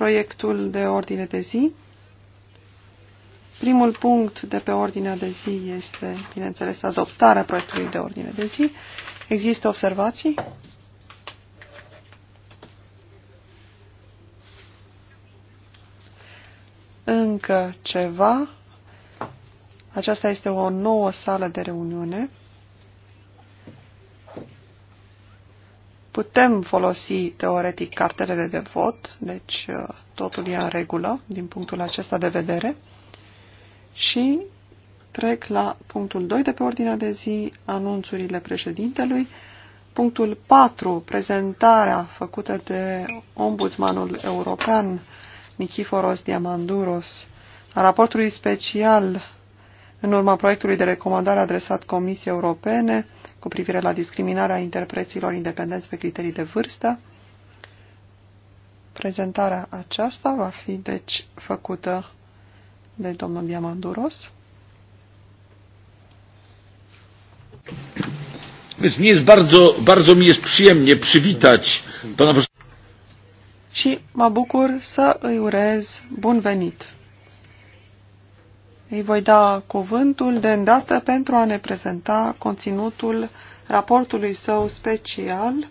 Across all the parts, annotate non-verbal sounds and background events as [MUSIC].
proiectul de ordine de zi. Primul punct de pe ordinea de zi este, bineînțeles, adoptarea proiectului de ordine de zi. Există observații? Încă ceva. Aceasta este o nouă sală de reuniune. Putem folosi teoretic cartelele de vot, deci uh, totul e în regulă din punctul acesta de vedere. Și trec la punctul 2 de pe ordinea de zi, anunțurile președintelui. Punctul 4, prezentarea făcută de ombudsmanul european Nichiforos Diamanduros a raportului special în urma proiectului de recomandare adresat Comisiei Europene cu privire la discriminarea interpreților independenți pe criterii de vârstă. Prezentarea aceasta va fi, deci, făcută de domnul Diamanduros. Więc mi jest bardzo, bardzo mi jest przyjemnie przywitać pana Și mă bucur să îi urez bun venit îi voi da cuvântul de îndată pentru a ne prezenta conținutul raportului său special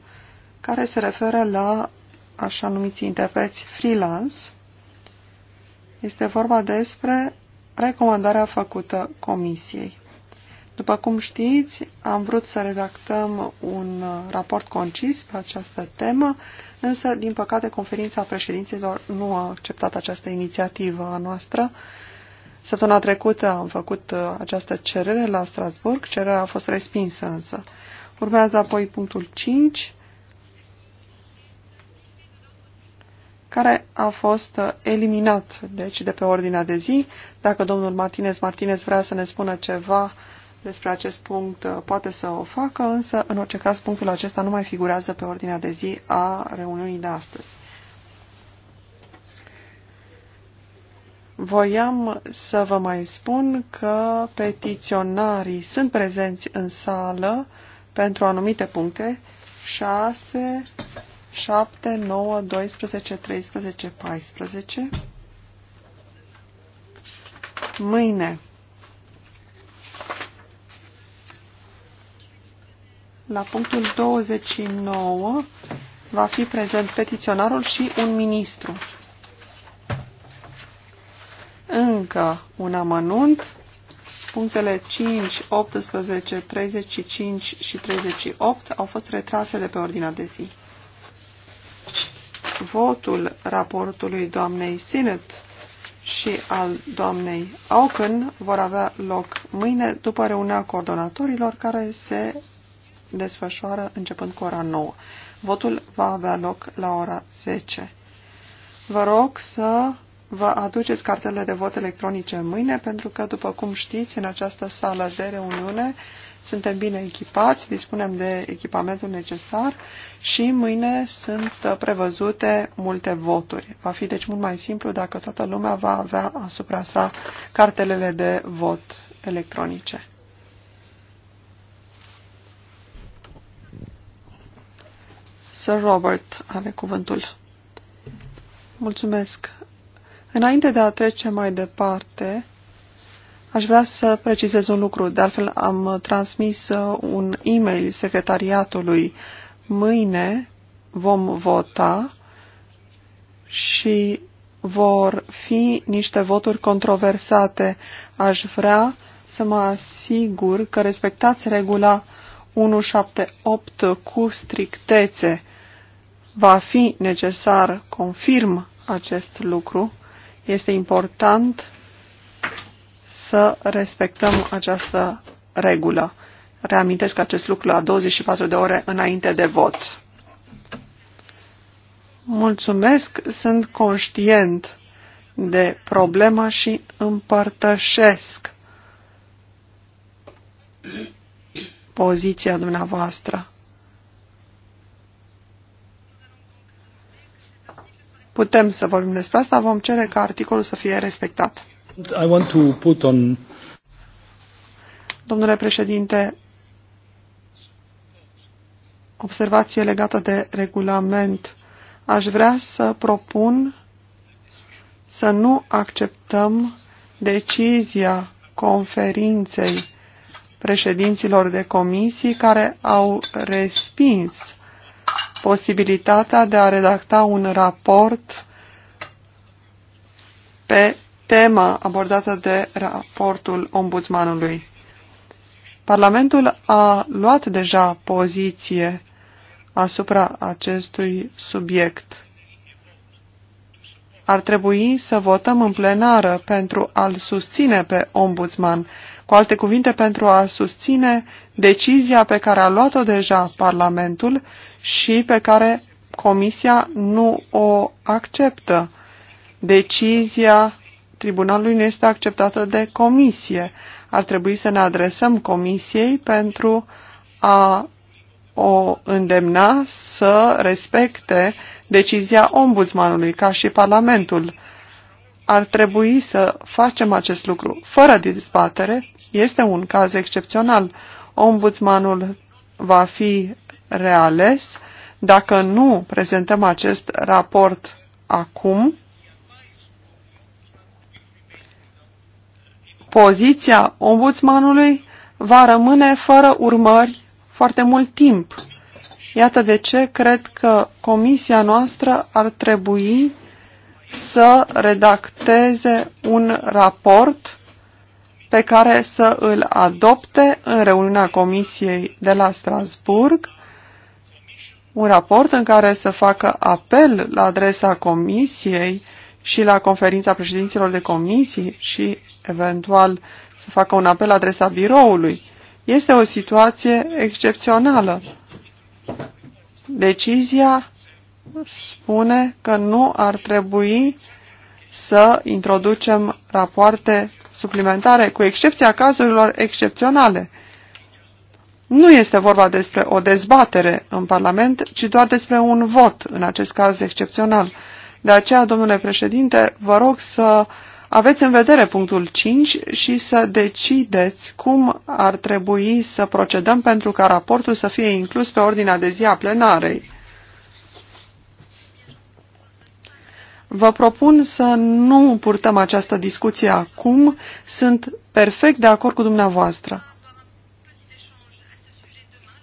care se referă la așa numiți interpreți freelance. Este vorba despre recomandarea făcută comisiei. După cum știți, am vrut să redactăm un raport concis pe această temă, însă, din păcate, conferința președinților nu a acceptat această inițiativă a noastră, Săptămâna trecută am făcut uh, această cerere la Strasburg, cererea a fost respinsă însă. Urmează apoi punctul 5, care a fost uh, eliminat, deci, de pe ordinea de zi. Dacă domnul Martinez Martinez vrea să ne spună ceva despre acest punct, uh, poate să o facă, însă, în orice caz, punctul acesta nu mai figurează pe ordinea de zi a reuniunii de astăzi. Voiam să vă mai spun că petiționarii sunt prezenți în sală pentru anumite puncte 6, 7, 9, 12, 13, 14. Mâine. La punctul 29 va fi prezent petiționarul și un ministru. Încă un amănunt. Punctele 5, 18, 35 și 38 au fost retrase de pe ordinea de zi. Votul raportului doamnei Sinet și al doamnei Auken vor avea loc mâine după reuniunea coordonatorilor care se desfășoară începând cu ora 9. Votul va avea loc la ora 10. Vă rog să vă aduceți cartele de vot electronice mâine, pentru că, după cum știți, în această sală de reuniune suntem bine echipați, dispunem de echipamentul necesar și mâine sunt uh, prevăzute multe voturi. Va fi deci mult mai simplu dacă toată lumea va avea asupra sa cartelele de vot electronice. Sir Robert are cuvântul. Mulțumesc, Înainte de a trece mai departe, aș vrea să precizez un lucru. De altfel, am transmis uh, un e-mail secretariatului. Mâine vom vota și vor fi niște voturi controversate. Aș vrea să mă asigur că respectați regula 178 cu strictețe. Va fi necesar, confirm acest lucru, este important să respectăm această regulă. Reamintesc acest lucru la 24 de ore înainte de vot. Mulțumesc, sunt conștient de problema și împărtășesc poziția dumneavoastră. putem să vorbim despre asta, vom cere ca articolul să fie respectat. I want to put on... Domnule președinte, observație legată de regulament. Aș vrea să propun să nu acceptăm decizia conferinței președinților de comisii care au respins posibilitatea de a redacta un raport pe tema abordată de raportul ombudsmanului. Parlamentul a luat deja poziție asupra acestui subiect. Ar trebui să votăm în plenară pentru a-l susține pe ombudsman, cu alte cuvinte pentru a susține decizia pe care a luat-o deja Parlamentul și pe care Comisia nu o acceptă. Decizia Tribunalului nu este acceptată de Comisie. Ar trebui să ne adresăm Comisiei pentru a o îndemna să respecte decizia ombudsmanului, ca și Parlamentul. Ar trebui să facem acest lucru fără dezbatere. Este un caz excepțional. Ombudsmanul va fi reales. Dacă nu prezentăm acest raport acum, poziția ombudsmanului va rămâne fără urmări foarte mult timp. Iată de ce cred că comisia noastră ar trebui să redacteze un raport pe care să îl adopte în reuniunea comisiei de la Strasburg un raport în care să facă apel la adresa comisiei și la conferința președinților de comisii și, eventual, să facă un apel la adresa biroului. Este o situație excepțională. Decizia spune că nu ar trebui să introducem rapoarte suplimentare, cu excepția cazurilor excepționale. Nu este vorba despre o dezbatere în Parlament, ci doar despre un vot, în acest caz excepțional. De aceea, domnule președinte, vă rog să aveți în vedere punctul 5 și să decideți cum ar trebui să procedăm pentru ca raportul să fie inclus pe ordinea de zi a plenarei. Vă propun să nu purtăm această discuție acum. Sunt perfect de acord cu dumneavoastră.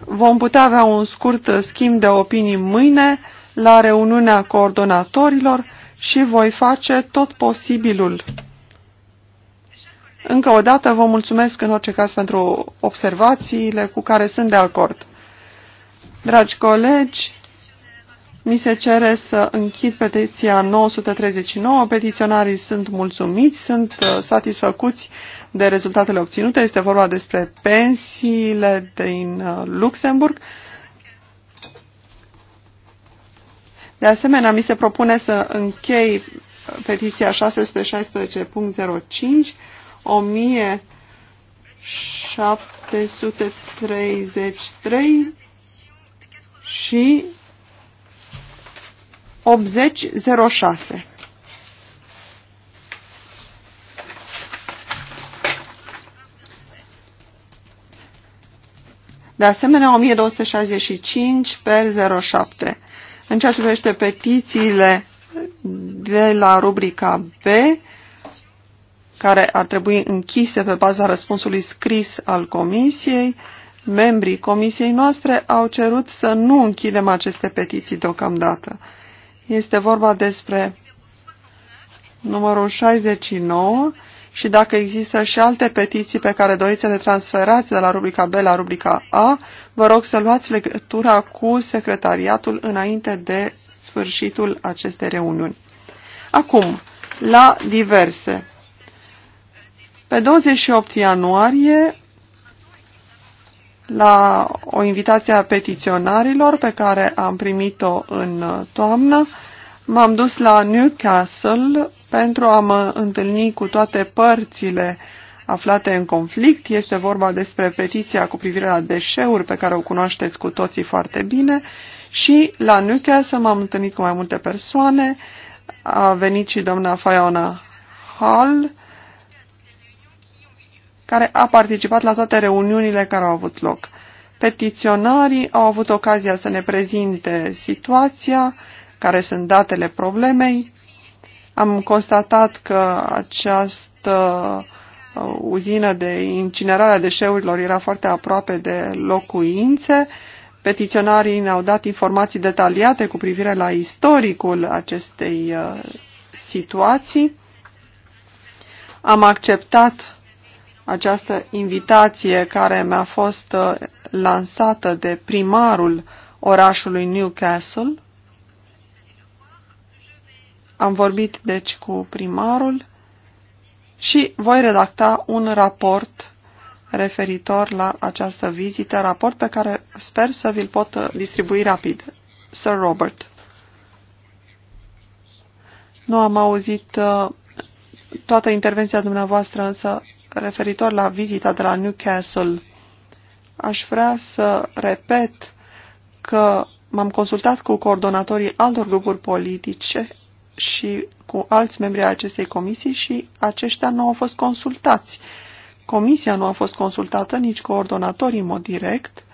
Vom putea avea un scurt schimb de opinii mâine la reuniunea coordonatorilor și voi face tot posibilul. Încă o dată vă mulțumesc în orice caz pentru observațiile cu care sunt de acord. Dragi colegi, mi se cere să închid petiția 939. Petiționarii sunt mulțumiți, sunt uh, satisfăcuți de rezultatele obținute. Este vorba despre pensiile din uh, Luxemburg. De asemenea, mi se propune să închei petiția 616.05, 1733 și 8006. De asemenea, 1265 pe 07. În ceea ce privește petițiile de la rubrica B, care ar trebui închise pe baza răspunsului scris al comisiei, membrii comisiei noastre au cerut să nu închidem aceste petiții deocamdată. Este vorba despre numărul 69 și dacă există și alte petiții pe care doriți să le transferați de la rubrica B la rubrica A, vă rog să luați legătura cu secretariatul înainte de sfârșitul acestei reuniuni. Acum, la diverse. Pe 28 ianuarie, la o invitație a petiționarilor pe care am primit-o în toamnă, m-am dus la Newcastle, pentru a mă întâlni cu toate părțile aflate în conflict. Este vorba despre petiția cu privire la deșeuri pe care o cunoașteți cu toții foarte bine și la Newcastle m-am întâlnit cu mai multe persoane. A venit și doamna Fiona Hall, care a participat la toate reuniunile care au avut loc. Petiționarii au avut ocazia să ne prezinte situația, care sunt datele problemei, am constatat că această uh, uzină de incinerare a deșeurilor era foarte aproape de locuințe. Petiționarii ne-au dat informații detaliate cu privire la istoricul acestei uh, situații. Am acceptat această invitație care mi-a fost uh, lansată de primarul orașului Newcastle am vorbit, deci, cu primarul și voi redacta un raport referitor la această vizită, raport pe care sper să vi-l pot distribui rapid. Sir Robert. Nu am auzit uh, toată intervenția dumneavoastră, însă referitor la vizita de la Newcastle, aș vrea să repet că m-am consultat cu coordonatorii altor grupuri politice și cu alți membri ai acestei comisii și aceștia nu au fost consultați. Comisia nu a fost consultată, nici coordonatorii în mod direct.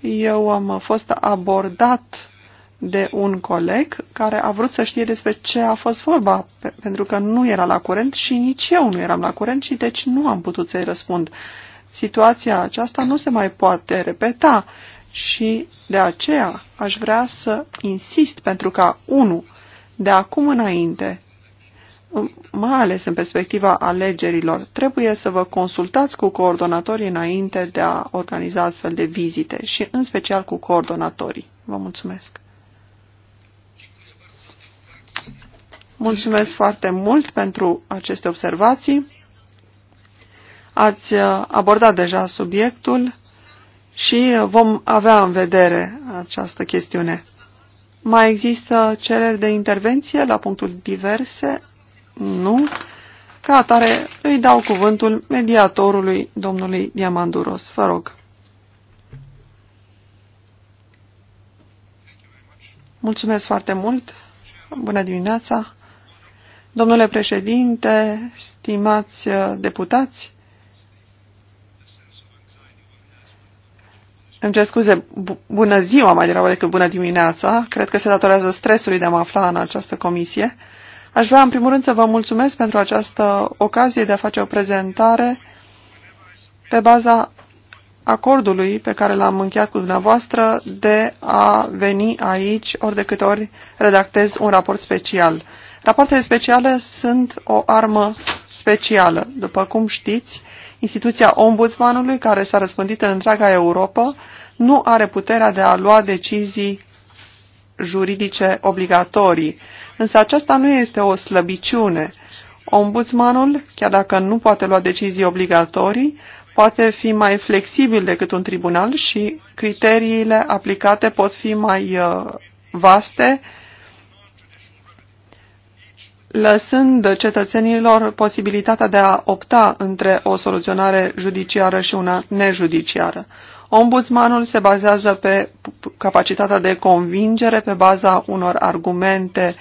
Eu am fost abordat de un coleg care a vrut să știe despre ce a fost vorba, pe, pentru că nu era la curent și nici eu nu eram la curent și deci nu am putut să-i răspund. Situația aceasta nu se mai poate repeta și de aceea aș vrea să insist pentru ca, unul, de acum înainte, mai ales în perspectiva alegerilor, trebuie să vă consultați cu coordonatorii înainte de a organiza astfel de vizite și în special cu coordonatorii. Vă mulțumesc! Mulțumesc foarte mult pentru aceste observații. Ați uh, abordat deja subiectul și uh, vom avea în vedere această chestiune. Mai există cereri de intervenție la punctul diverse? Nu. Ca atare îi dau cuvântul mediatorului domnului Diamanduros. Vă rog. Mulțumesc foarte mult. Bună dimineața. Domnule președinte, stimați deputați, Îmi cer scuze, bună ziua mai degrabă decât bună dimineața. Cred că se datorează stresului de a mă afla în această comisie. Aș vrea în primul rând să vă mulțumesc pentru această ocazie de a face o prezentare pe baza acordului pe care l-am încheiat cu dumneavoastră de a veni aici ori de câte ori redactez un raport special. Rapoartele speciale sunt o armă specială. După cum știți, Instituția ombudsmanului, care s-a răspândit în întreaga Europa, nu are puterea de a lua decizii juridice obligatorii. Însă aceasta nu este o slăbiciune. Ombudsmanul, chiar dacă nu poate lua decizii obligatorii, poate fi mai flexibil decât un tribunal și criteriile aplicate pot fi mai uh, vaste lăsând cetățenilor posibilitatea de a opta între o soluționare judiciară și una nejudiciară. Ombudsmanul se bazează pe capacitatea de convingere pe baza unor argumente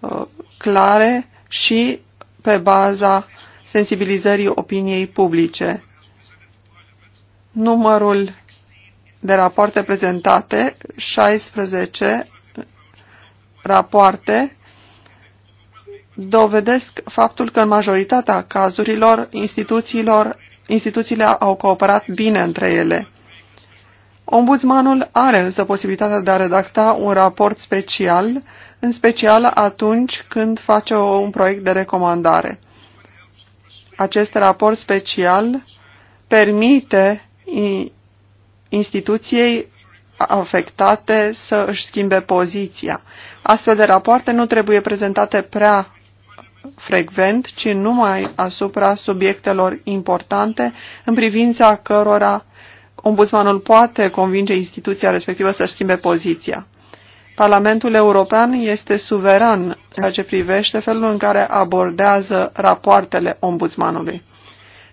uh, clare și pe baza sensibilizării opiniei publice. Numărul de rapoarte prezentate, 16 rapoarte, dovedesc faptul că în majoritatea cazurilor instituțiilor, instituțiile au cooperat bine între ele. Ombudsmanul are însă posibilitatea de a redacta un raport special, în special atunci când face un proiect de recomandare. Acest raport special permite instituției afectate să își schimbe poziția. Astfel de rapoarte nu trebuie prezentate prea frecvent, ci numai asupra subiectelor importante în privința cărora ombudsmanul poate convinge instituția respectivă să-și schimbe poziția. Parlamentul European este suveran în ceea ce privește felul în care abordează rapoartele ombudsmanului.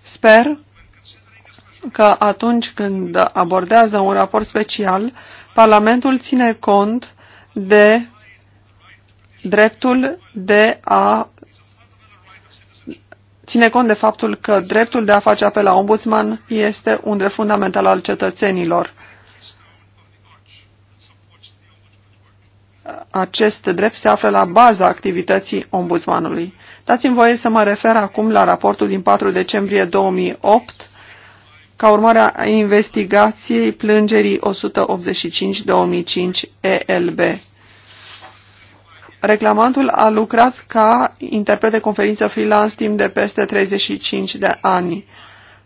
Sper că atunci când abordează un raport special, Parlamentul ține cont de dreptul de a ține cont de faptul că dreptul de a face apel la ombudsman este un drept fundamental al cetățenilor. Acest drept se află la baza activității ombudsmanului. Dați-mi voie să mă refer acum la raportul din 4 decembrie 2008 ca urmare a investigației plângerii 185-2005 ELB. Reclamantul a lucrat ca interpret de conferință freelance timp de peste 35 de ani.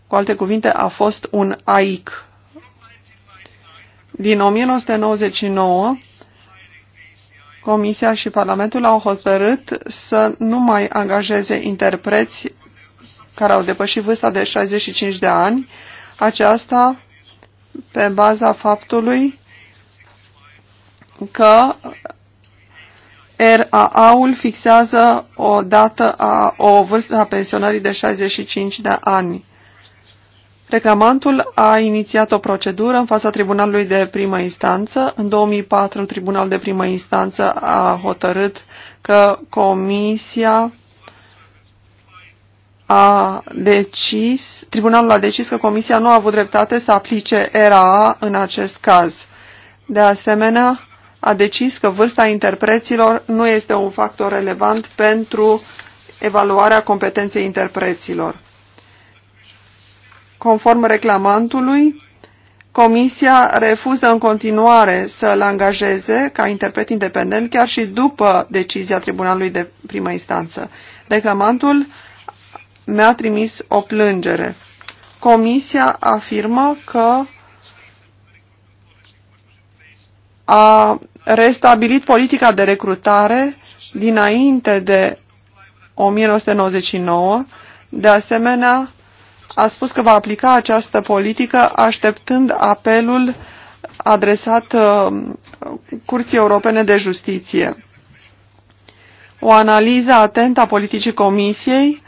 Cu alte cuvinte, a fost un AIC. Din 1999, Comisia și Parlamentul au hotărât să nu mai angajeze interpreți care au depășit vârsta de 65 de ani, aceasta pe baza faptului că RAA-ul fixează o dată a o vârstă a pensionării de 65 de ani. Reclamantul a inițiat o procedură în fața Tribunalului de Primă Instanță. În 2004, Tribunal de Primă Instanță a hotărât că Comisia a decis, Tribunalul a decis că Comisia nu a avut dreptate să aplice RAA în acest caz. De asemenea, a decis că vârsta interpreților nu este un factor relevant pentru evaluarea competenței interpreților. Conform reclamantului, Comisia refuză în continuare să îl angajeze ca interpret independent chiar și după decizia Tribunalului de primă instanță. Reclamantul mi-a trimis o plângere. Comisia afirmă că a restabilit politica de recrutare dinainte de 1999. De asemenea, a spus că va aplica această politică așteptând apelul adresat uh, Curții Europene de Justiție. O analiză atentă a politicii Comisiei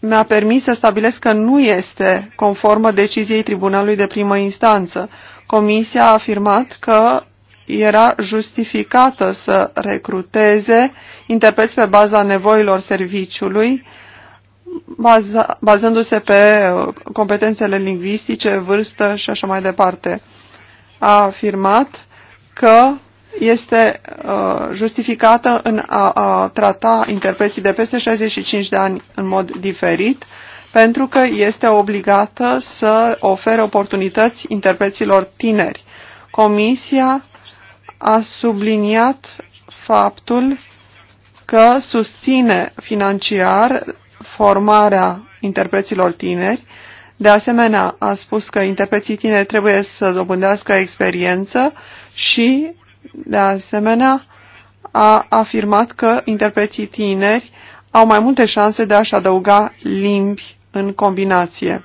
mi-a permis să stabilesc că nu este conformă deciziei Tribunalului de primă instanță. Comisia a afirmat că era justificată să recruteze interpreți pe baza nevoilor serviciului, baza, bazându-se pe uh, competențele lingvistice, vârstă și așa mai departe. A afirmat că este uh, justificată în a, a trata interpreții de peste 65 de ani în mod diferit, pentru că este obligată să ofere oportunități interpreților tineri. Comisia a subliniat faptul că susține financiar formarea interpreților tineri. De asemenea, a spus că interpreții tineri trebuie să dobândească experiență și, de asemenea, a afirmat că interpreții tineri au mai multe șanse de a-și adăuga limbi în combinație.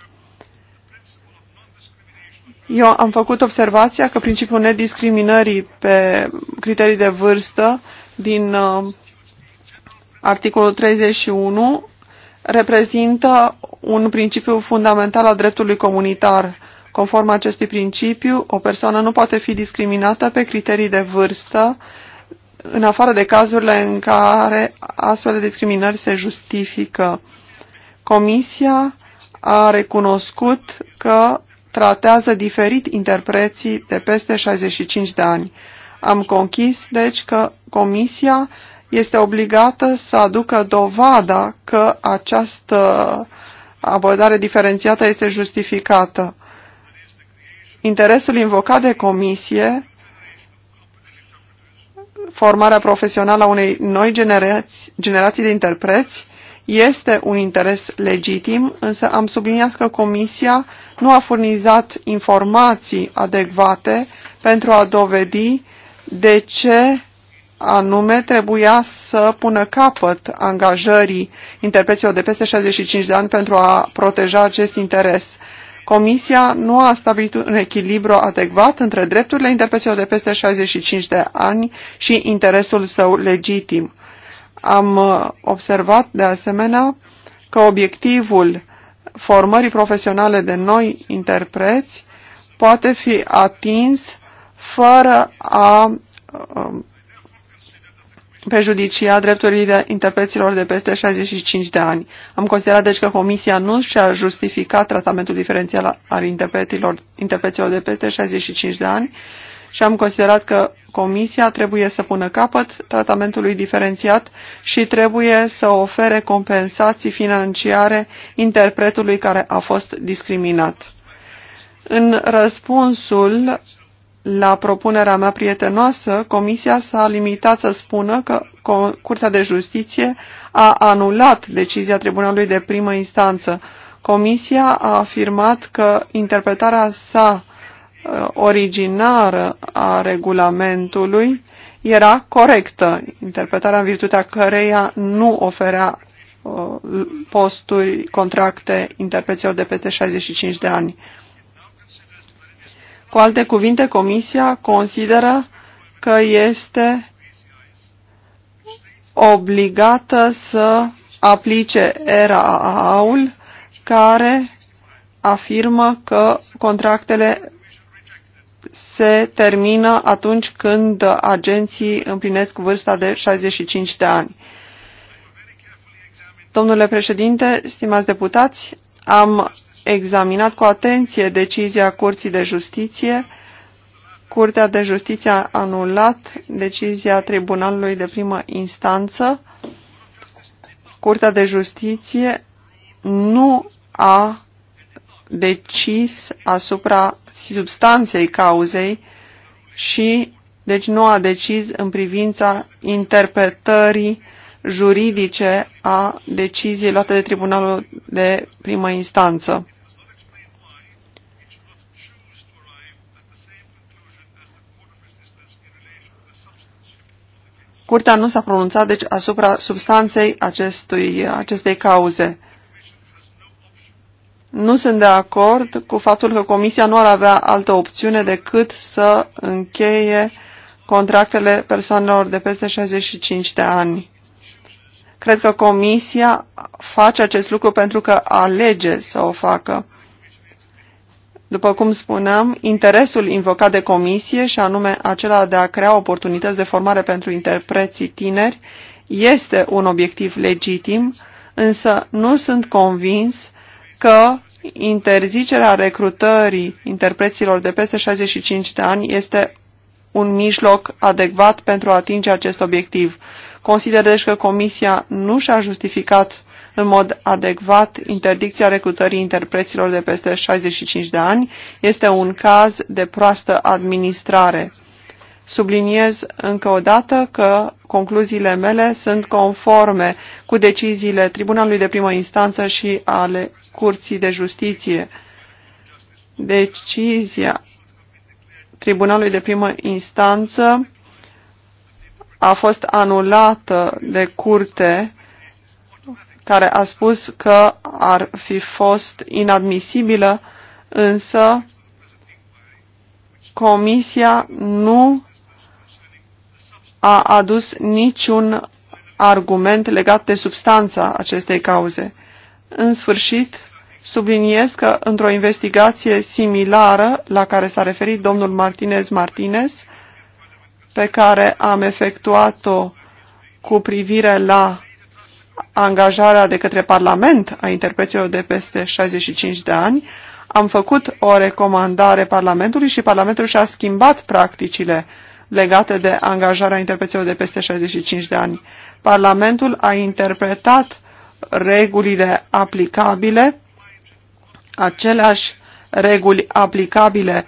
Eu am făcut observația că principiul nediscriminării pe criterii de vârstă din uh, articolul 31 reprezintă un principiu fundamental al dreptului comunitar. Conform acestui principiu, o persoană nu poate fi discriminată pe criterii de vârstă, în afară de cazurile în care astfel de discriminări se justifică. Comisia a recunoscut că tratează diferit interpreții de peste 65 de ani. Am conchis, deci, că Comisia este obligată să aducă dovada că această abordare diferențiată este justificată. Interesul invocat de Comisie, formarea profesională a unei noi generații, generații de interpreți, este un interes legitim, însă am subliniat că Comisia nu a furnizat informații adecvate pentru a dovedi de ce anume trebuia să pună capăt angajării interpreților de peste 65 de ani pentru a proteja acest interes. Comisia nu a stabilit un echilibru adecvat între drepturile interpreților de peste 65 de ani și interesul său legitim. Am uh, observat de asemenea că obiectivul formării profesionale de noi interpreți poate fi atins fără a um, prejudicia drepturile interpreților de peste 65 de ani. Am considerat deci că Comisia nu și-a justificat tratamentul diferențial al interpreților, interpreților de peste 65 de ani și am considerat că Comisia trebuie să pună capăt tratamentului diferențiat și trebuie să ofere compensații financiare interpretului care a fost discriminat. În răspunsul la propunerea mea prietenoasă, Comisia s-a limitat să spună că Curtea de Justiție a anulat decizia Tribunalului de Primă Instanță. Comisia a afirmat că interpretarea sa Uh, originară a regulamentului era corectă, interpretarea în virtutea căreia nu oferea uh, posturi, contracte interpreților de peste 65 de ani. Cu alte cuvinte, Comisia consideră că este obligată să aplice era aul care afirmă că contractele se termină atunci când agenții împlinesc vârsta de 65 de ani. Domnule președinte, stimați deputați, am examinat cu atenție decizia Curții de Justiție. Curtea de Justiție a anulat decizia Tribunalului de Primă Instanță. Curtea de Justiție nu a decis asupra substanței cauzei și deci nu a decis în privința interpretării juridice a deciziei luate de Tribunalul de Primă Instanță. Curtea nu s-a pronunțat deci asupra substanței acestui, acestei cauze. Nu sunt de acord cu faptul că Comisia nu ar avea altă opțiune decât să încheie contractele persoanelor de peste 65 de ani. Cred că Comisia face acest lucru pentru că alege să o facă. După cum spuneam, interesul invocat de comisie, și anume acela de a crea oportunități de formare pentru interpreții tineri, este un obiectiv legitim, însă nu sunt convins că interzicerea recrutării interpreților de peste 65 de ani este un mijloc adecvat pentru a atinge acest obiectiv. Consider deci că Comisia nu și-a justificat în mod adecvat interdicția recrutării interpreților de peste 65 de ani. Este un caz de proastă administrare. Subliniez încă o dată că concluziile mele sunt conforme cu deciziile Tribunalului de primă instanță și ale Curții de Justiție. Decizia Tribunalului de Primă Instanță a fost anulată de curte care a spus că ar fi fost inadmisibilă, însă comisia nu a adus niciun argument legat de substanța acestei cauze. În sfârșit, Subliniez că într-o investigație similară la care s-a referit domnul Martinez Martinez, pe care am efectuat-o cu privire la angajarea de către Parlament a interpreților de peste 65 de ani, am făcut o recomandare Parlamentului și Parlamentul și-a schimbat practicile legate de angajarea interpreților de peste 65 de ani. Parlamentul a interpretat regulile aplicabile aceleași reguli aplicabile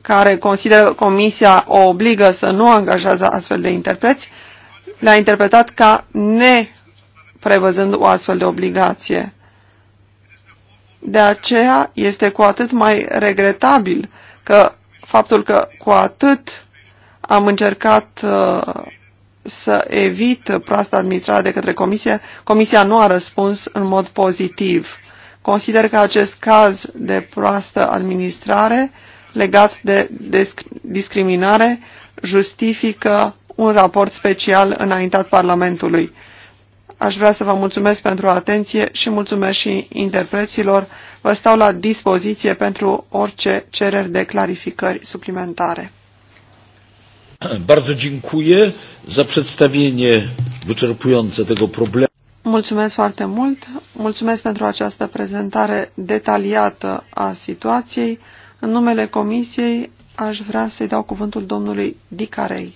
care consideră Comisia o obligă să nu angajează astfel de interpreți, le-a interpretat ca neprevăzând o astfel de obligație. De aceea este cu atât mai regretabil că faptul că cu atât am încercat uh, să evit proasta administrare de către comisie, comisia nu a răspuns în mod pozitiv. Consider că acest caz de proastă administrare legat de discriminare justifică un raport special înaintat Parlamentului. Aș vrea să vă mulțumesc pentru atenție și mulțumesc și interpreților. Vă stau la dispoziție pentru orice cereri de clarificări suplimentare. Bardzo dziękuję za przedstawienie wyczerpujące tego problemu. Mulțumesc foarte mult. Mulțumesc pentru această prezentare detaliată a situației. În numele Comisiei aș vrea să-i dau cuvântul domnului Dicarei.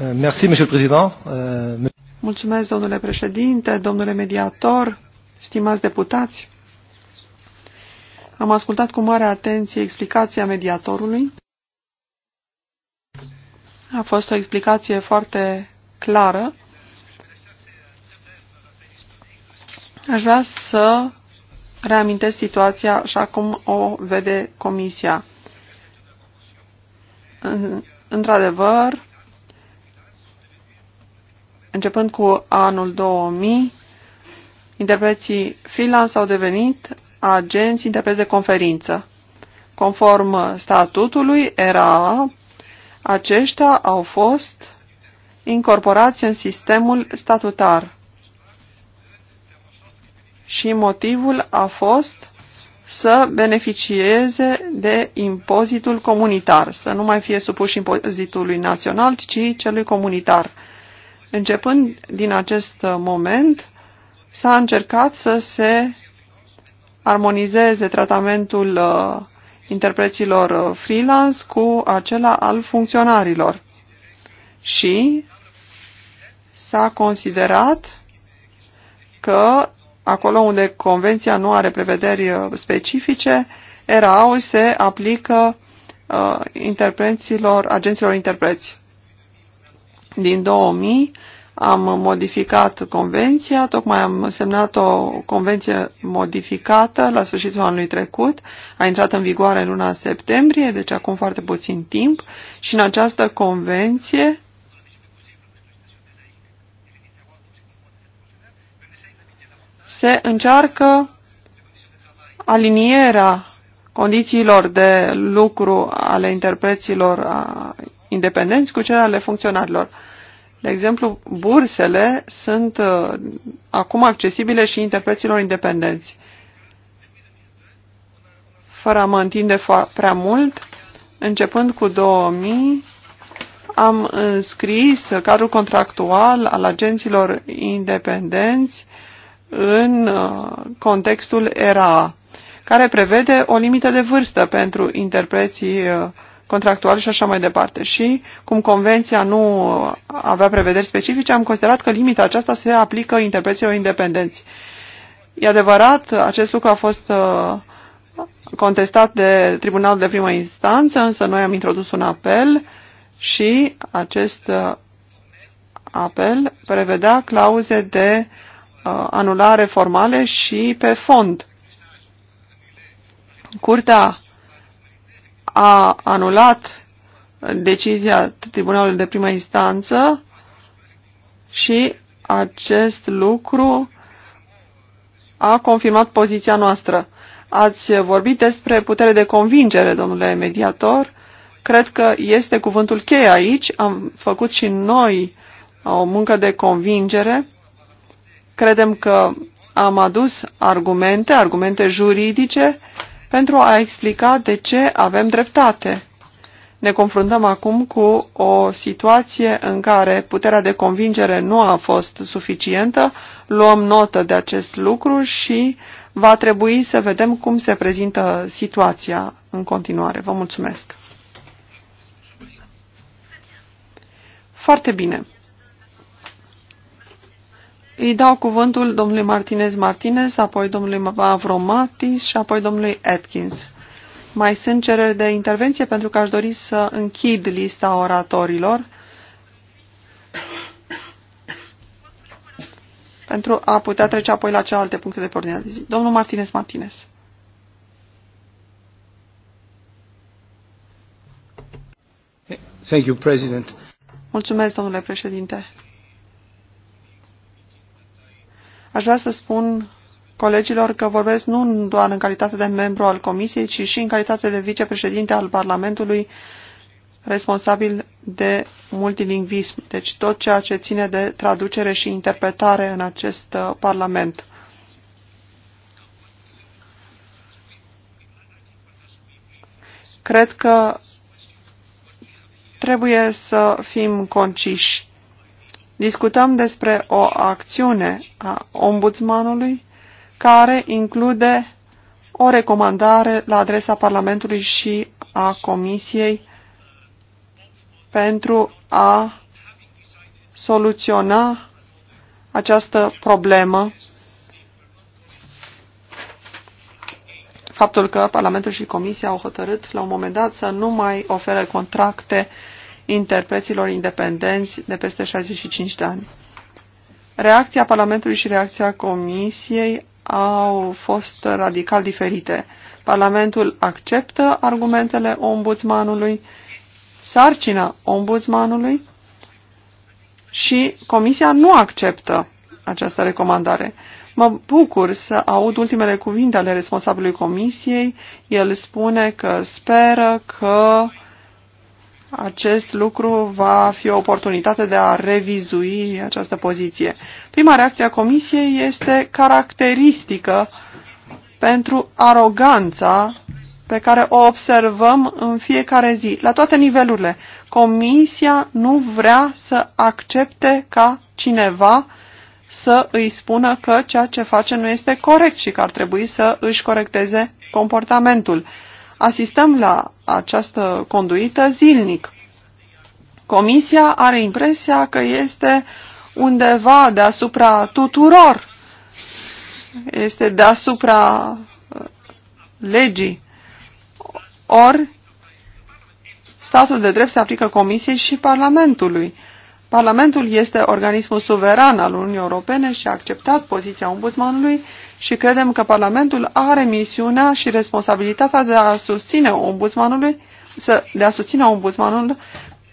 Euh, merci, monsieur le président. Euh, Mulțumesc, domnule președinte, domnule mediator, stimați deputați. Am ascultat cu mare atenție explicația mediatorului. A fost o explicație foarte clară Aș vrea să reamintesc situația așa cum o vede Comisia. Într-adevăr, începând cu anul 2000, interpreții freelance au devenit agenți interpreți de conferință. Conform statutului era aceștia au fost incorporați în sistemul statutar și motivul a fost să beneficieze de impozitul comunitar, să nu mai fie supuși impozitului național, ci celui comunitar. Începând din acest moment, s-a încercat să se armonizeze tratamentul uh, interpreților uh, freelance cu acela al funcționarilor și s-a considerat că acolo unde convenția nu are prevederi uh, specifice, erau se aplică uh, interpreților, agenților interpreți. Din 2000 am modificat convenția, tocmai am semnat o convenție modificată la sfârșitul anului trecut, a intrat în vigoare în luna septembrie, deci acum foarte puțin timp, și în această convenție se încearcă alinierea condițiilor de lucru ale interpreților independenți cu cele ale funcționarilor. De exemplu, bursele sunt uh, acum accesibile și interpreților independenți. Fără a mă întinde prea mult, începând cu 2000, am înscris cadrul contractual al agenților independenți în uh, contextul ERA, care prevede o limită de vârstă pentru interpreții uh, contractuali și așa mai departe. Și cum convenția nu uh, avea prevederi specifice, am considerat că limita aceasta se aplică interpreților independenți. E adevărat, acest lucru a fost contestat de Tribunalul de Primă Instanță, însă noi am introdus un apel și acest apel prevedea clauze de uh, Uh, anulare formale și pe fond. Curtea a anulat decizia Tribunalului de primă instanță și acest lucru a confirmat poziția noastră. Ați vorbit despre putere de convingere, domnule mediator. Cred că este cuvântul cheie aici. Am făcut și noi o muncă de convingere Credem că am adus argumente, argumente juridice, pentru a explica de ce avem dreptate. Ne confruntăm acum cu o situație în care puterea de convingere nu a fost suficientă, luăm notă de acest lucru și va trebui să vedem cum se prezintă situația în continuare. Vă mulțumesc! Foarte bine! Îi dau cuvântul domnului Martinez Martinez, apoi domnului Avromatis și apoi domnului Atkins. Mai sunt cereri de intervenție pentru că aș dori să închid lista oratorilor pentru a putea trece apoi la celelalte puncte de ordine de zi. Domnul Martinez Martinez. Thank you, President. Mulțumesc, domnule președinte. Aș vrea să spun colegilor că vorbesc nu doar în calitate de membru al Comisiei, ci și în calitate de vicepreședinte al Parlamentului responsabil de multilingvism, deci tot ceea ce ține de traducere și interpretare în acest uh, Parlament. Cred că trebuie să fim conciși. Discutăm despre o acțiune a ombudsmanului care include o recomandare la adresa Parlamentului și a Comisiei pentru a soluționa această problemă, faptul că Parlamentul și Comisia au hotărât la un moment dat să nu mai ofere contracte uh, interpreților independenți de peste 65 de ani. Reacția Parlamentului și reacția Comisiei au fost radical diferite. Parlamentul acceptă argumentele ombudsmanului, sarcina ombudsmanului și Comisia nu acceptă această recomandare. Mă bucur să aud ultimele cuvinte ale responsabilului Comisiei. El spune că speră că uh, acest lucru va fi o oportunitate de a revizui această poziție. Prima reacție a Comisiei este caracteristică pentru aroganța pe care o observăm în fiecare zi, la toate nivelurile. Comisia nu vrea să accepte ca cineva să îi spună că ceea ce face nu este corect și că ar trebui să își corecteze comportamentul. Asistăm la această conduită zilnic. Comisia are impresia că este undeva deasupra tuturor, este deasupra uh, legii. Ori statul de drept se aplică Comisiei și Parlamentului. Parlamentul este organismul suveran al Uniunii Europene și a acceptat poziția ombudsmanului și credem că Parlamentul are misiunea și responsabilitatea de a susține ombudsmanului, să, de a susține ombudsmanul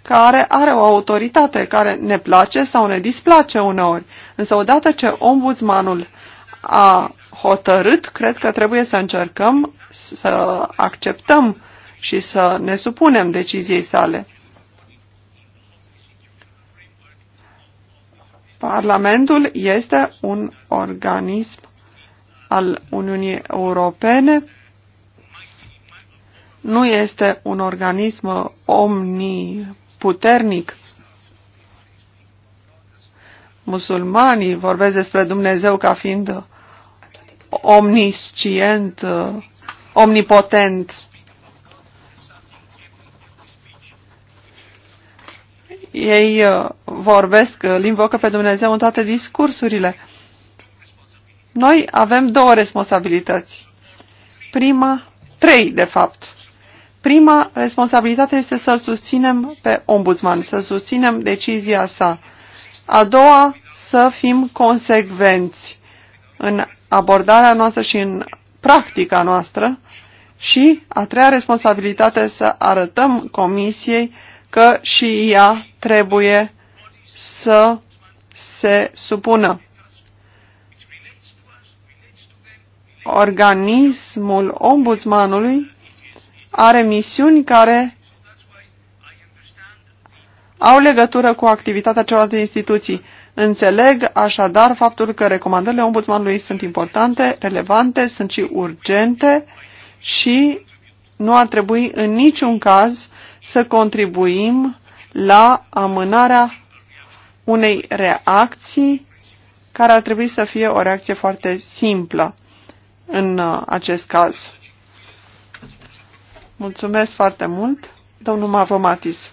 care are o autoritate care ne place sau ne displace uneori. Însă odată ce ombudsmanul a hotărât, cred că trebuie să încercăm să acceptăm și să ne supunem deciziei sale. Parlamentul este un organism al Uniunii Europene, nu este un organism omniputernic. Musulmanii vorbesc despre Dumnezeu ca fiind omniscient, omnipotent. Ei uh, vorbesc, îl uh, invocă pe Dumnezeu în toate discursurile. Noi avem două responsabilități. Prima, trei de fapt. Prima responsabilitate este să-l susținem pe ombudsman, să susținem decizia sa. A doua, să fim consecvenți în abordarea noastră și în practica noastră. Și a treia responsabilitate, să arătăm comisiei că și ea trebuie să se supună. Organismul ombudsmanului are misiuni care au legătură cu activitatea celorlalte instituții. Înțeleg așadar faptul că recomandările ombudsmanului sunt importante, relevante, sunt și urgente și nu ar trebui în niciun caz să contribuim la amânarea unei reacții care ar trebui să fie o reacție foarte simplă în uh, acest caz. Mulțumesc foarte mult, domnul Mavromatis.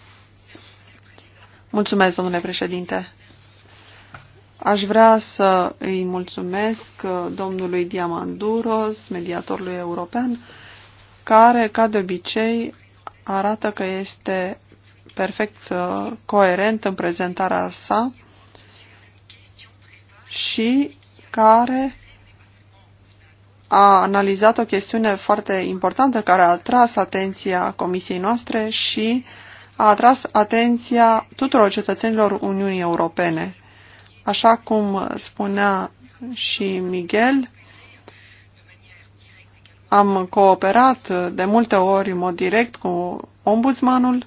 Mulțumesc, domnule președinte. Aș vrea să îi mulțumesc uh, domnului Diamanduros, mediatorului european, care, ca de obicei, arată că este perfect uh, coerent în prezentarea sa și care a analizat o chestiune foarte importantă care a atras atenția comisiei noastre și a atras atenția tuturor cetățenilor Uniunii Europene. Așa cum spunea și Miguel, am cooperat de multe ori în mod direct cu ombudsmanul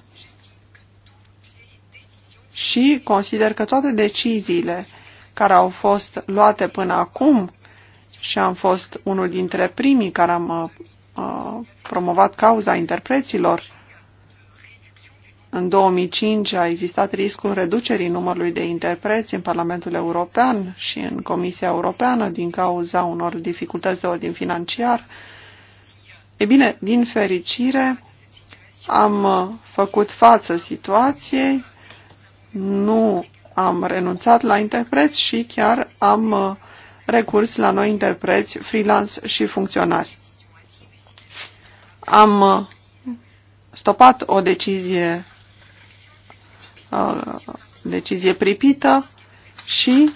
și consider că toate deciziile care au fost luate până acum și am fost unul dintre primii care am uh, uh promovat cauza interpreților, în 2005 a existat riscul reducerii numărului de interpreți în Parlamentul European și în Comisia Europeană din cauza unor dificultăți de ordin financiar. E bine, din fericire, am uh, făcut față situației nu am renunțat la interpreți și chiar am uh, recurs la noi interpreți, freelance și funcționari. Am uh, stopat o decizie, o uh, decizie pripită și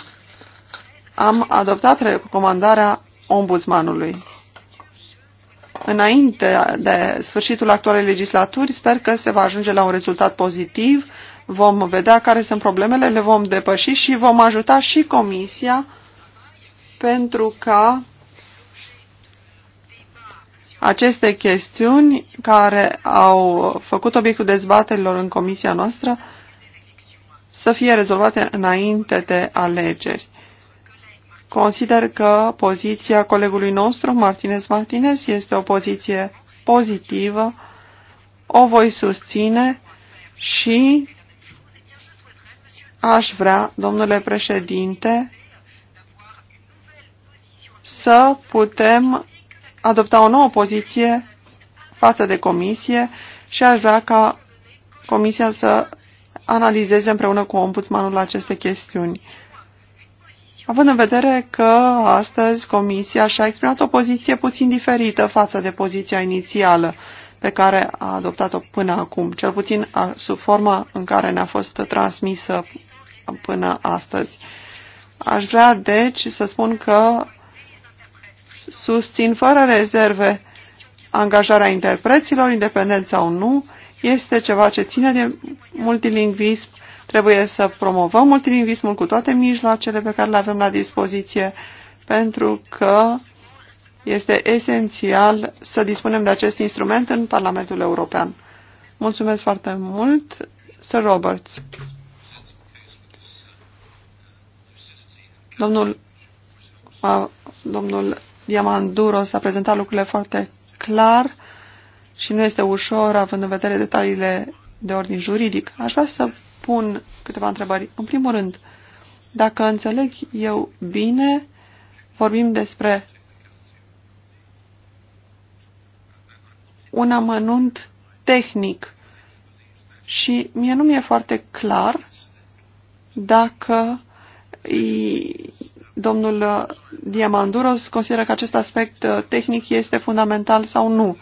am adoptat recomandarea ombudsmanului. Înainte de sfârșitul actualei legislaturi, sper că se va ajunge la un rezultat pozitiv Vom vedea care sunt problemele, le vom depăși și vom ajuta și Comisia pentru ca aceste chestiuni care au făcut obiectul dezbaterilor în comisia noastră să fie rezolvate înainte de alegeri. Consider că poziția colegului nostru, Martinez Martinez, este o poziție pozitivă, o voi susține și Aș vrea, domnule președinte, să putem adopta o nouă poziție față de comisie și aș vrea ca comisia să analizeze împreună cu ombudsmanul aceste chestiuni. Având în vedere că astăzi comisia și-a exprimat o poziție puțin diferită față de poziția inițială pe care a adoptat-o până acum, cel puțin sub forma în care ne-a fost transmisă până astăzi. Aș vrea, deci, să spun că susțin fără rezerve angajarea interpreților, independent sau nu, este ceva ce ține de multilingvism. Trebuie să promovăm multilingvismul cu toate mijloacele pe care le avem la dispoziție, pentru că este esențial să dispunem de acest instrument în Parlamentul European. Mulțumesc foarte mult, Sir Roberts. Domnul, a, domnul Diamanduros a prezentat lucrurile foarte clar și nu este ușor, având în vedere detaliile de ordin juridic. Aș vrea să pun câteva întrebări. În primul rând, dacă înțeleg eu bine, vorbim despre un amănunt tehnic și mie nu mi-e foarte clar dacă domnul Diamanduros consideră că acest aspect uh, tehnic este fundamental sau nu.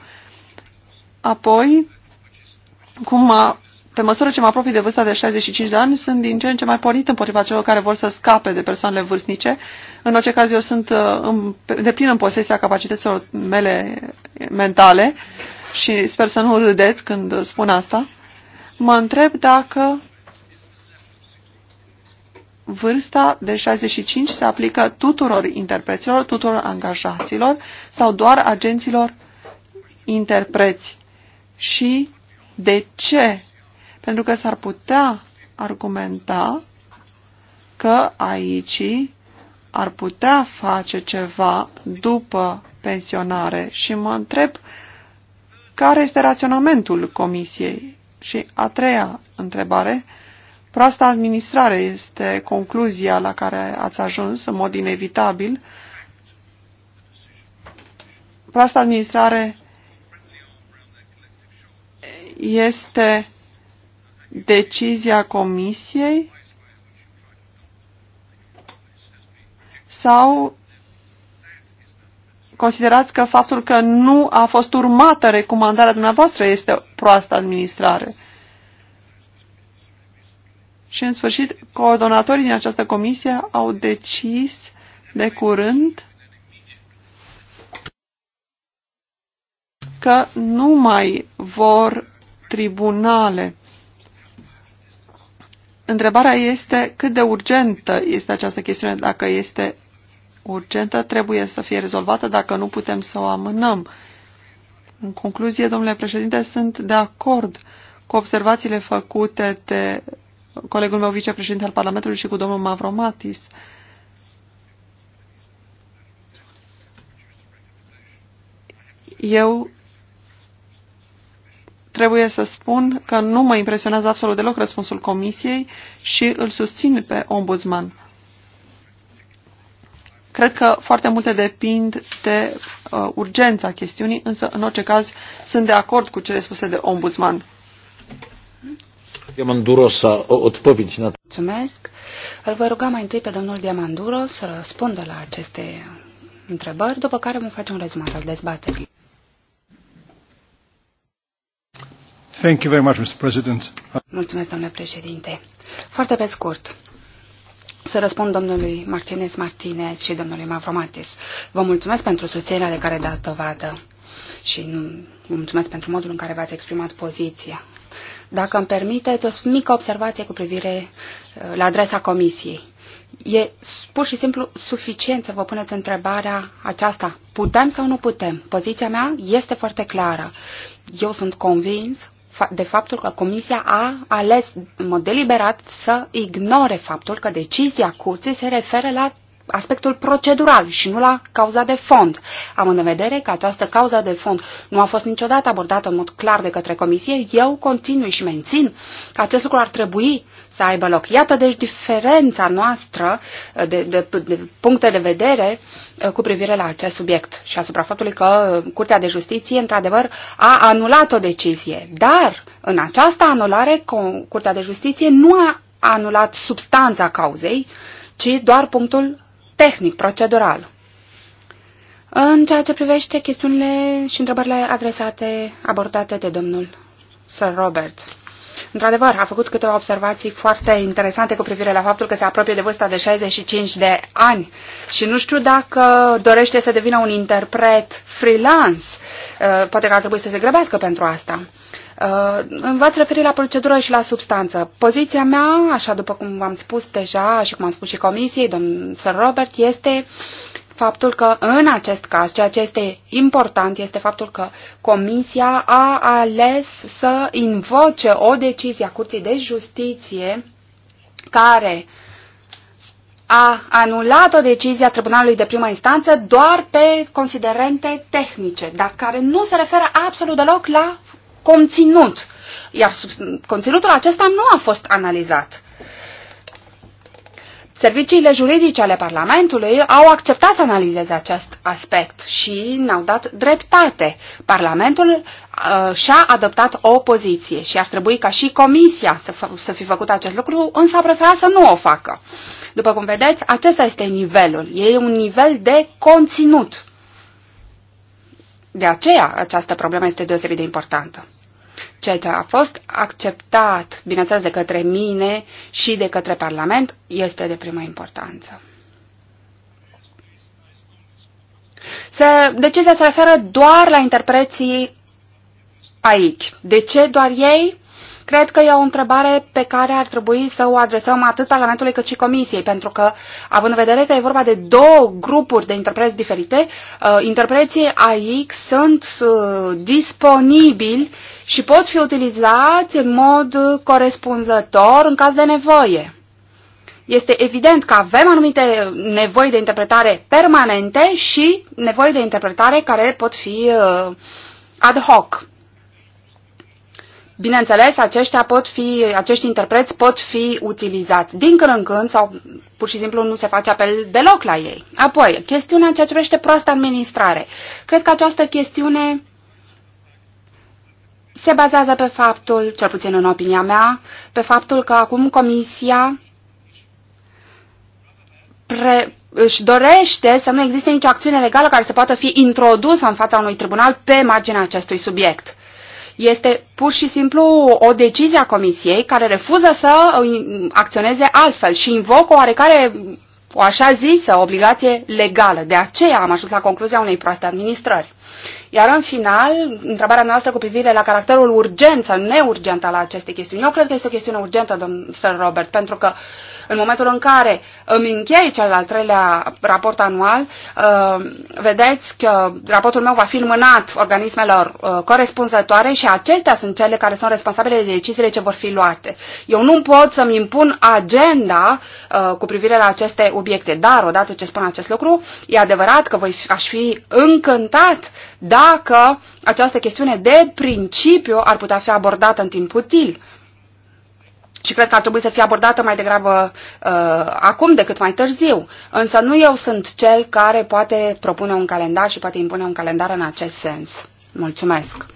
Apoi, cum a, pe măsură ce mă apropii de vârsta de 65 de ani, sunt din ce în ce mai pornit împotriva celor care vor să scape de persoanele vârstnice. În orice caz, eu sunt uh, în, de plin în posesia capacităților mele mentale și sper să nu râdeți când spun asta, mă întreb dacă vârsta de 65 se aplică tuturor interpreților, tuturor angajaților sau doar agenților interpreți. Și de ce? Pentru că s-ar putea argumenta că aici ar putea face ceva după pensionare și mă întreb care este raționamentul Comisiei? Și a treia întrebare, proasta administrare este concluzia la care ați ajuns în mod inevitabil. Proasta administrare este decizia Comisiei sau considerați că faptul că nu a fost urmată recomandarea dumneavoastră este proastă administrare. Și, în sfârșit, coordonatorii din această comisie au decis de curând că nu mai vor tribunale. Întrebarea este cât de urgentă este această chestiune, dacă este urgentă trebuie să fie rezolvată dacă nu putem să o amânăm. În concluzie, domnule președinte, sunt de acord cu observațiile făcute de colegul meu vicepreședinte al Parlamentului și cu domnul Mavromatis. Eu trebuie să spun că nu mă impresionează absolut deloc răspunsul comisiei și îl susțin pe ombudsman. Cred că foarte multe depind de uh, urgența chestiunii, însă în orice caz sunt de acord cu cele spuse de ombudsman. Diamanduros să odpowiedzi Mulțumesc. Îl voi ruga mai întâi pe domnul Diamanduro să răspundă la aceste întrebări, după care vom face un rezumat al dezbaterii. Thank you very much, Mr. President. Mulțumesc, domnule președinte. Foarte pe scurt să răspund domnului Martinez Martinez și domnului Mavromatis. Vă mulțumesc pentru susținerea de care dați dovadă și vă mulțumesc pentru modul în care v-ați exprimat poziția. Dacă îmi permiteți, o mică observație cu privire uh, la adresa comisiei. E pur și simplu suficient să vă puneți întrebarea aceasta. Putem sau nu putem? Poziția mea este foarte clară. Eu sunt convins de faptul că Comisia a ales în mod deliberat să ignore faptul că decizia curții se referă la aspectul procedural și nu la cauza de fond. Am în vedere că această cauză de fond nu a fost niciodată abordată în mod clar de către comisie, eu continui și mențin că acest lucru ar trebui să aibă loc. Iată deci diferența noastră uh, de, de, de puncte de vedere uh, cu privire la acest subiect și asupra faptului că uh, Curtea de Justiție, într-adevăr, a anulat o decizie. Dar, în această anulare, Curtea de Justiție nu a anulat substanța cauzei, ci doar punctul tehnic, procedural. În ceea ce privește chestiunile și întrebările adresate, abordate de domnul Sir Robert, Într-adevăr, a făcut câteva observații foarte interesante cu privire la faptul că se apropie de vârsta de 65 de ani și nu știu dacă dorește să devină un interpret freelance. Uh, poate că ar trebui să se grăbească pentru asta. Uh, v-ați referit la procedură și la substanță. Poziția mea, așa după cum v-am spus deja și cum am spus și comisiei, domnul Sir Robert, este faptul că în acest caz, ceea ce este important este faptul că comisia a ales să invoce o decizie a Curții de Justiție care a anulat o decizie a Tribunalului de Primă Instanță doar pe considerente tehnice, dar care nu se referă absolut deloc la conținut, iar sub, conținutul acesta nu a fost analizat. Serviciile juridice ale Parlamentului au acceptat să analizeze acest aspect și ne-au dat dreptate. Parlamentul uh, și-a adoptat o poziție și ar trebui ca și Comisia să, să fi făcut acest lucru, însă a preferat să nu o facă. După cum vedeți, acesta este nivelul. E un nivel de conținut. De aceea, această problemă este deosebit de importantă. Ceea ce a fost acceptat, bineînțeles, de către mine și de către Parlament, este de primă importanță. Se, decizia se referă doar la interpreții aici. De ce doar ei? Cred că e o întrebare pe care ar trebui să o adresăm atât Parlamentului cât și Comisiei, pentru că, având în vedere că e vorba de două grupuri de interpreți diferite, uh, interpreții AX sunt uh, disponibili și pot fi utilizați în mod corespunzător în caz de nevoie. Este evident că avem anumite nevoi de interpretare permanente și nevoi de interpretare care pot fi uh, ad hoc. Bineînțeles, aceștia pot fi, acești interpreți pot fi utilizați din când în când sau pur și simplu nu se face apel deloc la ei. Apoi, chestiunea ceea ce privește proastă administrare. Cred că această chestiune se bazează pe faptul, cel puțin în opinia mea, pe faptul că acum Comisia pre, își dorește să nu existe nicio acțiune legală care să poată fi introdusă în fața unui tribunal pe marginea acestui subiect. Este pur și simplu o decizie a Comisiei care refuză să acționeze altfel și invocă oarecare o așa zisă obligație legală. De aceea am ajuns la concluzia unei proaste administrări. Iar în final, întrebarea noastră cu privire la caracterul urgent sau neurgent al acestei chestiuni. Eu cred că este o chestiune urgentă, domnul Sir Robert, pentru că în momentul în care îmi închei cel al treilea raport anual, uh, vedeți că raportul meu va fi înmânat organismelor uh, corespunzătoare și acestea sunt cele care sunt responsabile de deciziile ce vor fi luate. Eu nu pot să-mi impun agenda uh, cu privire la aceste obiecte, dar odată ce spun acest lucru, e adevărat că voi, aș fi încântat, dar dacă această chestiune de principiu ar putea fi abordată în timp util. Și cred că ar trebui să fie abordată mai degrabă uh, acum decât mai târziu. Însă nu eu sunt cel care poate propune un calendar și poate impune un calendar în acest sens. Mulțumesc,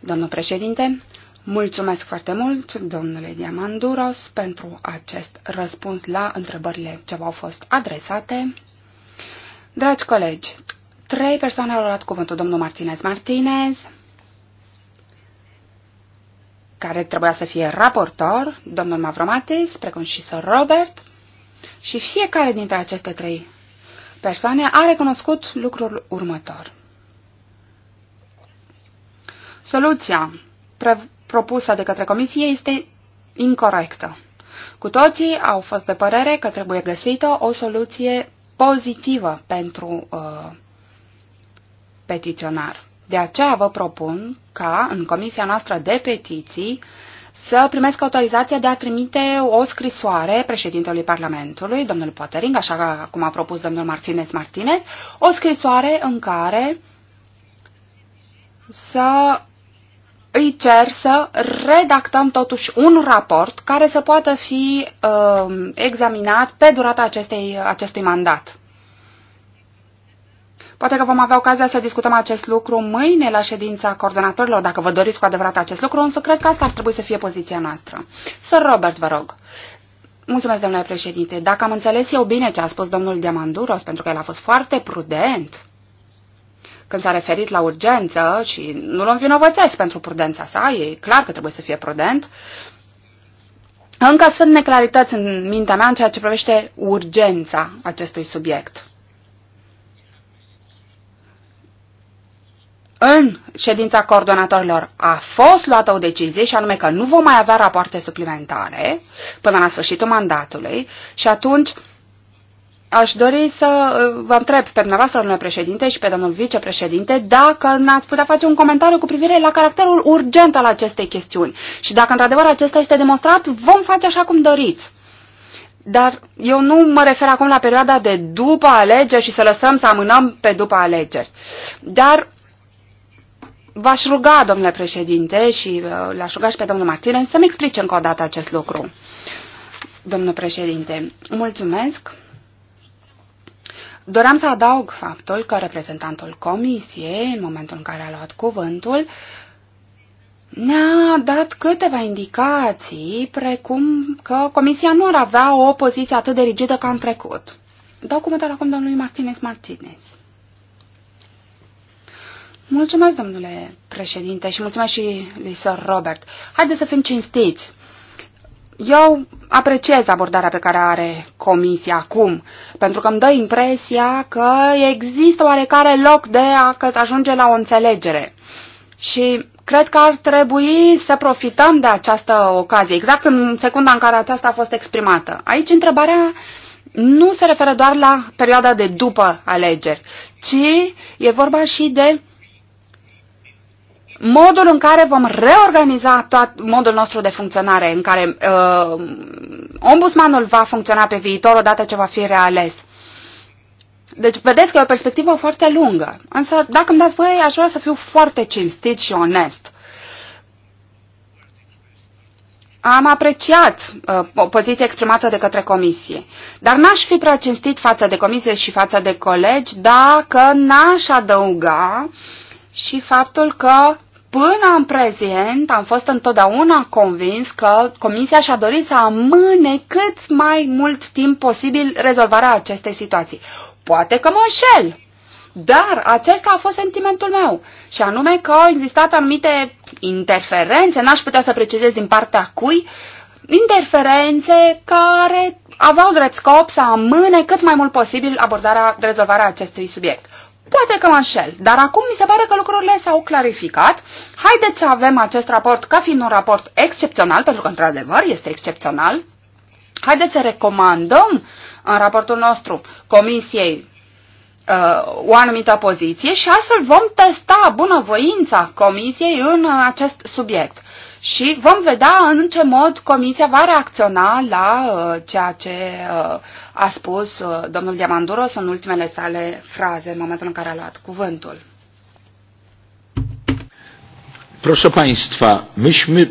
domnul președinte. Mulțumesc foarte mult, domnule Diamanduros, pentru acest răspuns la întrebările ce v-au fost adresate. Dragi colegi, Trei persoane au luat cuvântul. Domnul Martinez Martinez, care trebuia să fie raportor, domnul Mavromatis, precum și Sir Robert, și fiecare dintre aceste trei persoane a recunoscut lucrul următor. Soluția propusă de către comisie este incorrectă. Cu toții au fost de părere că trebuie găsită o soluție pozitivă pentru uh, petiționar. De aceea vă propun ca în comisia noastră de petiții să primesc autorizația de a trimite o scrisoare președintelui Parlamentului, domnul Pottering, așa cum a propus domnul Martinez Martinez, o scrisoare în care să îi cer să redactăm totuși un raport care să poată fi uh, examinat pe durata acestei, acestui mandat. Poate că vom avea ocazia să discutăm acest lucru mâine la ședința coordonatorilor, dacă vă doriți cu adevărat acest lucru, însă cred că asta ar trebui să fie poziția noastră. Sir Robert, vă rog. Mulțumesc, domnule președinte. Dacă am înțeles eu bine ce a spus domnul Diamanduros, pentru că el a fost foarte prudent când s-a referit la urgență și nu-l învinovățesc pentru prudența sa, e clar că trebuie să fie prudent, încă sunt neclarități în mintea mea în ceea ce privește urgența acestui subiect. în ședința coordonatorilor a fost luată o decizie și anume că nu vom mai avea rapoarte suplimentare până la sfârșitul mandatului și atunci aș dori să uh, vă întreb pe dumneavoastră, domnule președinte, și pe domnul vicepreședinte, dacă ne-ați putea face un comentariu cu privire la caracterul urgent al acestei chestiuni. Și dacă într-adevăr acesta este demonstrat, vom face așa cum doriți. Dar eu nu mă refer acum la perioada de după alegeri și să lăsăm să amânăm pe după alegeri. Dar V-aș ruga, domnule președinte, și uh, l-aș ruga și pe domnul Martinez să-mi explice încă o dată acest lucru. Domnul președinte, mulțumesc. Doream să adaug faptul că reprezentantul comisiei, în momentul în care a luat cuvântul, ne-a dat câteva indicații, precum că comisia nu ar avea o poziție atât de rigidă ca în trecut. Dau cuvântul acum domnului Martinez Martinez. Mulțumesc, domnule președinte, și mulțumesc și lui Sir Robert. Haideți să fim cinstiți. Eu apreciez abordarea pe care are comisia acum, pentru că îmi dă impresia că există oarecare loc de a ajunge la o înțelegere. Și cred că ar trebui să profităm de această ocazie, exact în secunda în care aceasta a fost exprimată. Aici întrebarea nu se referă doar la perioada de după alegeri, ci e vorba și de modul în care vom reorganiza tot modul nostru de funcționare, în care uh, ombudsmanul va funcționa pe viitor odată ce va fi reales. Deci, vedeți că e o perspectivă foarte lungă. Însă, dacă îmi dați voie, aș vrea să fiu foarte cinstit și onest. Am apreciat uh, poziția exprimată de către comisie, dar n-aș fi prea cinstit față de comisie și față de colegi dacă n-aș adăuga și faptul că Până în prezent am fost întotdeauna convins că Comisia și-a dorit să amâne cât mai mult timp posibil rezolvarea acestei situații. Poate că mă înșel, dar acesta a fost sentimentul meu, și anume că au existat anumite interferențe, n-aș putea să precizez din partea cui, interferențe care aveau drept scop să amâne cât mai mult posibil abordarea, rezolvarea acestui subiect. Poate că mă înșel, dar acum mi se pare că lucrurile s-au clarificat. Haideți să avem acest raport ca fiind un raport excepțional, pentru că, într-adevăr, este excepțional. Haideți să recomandăm în raportul nostru Comisiei uh, o anumită poziție și astfel vom testa bunăvoința Comisiei în uh, acest subiect și vom vedea în ce mod Comisia va reacționa la uh, ceea ce uh, a spus uh, domnul Diamanduros în ultimele sale fraze, în momentul în care a luat cuvântul. Proszę Państwa, myśmy...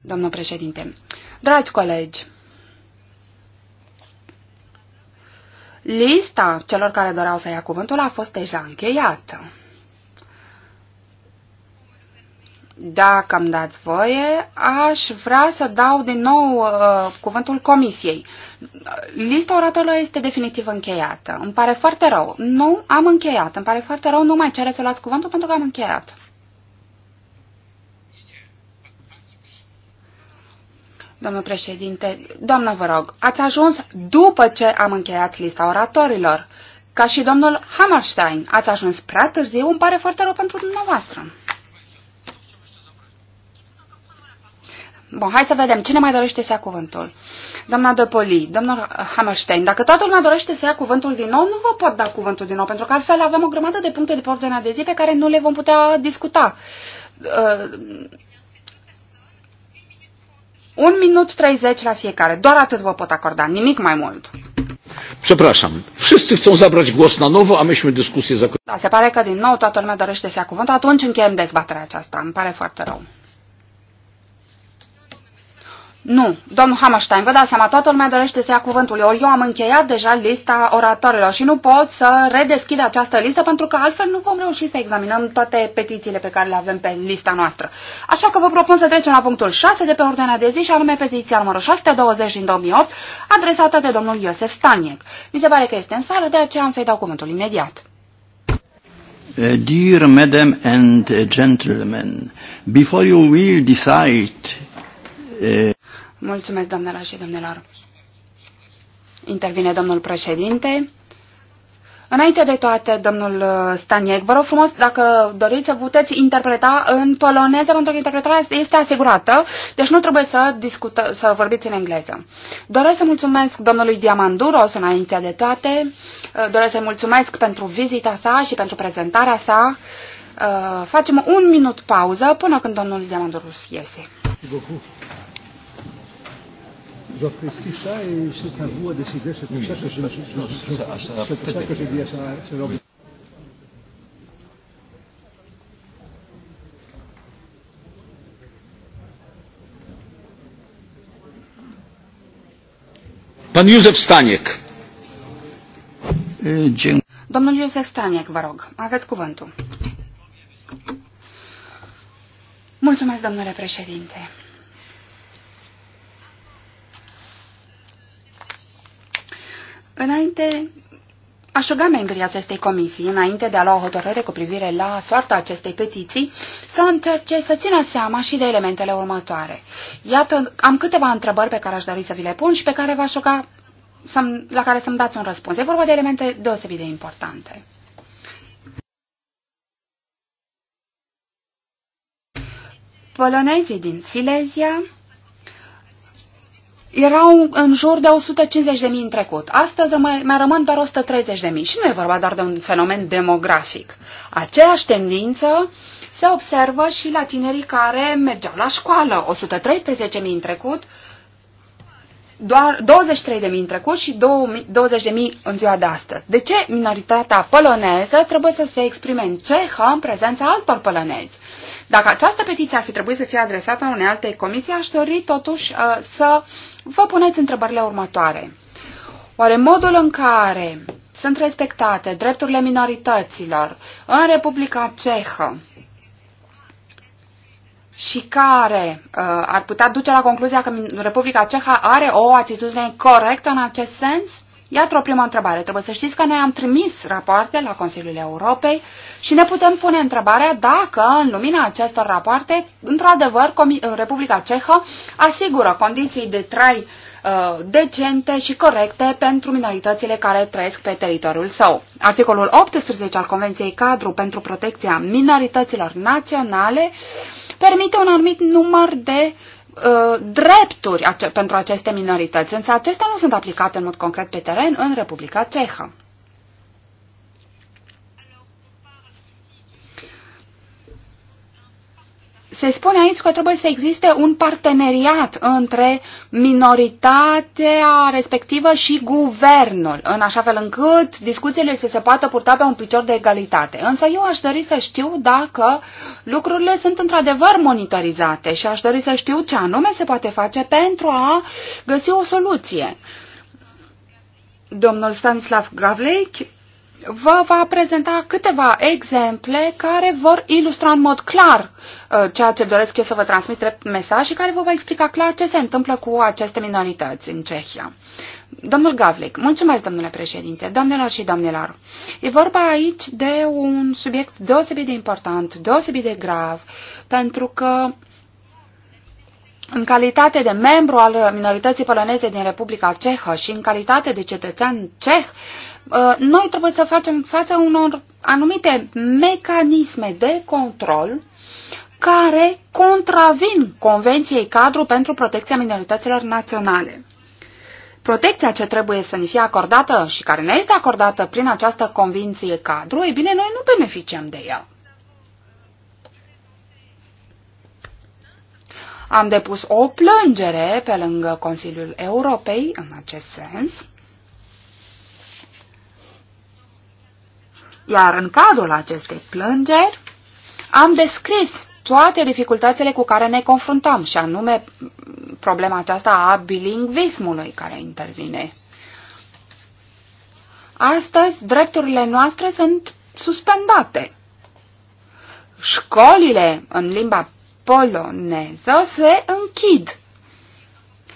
Domnul președinte, dragi colegi, lista celor care doreau să ia cuvântul a fost deja încheiată. Dacă îmi dați voie, aș vrea să dau din nou uh, cuvântul comisiei. Lista oratorilor este definitiv încheiată. Îmi pare foarte rău. Nu, am încheiat. Îmi pare foarte rău. Nu mai cere să luați cuvântul pentru că am încheiat. Domnul președinte, doamnă vă rog, ați ajuns după ce am încheiat lista oratorilor. Ca și domnul Hammerstein, ați ajuns prea târziu, îmi pare foarte rău pentru dumneavoastră. Bun, hai să vedem. Cine mai dorește să ia cuvântul? Doamna Depoli, domnul Hammerstein, dacă toată lumea dorește să ia cuvântul din nou, nu vă pot da cuvântul din nou, pentru că altfel avem o grămadă de puncte de pe ordinea de zi pe care nu le vom putea discuta. Uh, un minut 30 la fiecare. Doar atât vă pot acorda, nimic mai mult. Przepraszam, wszyscy chcą zabrać głos na nowo, a myśmy dyskusję zakończyli. Da, se pare că din nou toată lumea dorește să ia cuvânt, atunci încheiem dezbaterea aceasta. Îmi pare foarte rău. Nu, domnul Hammerstein, vă dați seama, toată lumea dorește să ia cuvântul. Ori eu am încheiat deja lista oratorilor și nu pot să redeschid această listă pentru că altfel nu vom reuși să examinăm toate petițiile pe care le avem pe lista noastră. Așa că vă propun să trecem la punctul 6 de pe ordinea de zi și anume petiția numărul 620 din 2008 adresată de domnul Iosef Staniec. Mi se pare că este în sală, de aceea am să-i dau cuvântul imediat. Uh, dear madam and gentlemen, before you will decide uh, Mulțumesc, doamnelor și domnilor. Intervine domnul președinte. Înainte de toate, domnul uh, Staniec, vă rog frumos, dacă doriți să puteți interpreta în poloneză, pentru că interpretarea este asigurată, deci nu trebuie să, discută, să vorbiți în engleză. Doresc să mulțumesc domnului Diamanduros înainte de toate, uh, doresc să mulțumesc pentru vizita sa și pentru prezentarea sa. Uh, facem un minut pauză până când domnul Diamanduros iese. Mulțumesc. J'apprécie ça et c'est à vous à décider. C'est pour ça que je, je, dis à Sarah Pan Józef Staniek. Domnul Iosef Staniec, vă rog, aveți cuvântul. Mulțumesc, domnule președinte. Înainte, aș ruga membrii acestei comisii, înainte de a lua o hotărâre cu privire la soarta acestei petiții, să încerce să țină seama și de elementele următoare. Iată, am câteva întrebări pe care aș dori să vi le pun și pe care v-aș ruga la care să-mi dați un răspuns. E vorba de elemente deosebit de importante. Polonezii din Silesia erau în jur de 150.000 în trecut. Astăzi mai, mai rămân doar 130.000 și nu e vorba doar de un fenomen demografic. Aceeași tendință se observă și la tinerii care mergeau la școală. 113.000 în trecut, doar 23.000 în trecut și 20.000 în ziua de astăzi. De ce minoritatea poloneză trebuie să se exprime în cehă în prezența altor polonezi? Dacă această petiție ar fi trebuit să fie adresată unei alte comisii, aș dori totuși uh, să vă puneți întrebările următoare. Oare modul în care sunt respectate drepturile minorităților în Republica Cehă și care uh, ar putea duce la concluzia că Republica Ceha are o atitudine corectă în acest sens? Iată o primă întrebare. Trebuie să știți că noi am trimis rapoarte la Consiliul Europei și ne putem pune întrebarea dacă, în lumina acestor rapoarte, într-adevăr, Republica Cehă asigură condiții de trai uh, decente și corecte pentru minoritățile care trăiesc pe teritoriul său. Articolul 18 al Convenției Cadru pentru protecția minorităților naționale permite un anumit număr de Uh, drepturi ace pentru aceste minorități, însă acestea nu sunt aplicate în mod concret pe teren în Republica Cehă. se spune aici că trebuie să existe un parteneriat între minoritatea respectivă și guvernul, în așa fel încât discuțiile să se poată purta pe un picior de egalitate. Însă eu aș dori să știu dacă lucrurile sunt într-adevăr monitorizate și aș dori să știu ce anume se poate face pentru a găsi o soluție. Domnul Stanislav Gavlei vă va prezenta câteva exemple care vor ilustra în mod clar uh, ceea ce doresc eu să vă transmit drept mesaj și care vă va explica clar ce se întâmplă cu aceste minorități în Cehia. Domnul Gavlik, mulțumesc, domnule președinte, doamnelor și domnilor. E vorba aici de un subiect deosebit de important, deosebit de grav, pentru că în calitate de membru al minorității poloneze din Republica Cehă și în calitate de cetățean ceh, Uh, noi trebuie să facem față unor anumite mecanisme de control care contravin Convenției Cadru pentru Protecția Minorităților Naționale. Protecția ce trebuie să ne fie acordată și care ne este acordată prin această convenție cadru, e bine, noi nu beneficiem de ea. Am depus o plângere pe lângă Consiliul Europei în acest sens Iar în cadrul acestei plângeri am descris toate dificultățile cu care ne confruntăm, și anume problema aceasta a bilingvismului care intervine. Astăzi, drepturile noastre sunt suspendate. Școlile în limba poloneză se închid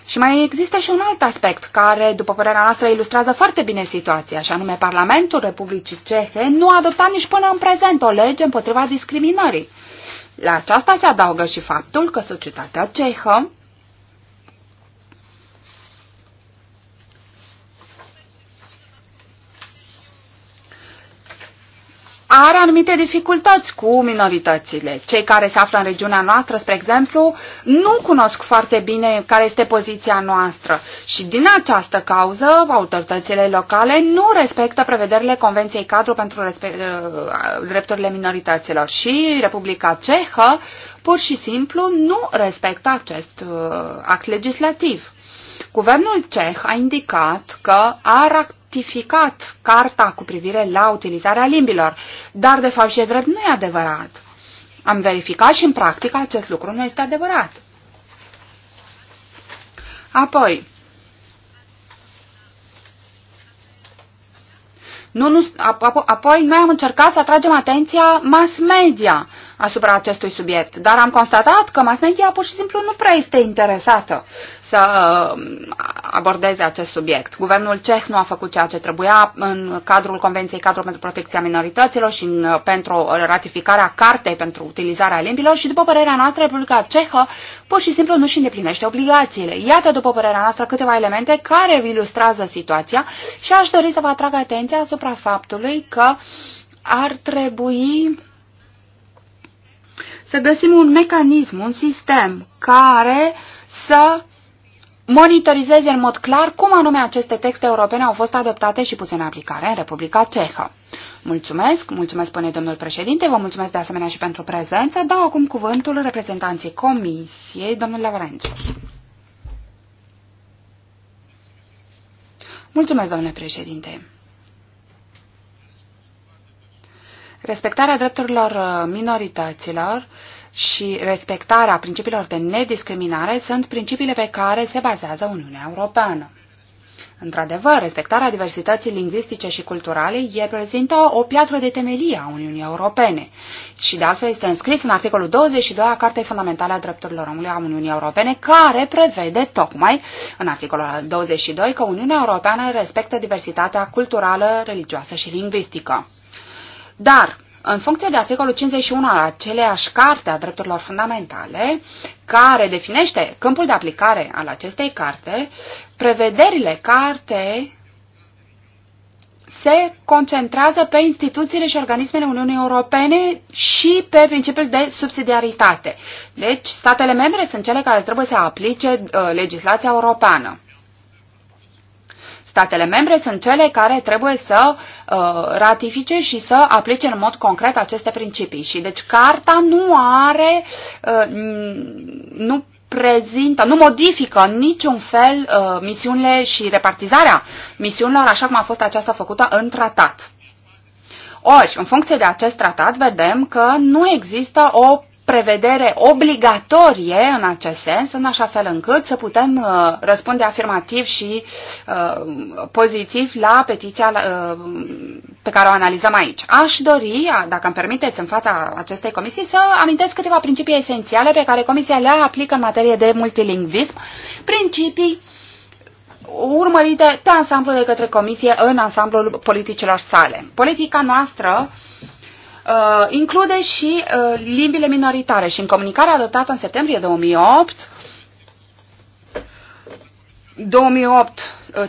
și mai există și un alt aspect care, după părerea noastră, ilustrează foarte bine situația, și anume Parlamentul Republicii Cehe nu a adoptat nici până în prezent o lege împotriva discriminării. La aceasta se adaugă și faptul că societatea cehă are anumite dificultăți cu minoritățile. Cei care se află în regiunea noastră, spre exemplu, nu cunosc foarte bine care este poziția noastră și din această cauză autoritățile locale nu respectă prevederile Convenției Cadru pentru eh, drepturile minorităților și Republica Cehă pur și simplu nu respectă acest eh, act legislativ. Guvernul ceh a indicat că a ratificat carta cu privire la utilizarea limbilor, dar de fapt și drept nu e adevărat. Am verificat și în practică acest lucru nu este adevărat. Apoi, Nu, nu, apo, apoi noi am încercat să atragem atenția mass media asupra acestui subiect, dar am constatat că mass media pur și simplu nu prea este interesată să uh, abordeze acest subiect. Guvernul ceh nu a făcut ceea ce trebuia în cadrul Convenției cadrul pentru Protecția Minorităților și în, uh, pentru ratificarea cartei pentru utilizarea limbilor și, după părerea noastră, Republica Cehă pur și simplu nu și îndeplinește obligațiile. Iată, după părerea noastră, câteva elemente care ilustrează situația și aș dori să vă atrag atenția asupra asupra faptului că ar trebui să găsim un mecanism, un sistem care să monitorizeze în mod clar cum anume aceste texte europene au fost adoptate și puse în aplicare în Republica Cehă. Mulțumesc, mulțumesc spune domnul președinte, vă mulțumesc de asemenea și pentru prezență. Dau acum cuvântul reprezentanței comisiei, domnul Laurențius. Mulțumesc, domnule președinte. Respectarea drepturilor uh, minorităților și respectarea principiilor de nediscriminare sunt principiile pe care se bazează Uniunea Europeană. Într-adevăr, respectarea diversității lingvistice și culturale reprezintă o piatră de temelie a Uniunii Europene și de altfel este înscris în articolul 22 a Cartei Fundamentale a Drepturilor Omului a Uniunii Europene, care prevede tocmai în articolul 22 că Uniunea Europeană respectă diversitatea culturală, religioasă și lingvistică. Dar, în funcție de articolul 51 al aceleași carte a drepturilor fundamentale, care definește câmpul de aplicare al acestei carte, prevederile carte se concentrează pe instituțiile și organismele Uniunii Europene și pe principiul de subsidiaritate. Deci, statele membre sunt cele care trebuie să aplice uh, legislația europeană. Statele membre sunt cele care trebuie să uh, ratifice și să aplice în mod concret aceste principii. Și deci carta nu are, uh, nu prezintă, nu modifică în niciun fel uh, misiunile și repartizarea misiunilor așa cum a fost aceasta făcută în tratat. Ori, în funcție de acest tratat, vedem că nu există o prevedere obligatorie în acest sens, în așa fel încât să putem uh, răspunde afirmativ și uh, pozitiv la petiția uh, pe care o analizăm aici. Aș dori, dacă îmi permiteți, în fața acestei comisii, să amintesc câteva principii esențiale pe care Comisia le aplică în materie de multilingvism, principii urmărite pe ansamblu de către Comisie în ansamblul politicilor sale. Politica noastră uh, uh, include și uh, limbile minoritare și în comunicarea adoptată în septembrie 2008, 2008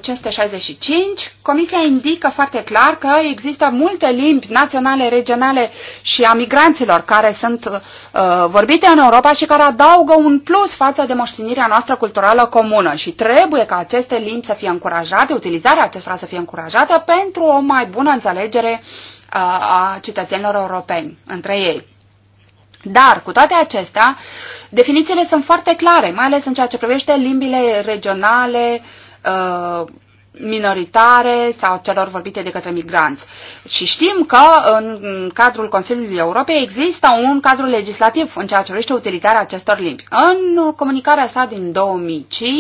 565, Comisia indică foarte clar că există multe limbi naționale, regionale și a migranților care sunt uh, vorbite în Europa și care adaugă un plus față de moștenirea noastră culturală comună și trebuie ca aceste limbi să fie încurajate, utilizarea acestora să fie încurajată pentru o mai bună înțelegere a cetățenilor europeni între ei. Dar, cu toate acestea, definițiile sunt foarte clare, mai ales în ceea ce privește limbile regionale, uh, minoritare sau celor vorbite de către migranți. Și știm că în cadrul Consiliului Europei există un cadru legislativ în ceea ce privește utilizarea acestor limbi. În comunicarea sa din 2005,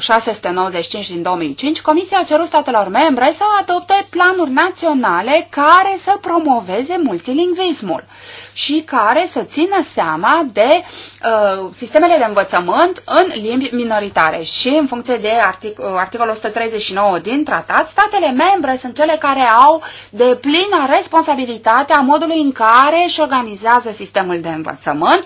695 din 2005, Comisia a cerut statelor membre să adopte planuri naționale care să promoveze multilingvismul și care să țină seama de uh, sistemele de învățământ în limbi minoritare. Și în funcție de artic uh, articolul 139 din tratat, statele membre sunt cele care au de plină responsabilitatea modului în care își organizează sistemul de învățământ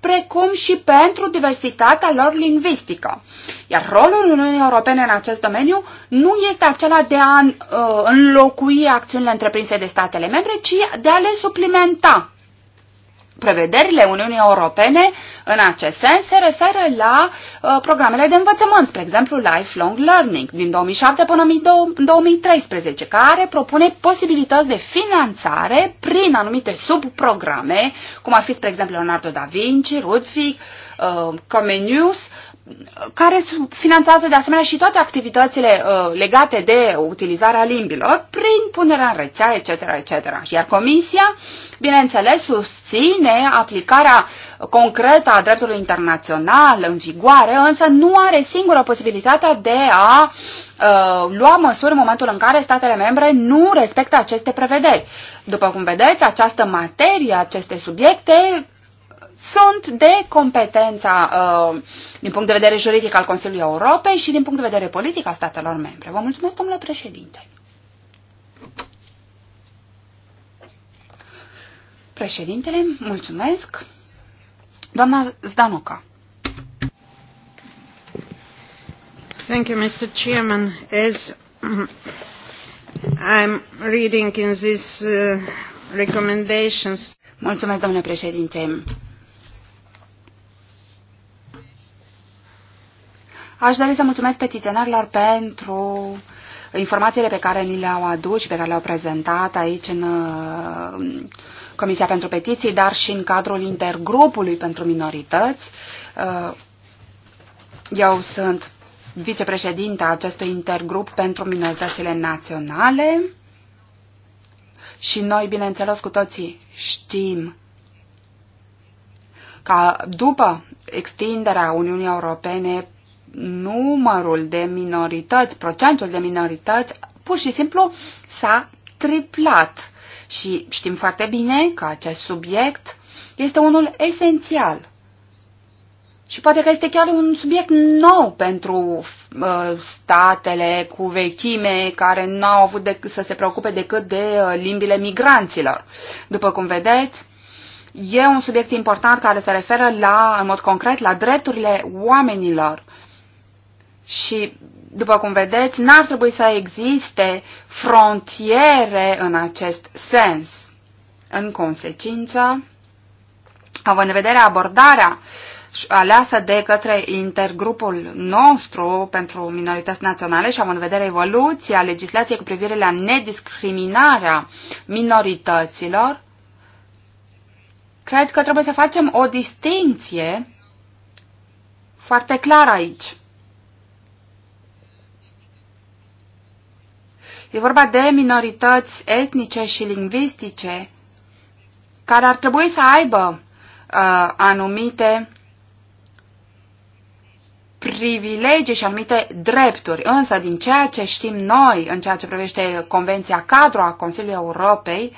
precum și pentru diversitatea lor lingvistică. Iar rolul Uniunii Europene în acest domeniu nu este acela de a uh, înlocui acțiunile întreprinse de statele membre, ci de a le suplimenta prevederile Uniunii Europene în acest sens se referă la uh, programele de învățământ, spre exemplu Lifelong Learning din 2007 până în 2013, care propune posibilități de finanțare prin anumite subprograme, cum ar fi, spre exemplu, Leonardo da Vinci, Ludwig, uh, Comenius, care finanțează de asemenea și toate activitățile uh, legate de utilizarea limbilor prin punerea în rețea, etc., etc. Iar Comisia, bineînțeles, susține bine aplicarea concretă a dreptului internațional în vigoare, însă nu are singură posibilitatea de a uh, lua măsuri în momentul în care statele membre nu respectă aceste prevederi. După cum vedeți, această materie, aceste subiecte sunt de competența uh, din punct de vedere juridic al Consiliului Europei și din punct de vedere politic a statelor membre. Vă mulțumesc, domnule președinte. Președintele, mulțumesc. Doamna Zdanoca. Thank you, Mr. Chairman. As I'm reading in these uh, recommendations. Mulțumesc, domnule președinte. Aș dori să mulțumesc petiționarilor pentru informațiile pe care ni le-au adus și pe care le-au prezentat aici în uh, Comisia pentru Petiții, dar și în cadrul intergrupului pentru minorități. Uh, eu sunt vicepreședinta acestui intergrup pentru minoritățile naționale și noi, bineînțeles, cu toții știm că după extinderea Uniunii Europene, numărul de minorități, procentul de minorități, pur și simplu s-a triplat. Și știm foarte bine că acest subiect este unul esențial. Și poate că este chiar un subiect nou pentru uh, statele cu vechime care nu au avut decât să se preocupe decât de uh, limbile migranților. După cum vedeți, E un subiect important care se referă la, în mod concret la drepturile oamenilor și, după cum vedeți, n-ar trebui să existe frontiere în acest sens. În consecință, având în vedere abordarea aleasă de către intergrupul nostru pentru minorități naționale și având în vedere evoluția legislației cu privire la nediscriminarea minorităților, cred că trebuie să facem o distinție foarte clară aici. E vorba de minorități etnice și lingvistice care ar trebui să aibă uh, anumite privilegii și anumite drepturi. Însă, din ceea ce știm noi în ceea ce privește Convenția Cadru a Consiliului Europei,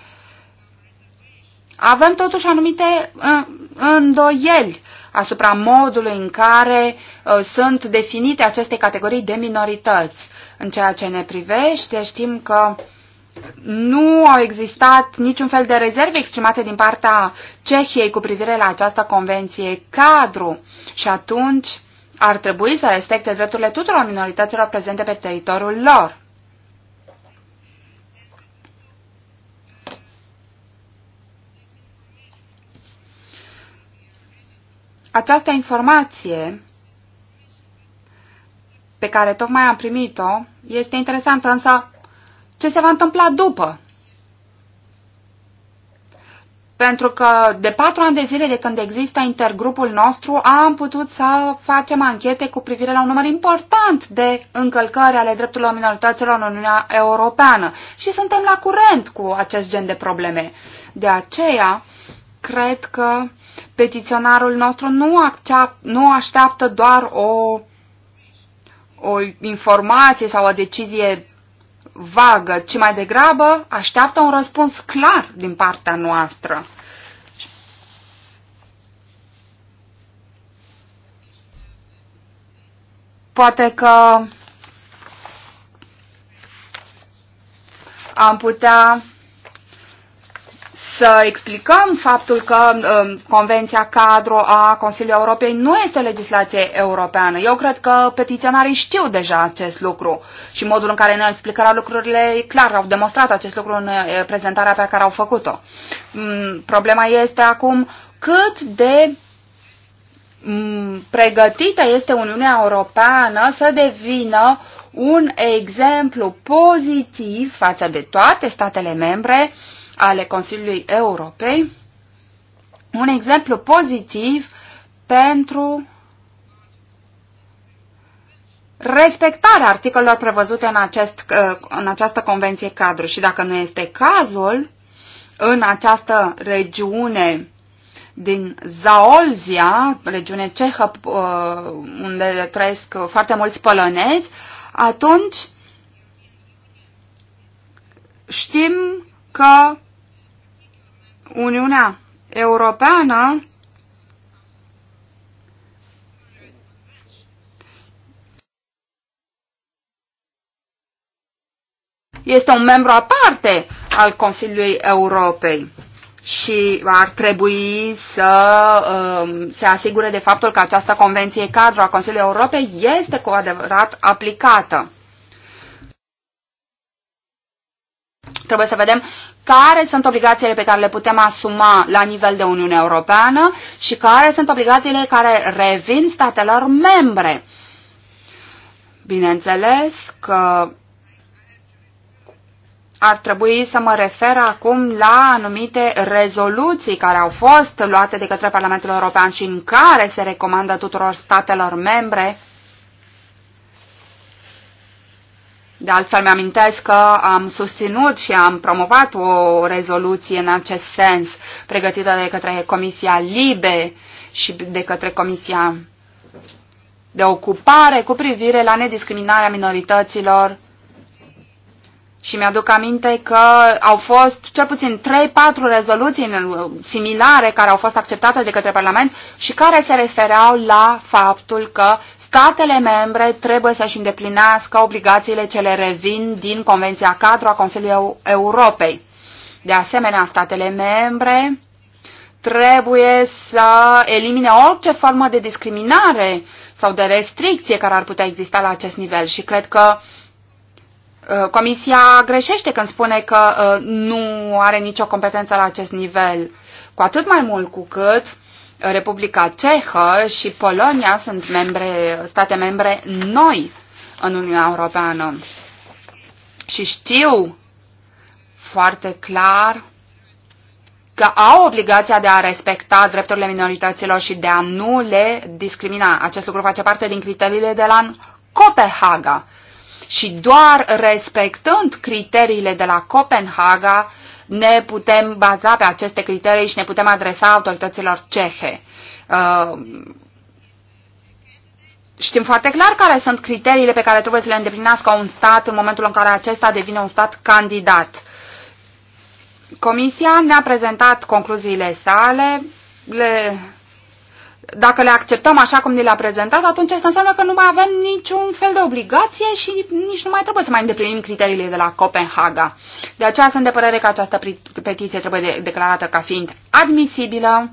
avem totuși anumite uh, îndoieli asupra modului în care uh, sunt definite aceste categorii de minorități. În ceea ce ne privește, știm că nu au existat niciun fel de rezerve exprimate din partea Cehiei cu privire la această convenție cadru și atunci ar trebui să respecte drepturile tuturor minorităților prezente pe teritoriul lor. această informație pe care tocmai am primit-o este interesantă, însă ce se va întâmpla după? Pentru că de patru ani de zile de când există intergrupul nostru am putut să facem anchete cu privire la un număr important de încălcări ale drepturilor minorităților în Uniunea Europeană și suntem la curent cu acest gen de probleme. De aceea, cred că Petiționarul nostru nu, accept, nu așteaptă doar o, o informație sau o decizie vagă, ci mai degrabă așteaptă un răspuns clar din partea noastră. Poate că am putea să explicăm faptul că um, Convenția Cadro a Consiliului Europei nu este o legislație europeană. Eu cred că petiționarii știu deja acest lucru și modul în care ne-au explicat lucrurile, clar, au demonstrat acest lucru în prezentarea pe care au făcut-o. Um, problema este acum cât de mm, pregătită este Uniunea Europeană să devină un exemplu pozitiv față de toate statele membre uh, ale Consiliului Europei, un exemplu pozitiv pentru respectarea articolelor prevăzute în, acest, uh, în această convenție cadru. Și dacă nu este cazul, în această regiune din Zaolzia, regiune cehă uh, unde trăiesc foarte mulți polonezi, atunci știm că Uniunea Europeană este un membru aparte al Consiliului Europei și ar trebui să um, se asigure de faptul că această convenție cadru a Consiliului Europei este cu adevărat aplicată. Trebuie să vedem care sunt obligațiile pe care le putem asuma la nivel de Uniune Europeană și care sunt obligațiile care revin statelor membre. Bineînțeles că ar trebui să mă refer acum la anumite rezoluții care au fost luate de către Parlamentul European și în care se recomandă tuturor statelor membre De altfel, mi-amintesc că am susținut și am promovat o rezoluție în acest sens, pregătită de către Comisia Libe și de către Comisia de Ocupare cu privire la nediscriminarea minorităților și mi-aduc aminte că au fost cel puțin 3-4 rezoluții uh, similare care au fost acceptate de către Parlament și care se refereau la faptul că statele membre trebuie să-și îndeplinească obligațiile ce le revin din Convenția Cadru a Consiliului Europei. De asemenea, statele membre trebuie să elimine orice formă de discriminare sau de restricție care ar putea exista la acest nivel și cred că uh, Uh, comisia greșește când spune că uh, nu are nicio competență la acest nivel, cu atât mai mult cu cât uh, Republica Cehă și Polonia sunt membre, state membre noi în Uniunea Europeană. Și știu foarte clar că au obligația de a respecta drepturile minorităților și de a nu le discrimina. Acest lucru face parte din criteriile de la Copenhaga și doar respectând criteriile de la Copenhaga ne putem baza pe aceste criterii și ne putem adresa autorităților cehe. Uh, știm foarte clar care sunt criteriile pe care trebuie să le îndeplinească un stat în momentul în care acesta devine un stat candidat. Comisia ne-a prezentat concluziile sale, le dacă le acceptăm așa cum ni le-a prezentat, atunci asta înseamnă că nu mai avem niciun fel de obligație și nici nu mai trebuie să mai îndeplinim criteriile de la Copenhaga. De aceea sunt de părere că această petiție trebuie declarată ca fiind admisibilă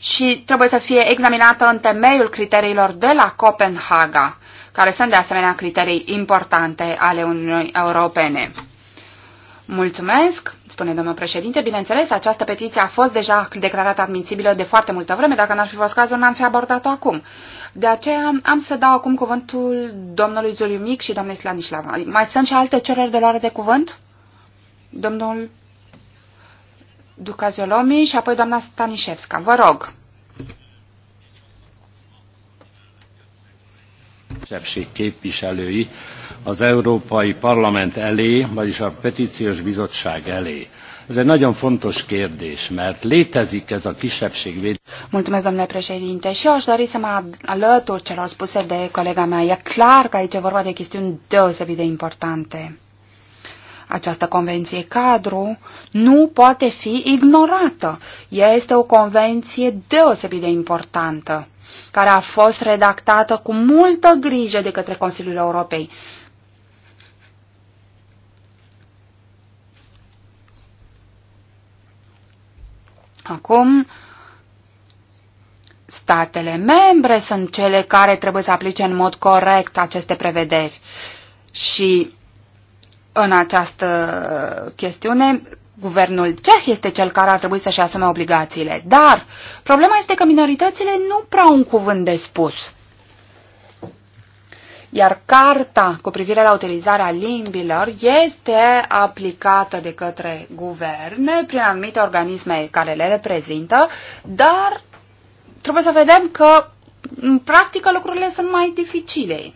și trebuie să fie examinată în temeiul criteriilor de la Copenhaga, care sunt de asemenea criterii importante ale Uniunii Europene. Mulțumesc! spune domnul președinte. Bineînțeles, această petiție a fost deja declarată admisibilă de foarte multă vreme. Dacă n-ar fi fost cazul, n-am fi abordat-o acum. De aceea am să dau acum cuvântul domnului Zuliumic și domnului Slanislav. Mai sunt și alte cereri de luare de cuvânt? Domnul Ducaziolomi și apoi doamna Stanișevska. Vă rog. képviselői az Európai Parlament elé, vagyis a Petíciós Bizottság elé. Ez egy nagyon fontos kérdés, mert létezik ez a kisebbségvédelem. Mulțumesc, domnule președinte, și eu aș dori să mă alătur celor spuse de colega mea. E clar că aici e vorba de chestiuni deosebit de importante. Această convenție cadru nu poate fi ignorată. Este o convenție deosebit de importantă, care a fost redactată cu multă grijă de către Consiliul Europei Acum, statele membre sunt cele care trebuie să aplice în mod corect aceste prevederi. Și în această chestiune, guvernul ceh este cel care ar trebui să-și asume obligațiile. Dar problema este că minoritățile nu prea au un cuvânt de spus. Iar carta cu privire la utilizarea limbilor este aplicată de către guverne prin anumite organisme care le reprezintă, dar trebuie să vedem că în practică lucrurile sunt mai dificile.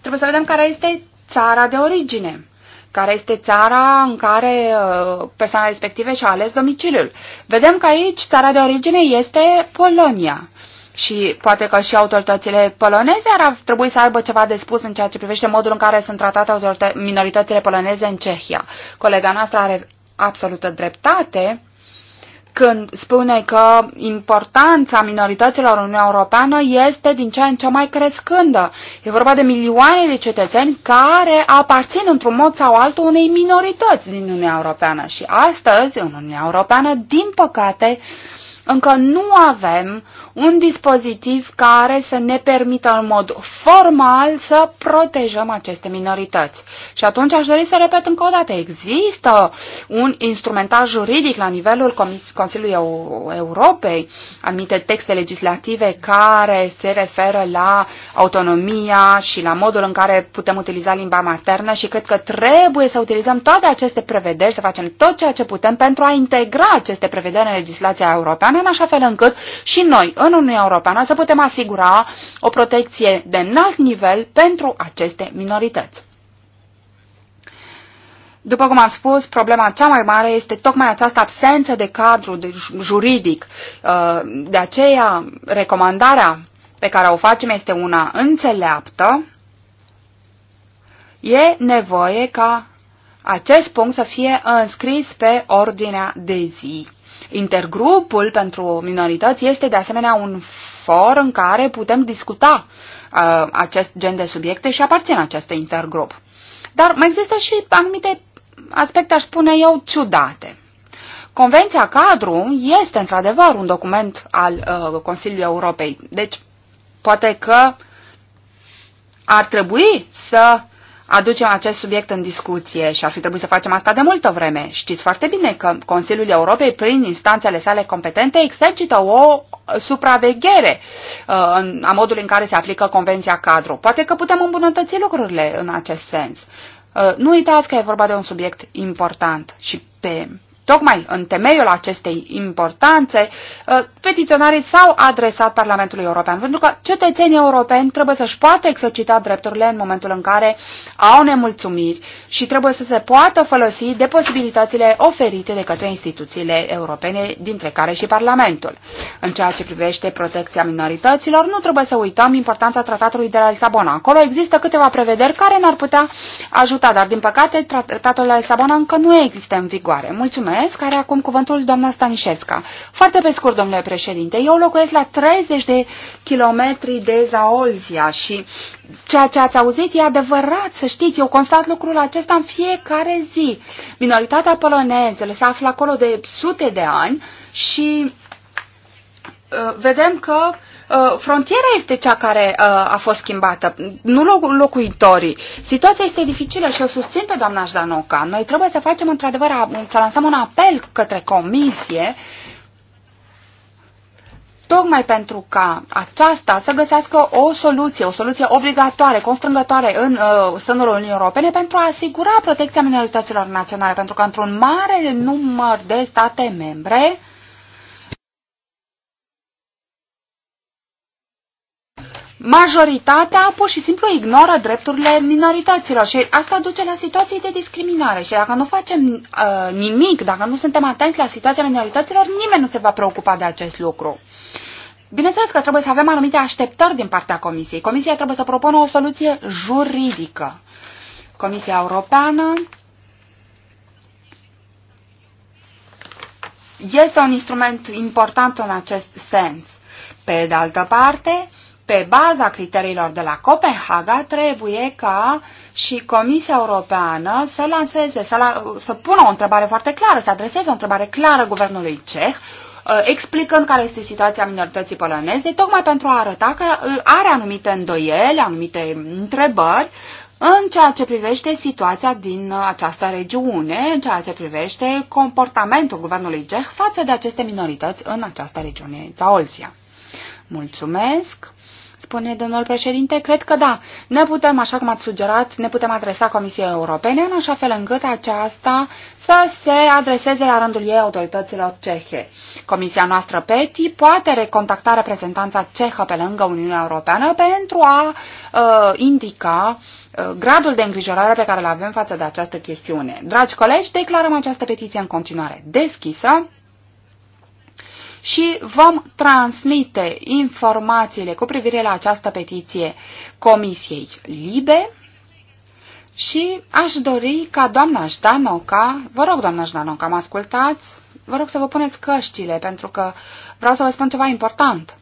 Trebuie să vedem care este țara de origine care este țara în care uh, persoana respective și-a ales domiciliul. Vedem că aici țara de origine este Polonia și poate că și autoritățile poloneze ar trebui să aibă ceva de spus în ceea ce privește modul în care sunt tratate minoritățile poloneze în Cehia. Colega noastră are absolută dreptate când spune că importanța minorităților în Uniunea Europeană este din ce în ce mai crescândă. E vorba de milioane de cetățeni care aparțin într-un mod sau altul unei minorități din Uniunea Europeană. Și astăzi, în Uniunea Europeană, din păcate, încă nu avem un dispozitiv care să ne permită în mod formal să protejăm aceste minorități. Și atunci aș dori să repet încă o dată, există un instrumentar juridic la nivelul Consiliului Europei, anumite texte legislative care se referă la autonomia și la modul în care putem utiliza limba maternă și cred că trebuie să utilizăm toate aceste prevederi, să facem tot ceea ce putem pentru a integra aceste prevederi în legislația europeană, în așa fel încât și noi, în Uniunea Europeană să putem asigura o protecție de înalt nivel pentru aceste minorități. După cum am spus, problema cea mai mare este tocmai această absență de cadru de juridic. Uh, de aceea, recomandarea pe care o facem este una înțeleaptă. E nevoie ca acest punct să fie înscris pe ordinea de zi. Intergrupul pentru minorități este de asemenea un for în care putem discuta uh, acest gen de subiecte și aparțin acestui intergrup. Dar mai există și anumite aspecte, aș spune eu, ciudate. Convenția cadru este într-adevăr un document al uh, Consiliului Europei. Deci, poate că ar trebui să aducem acest subiect în discuție și ar fi trebuit să facem asta de multă vreme. Știți foarte bine că Consiliul Europei, prin instanțele sale competente, exercită o supraveghere uh, a modului în care se aplică Convenția Cadru. Poate că putem îmbunătăți lucrurile în acest sens. Uh, nu uitați că e vorba de un subiect important și pe Tocmai în temeiul acestei importanțe, uh, petiționarii s-au adresat Parlamentului European, pentru că cetățenii europeni trebuie să-și poată exercita drepturile în momentul în care au nemulțumiri și trebuie să se poată folosi de posibilitățile oferite de către instituțiile europene, dintre care și Parlamentul. În ceea ce privește protecția minorităților, nu trebuie să uităm importanța Tratatului de la Lisabona. Acolo există câteva prevederi care n ar putea ajuta, dar din păcate Tratatul de la Lisabona încă nu există în vigoare. Mulțumesc! Mulțumesc. Care acum cuvântul doamna Stanișesca. Foarte pe scurt, domnule președinte, eu locuiesc la 30 de kilometri de Zaolzia și ceea ce ați auzit e adevărat, să știți, eu constat lucrul acesta în fiecare zi. Minoritatea poloneză se află acolo de sute de ani și uh, vedem că uh, Uh, frontiera este cea care uh, a fost schimbată, nu locuitorii. Situația este dificilă și o susțin pe doamna Jdanoca. Noi trebuie să facem într-adevăr, să lansăm un apel către comisie tocmai pentru ca aceasta să găsească o soluție, o soluție obligatoare, constrângătoare în uh, sânul Uniunii Europene pentru a asigura protecția minorităților naționale, pentru că într-un mare număr de state membre uh, majoritatea pur și simplu ignoră drepturile minorităților și asta duce la situații de discriminare și dacă nu facem uh, nimic, dacă nu suntem atenți la situația minorităților, nimeni nu se va preocupa de acest lucru. Bineînțeles că trebuie să avem anumite așteptări din partea Comisiei. Comisia trebuie să propună o soluție juridică. Comisia Europeană este un instrument important în acest sens. Pe de altă parte, pe baza criteriilor de la Copenhaga, trebuie ca și Comisia Europeană să lanseze, să, la, să pună o întrebare foarte clară, să adreseze o întrebare clară guvernului ceh, uh, explicând care este situația minorității poloneze, tocmai pentru a arăta că uh, are anumite îndoieli, anumite întrebări în ceea ce privește situația din uh, această regiune, în ceea ce privește comportamentul guvernului ceh față de aceste minorități în această regiune, Zaolzia. Mulțumesc! spune domnul președinte, cred că da. Ne putem, așa cum ați sugerat, ne putem adresa Comisiei Europene în așa fel încât aceasta să se adreseze la rândul ei autorităților cehe. Comisia noastră PETI poate recontacta reprezentanța cehă pe lângă Uniunea Europeană pentru a uh, indica uh, gradul de îngrijorare pe care îl avem față de această chestiune. Dragi colegi, declarăm această petiție în continuare deschisă și vom transmite informațiile cu privire la această petiție Comisiei Libe și aș dori ca doamna Ștanoca, vă rog doamna Ștanoca, mă ascultați? Vă rog să vă puneți căștile pentru că vreau să vă spun ceva important.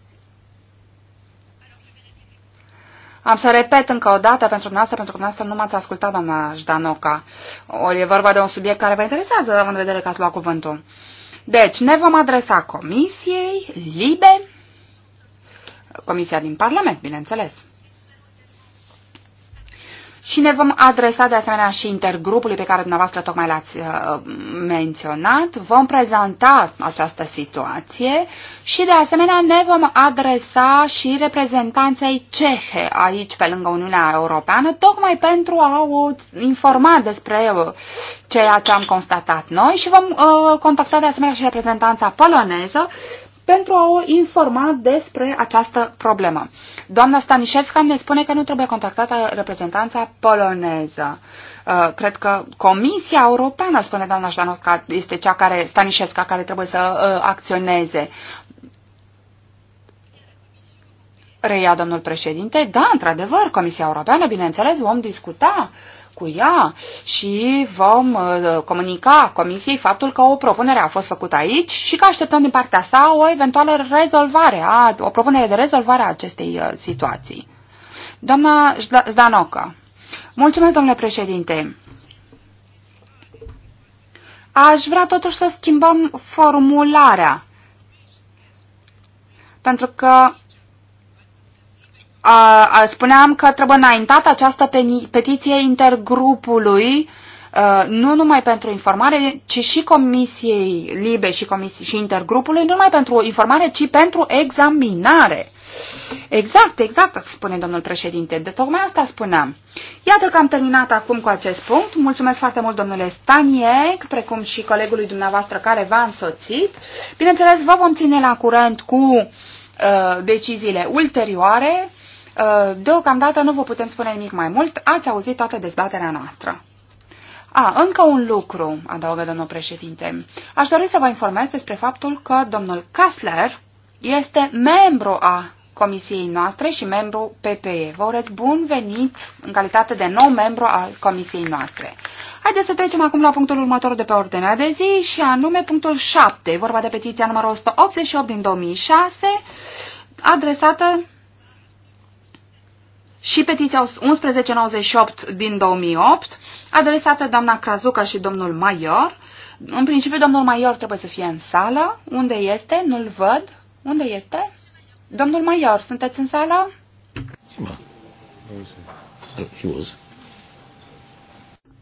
Am să repet încă o dată pentru dumneavoastră, pentru că dumneavoastră nu m-ați ascultat, doamna Jdanoca. Ori e vorba de un subiect care vă interesează, în vedere că ați luat cuvântul. Uh, deci, ne vom adresa Comisiei Libe, Comisia din Parlament, bineînțeles și ne vom adresa de asemenea și intergrupului pe care dumneavoastră tocmai l-ați uh, menționat, vom prezenta această situație și de asemenea ne vom adresa și reprezentanței cehe aici pe lângă Uniunea Europeană, tocmai pentru a o informa despre uh, ceea ce am constatat noi și vom uh, contacta de asemenea și reprezentanța poloneză pentru a o informa despre această problemă. Doamna Stanișevska ne spune că nu trebuie contactată reprezentanța poloneză. Uh, cred că Comisia Europeană, spune doamna Ștanovska, este cea care, Stanișevska, care trebuie să uh, acționeze. Reia domnul președinte, da, într-adevăr, Comisia Europeană, bineînțeles, vom discuta uh, cu ea și vom uh, comunica Comisiei faptul că o propunere a fost făcută aici și că așteptăm din partea sa o eventuală rezolvare, a, o propunere de rezolvare a acestei uh, situații. Doamna Zdanoca. Mulțumesc, domnule președinte. Aș vrea totuși să schimbăm formularea. Pentru că a, a, spuneam că trebuie înaintată această petiție intergrupului nu numai pentru informare, ci și Comisiei Libe și, comisii, și intergrupului, nu numai pentru informare, ci pentru examinare. Exact, exact, spune domnul președinte. De tocmai asta spuneam. Iată că am terminat acum cu acest punct. Mulțumesc foarte mult, domnule Staniec, precum și colegului dumneavoastră care v-a însoțit. Bineînțeles, vă vom ține la curent cu uh, deciziile ulterioare Uh, deocamdată nu vă putem spune nimic mai mult, ați auzit toată dezbaterea noastră. A, încă un lucru, adaugă domnul președinte. Aș dori să vă informez despre faptul că domnul Kassler este membru a comisiei noastre și membru PPE. Vă urez bun venit în calitate de nou membru al comisiei noastre. Haideți să trecem acum la punctul următor de pe ordinea de zi și anume punctul 7, vorba de petiția numărul 188 din 2006, adresată și petiția 1198 din 2008, adresată doamna Crazuca și domnul Maior. În principiu, domnul Maior trebuie să fie în sală. Unde este? Nu-l văd. Unde este? Domnul Maior, sunteți în sală?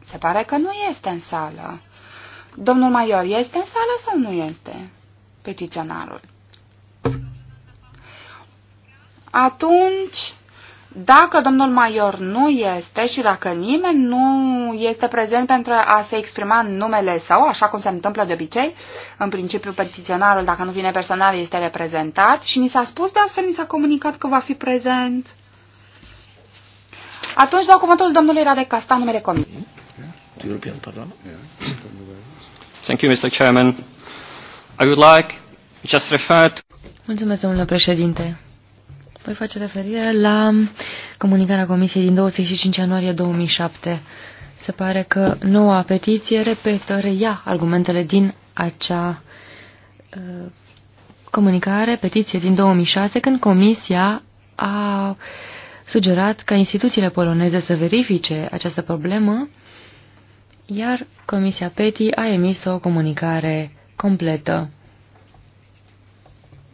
Se pare că nu este în sală. Domnul Maior este în sală sau nu este? Petiționarul. Atunci, dacă domnul Maior nu este și dacă nimeni nu este prezent pentru a se exprima în numele sau așa cum se întâmplă de obicei, în principiu petiționarul, dacă nu vine personal, este reprezentat și ni s-a spus, de altfel ni s-a comunicat că va fi prezent. Atunci dau cuvântul domnului Radek Casta, numele Comisiei. European Parliament. Thank you, Mr. Chairman. I would like just refer to... Mulțumesc, domnule președinte. Voi face referire la comunicarea Comisiei din 25 ianuarie 2007. Se pare că noua petiție repetă, reia argumentele din acea uh, comunicare, petiție din 2006, când Comisia a sugerat ca instituțiile poloneze să verifice această problemă, iar Comisia PETI a emis o comunicare completă.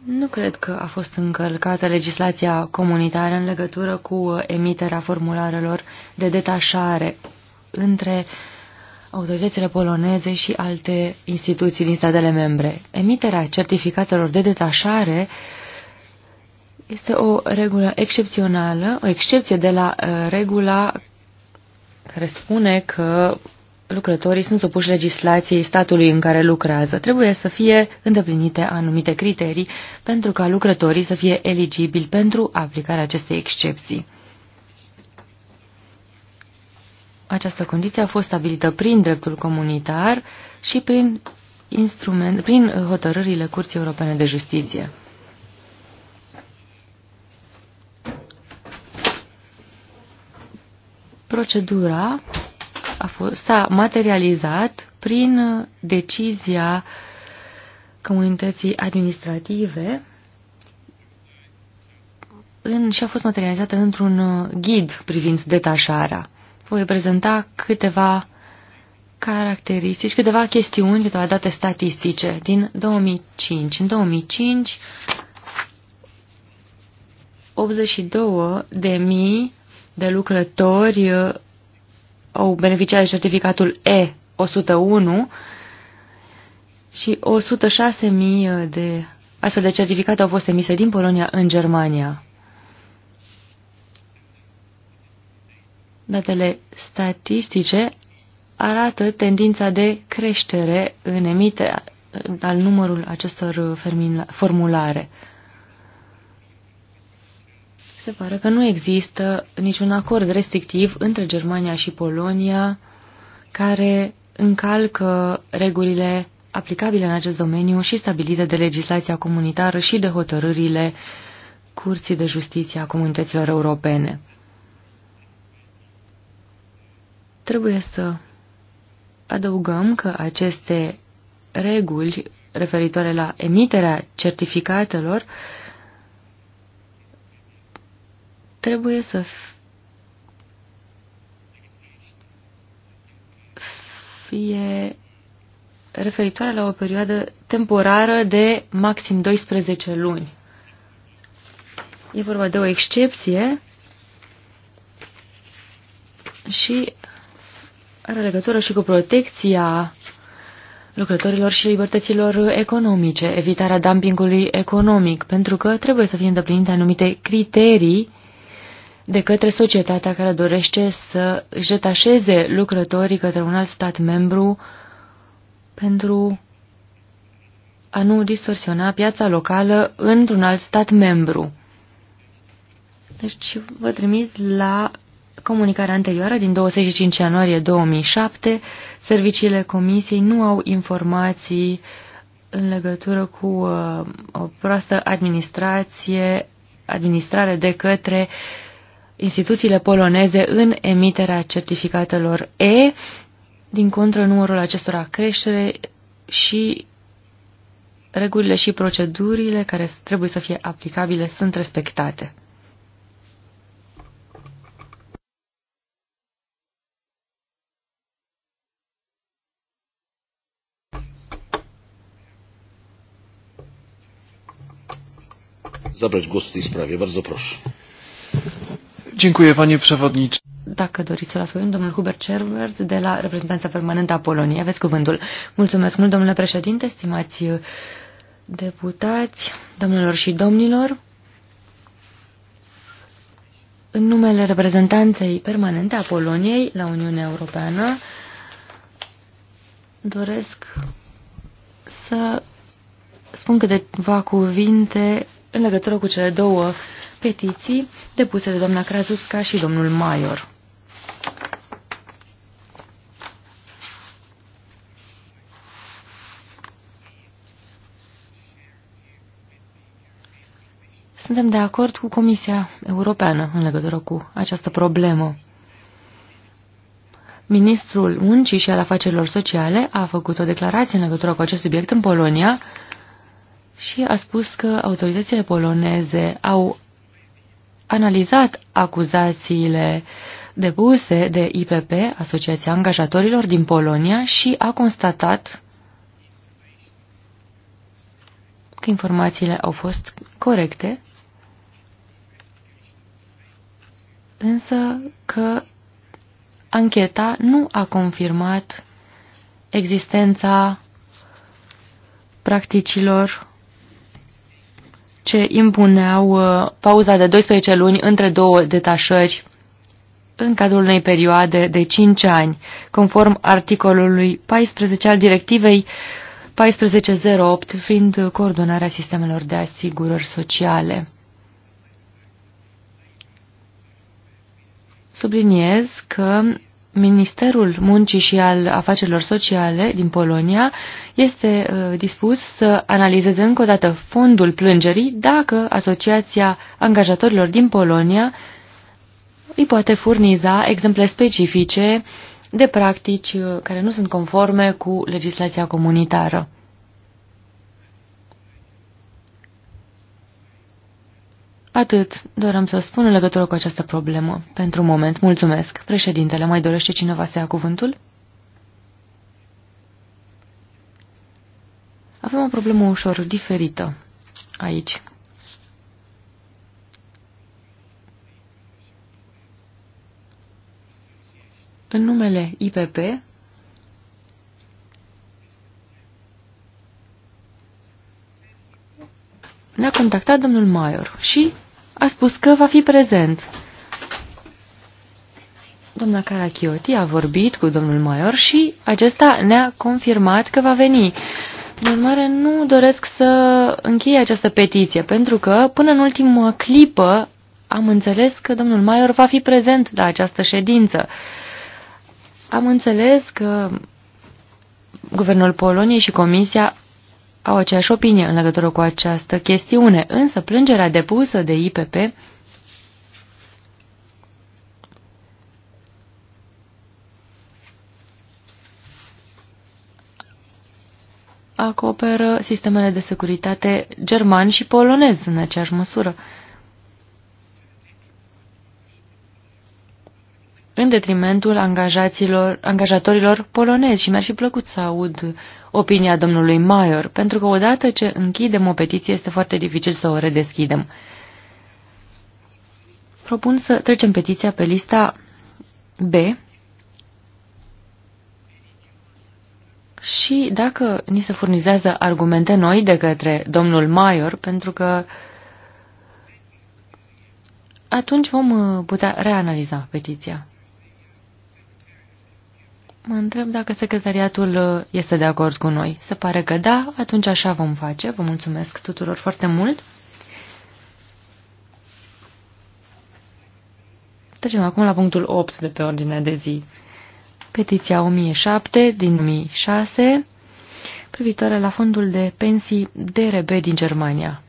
Nu cred că a fost încălcată legislația comunitară în legătură cu uh, emiterea formularelor de detașare între autoritățile poloneze și alte instituții din statele membre. Emiterea certificatelor de detașare este o regulă excepțională, o excepție de la uh, regula care spune că lucrătorii sunt supuși legislației statului în care lucrează. Trebuie să fie îndeplinite anumite criterii pentru ca lucrătorii să fie eligibili pentru aplicarea acestei excepții. Această condiție a fost stabilită prin dreptul comunitar și prin, instrument, prin hotărârile Curții Europene de Justiție. Procedura s-a materializat prin decizia comunității administrative în, și a fost materializată într-un uh, ghid privind detașarea. Voi prezenta câteva caracteristici, câteva chestiuni, câteva date statistice din 2005. În 2005, 82 de mii de lucrători uh, au beneficiat de certificatul E101 și 106.000 de astfel de certificate au fost emise din Polonia în Germania. Datele statistice arată tendința de creștere în emite al numărul acestor formulare se pare că nu există niciun acord restrictiv între Germania și Polonia care încalcă regulile aplicabile în acest domeniu și stabilite de legislația comunitară și de hotărârile Curții de Justiție a Comunităților Europene. Trebuie să adăugăm că aceste reguli referitoare la emiterea certificatelor uh, trebuie să fie referitoare la o perioadă temporară de maxim 12 luni. E vorba de o excepție și are legătură și cu protecția lucrătorilor și libertăților economice, evitarea dumpingului economic, pentru că trebuie să fie îndeplinite anumite criterii de către societatea care dorește să își detașeze lucrătorii către un alt stat membru pentru a nu distorsiona piața locală într-un alt stat membru. Deci vă trimit la comunicarea anterioară din 25 ianuarie 2007. Serviciile comisiei nu au informații în legătură cu uh, o proastă administrație, administrare de către uh, instituțiile poloneze în emiterea certificatelor E. Din contră, numărul acestora crește și regulile și procedurile care trebuie să fie aplicabile sunt respectate. zabrać głos w tej sprawie. Bardzo proszę. Dziękuję, panie przewodniczący. Dacă doriți să las cuvânt, domnul Hubert Cervert, de la reprezentanța permanentă a Poloniei. Aveți cuvântul. Mulțumesc mult, domnule președinte, stimați uh, deputați, domnilor și domnilor. În numele reprezentanței permanente a Poloniei la Uniunea Europeană, doresc să spun câteva cuvinte în legătură cu cele două petiții depuse de doamna Crazusca și domnul Maior. Suntem de acord cu Comisia Europeană în legătură cu această problemă. Ministrul Muncii și al Afacerilor Sociale a făcut o declarație în legătură cu acest subiect în Polonia, și a spus că autoritățile poloneze au analizat acuzațiile depuse de IPP, Asociația Angajatorilor din Polonia, și a constatat că informațiile au fost corecte, însă că ancheta nu a confirmat existența practicilor ce impuneau uh, pauza de 12 luni între două detașări în cadrul unei perioade de 5 ani, conform articolului 14 al directivei 1408, fiind coordonarea sistemelor de asigurări sociale. Subliniez că Ministerul Muncii și al Afacerilor Sociale din Polonia este uh, dispus să analizeze încă o dată fondul plângerii dacă Asociația Angajatorilor din Polonia îi poate furniza exemple specifice de practici uh, care nu sunt conforme cu legislația comunitară. Atât doream să spun în legătură cu această problemă. Pentru un moment, mulțumesc. Președintele, mai dorește cineva să ia cuvântul? Avem o problemă ușor diferită aici. În numele IPP, ne-a contactat domnul Maior și a spus că va fi prezent. Doamna Carachioti a vorbit cu domnul Maior și acesta ne-a confirmat că va veni. În urmare, nu doresc să închei această petiție, pentru că până în ultimă clipă am înțeles că domnul Maior va fi prezent la această ședință. Am înțeles că guvernul Poloniei și Comisia au aceeași opinie în legătură cu această chestiune, însă plângerea depusă de IPP acoperă sistemele de securitate german și polonez în aceeași măsură. în detrimentul angajaților, angajatorilor polonezi și mi-ar fi plăcut să aud opinia domnului Maior, pentru că odată ce închidem o petiție este foarte dificil să o redeschidem. Propun să trecem petiția pe lista B și dacă ni se furnizează argumente noi de către domnul Maior, pentru că atunci vom uh, putea reanaliza petiția. Mă întreb dacă secretariatul uh, este de acord cu noi. Se pare că da, atunci așa vom face. Vă mulțumesc tuturor foarte mult. Trecem acum la punctul 8 de pe ordinea de zi. Petiția 1007 din 2006 privitoare la fondul de pensii DRB din Germania.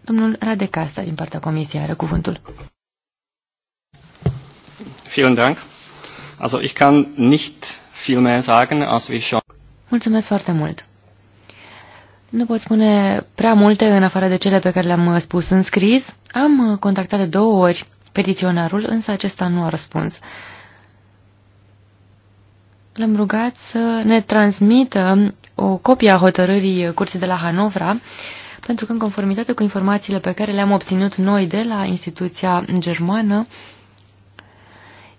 Domnul Radecasta din partea comisiei are cuvântul. Vielen Dank. Also ich kann nicht viel mehr sagen, als wie schon. Mulțumesc foarte mult. Nu pot spune prea multe în afară de cele pe care le-am uh, spus în scris. Am uh, contactat de două ori petiționarul, însă acesta nu a răspuns. L-am rugat să ne transmită o copie a hotărârii curții de la Hanovra, pentru că în conformitate cu informațiile pe care le-am obținut noi de la instituția germană,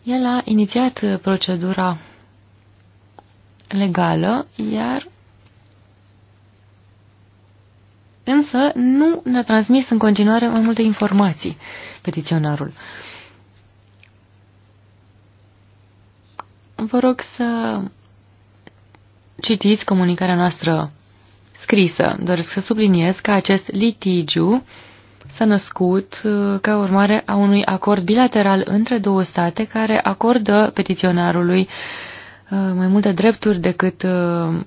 el a inițiat uh, procedura legală, iar însă nu ne-a transmis în continuare mai multe informații petiționarul. Vă rog să citiți comunicarea noastră scrisă. Doresc să subliniez că acest litigiu s-a născut uh, ca urmare a unui acord bilateral între două state care acordă petiționarului uh, mai multe drepturi decât uh,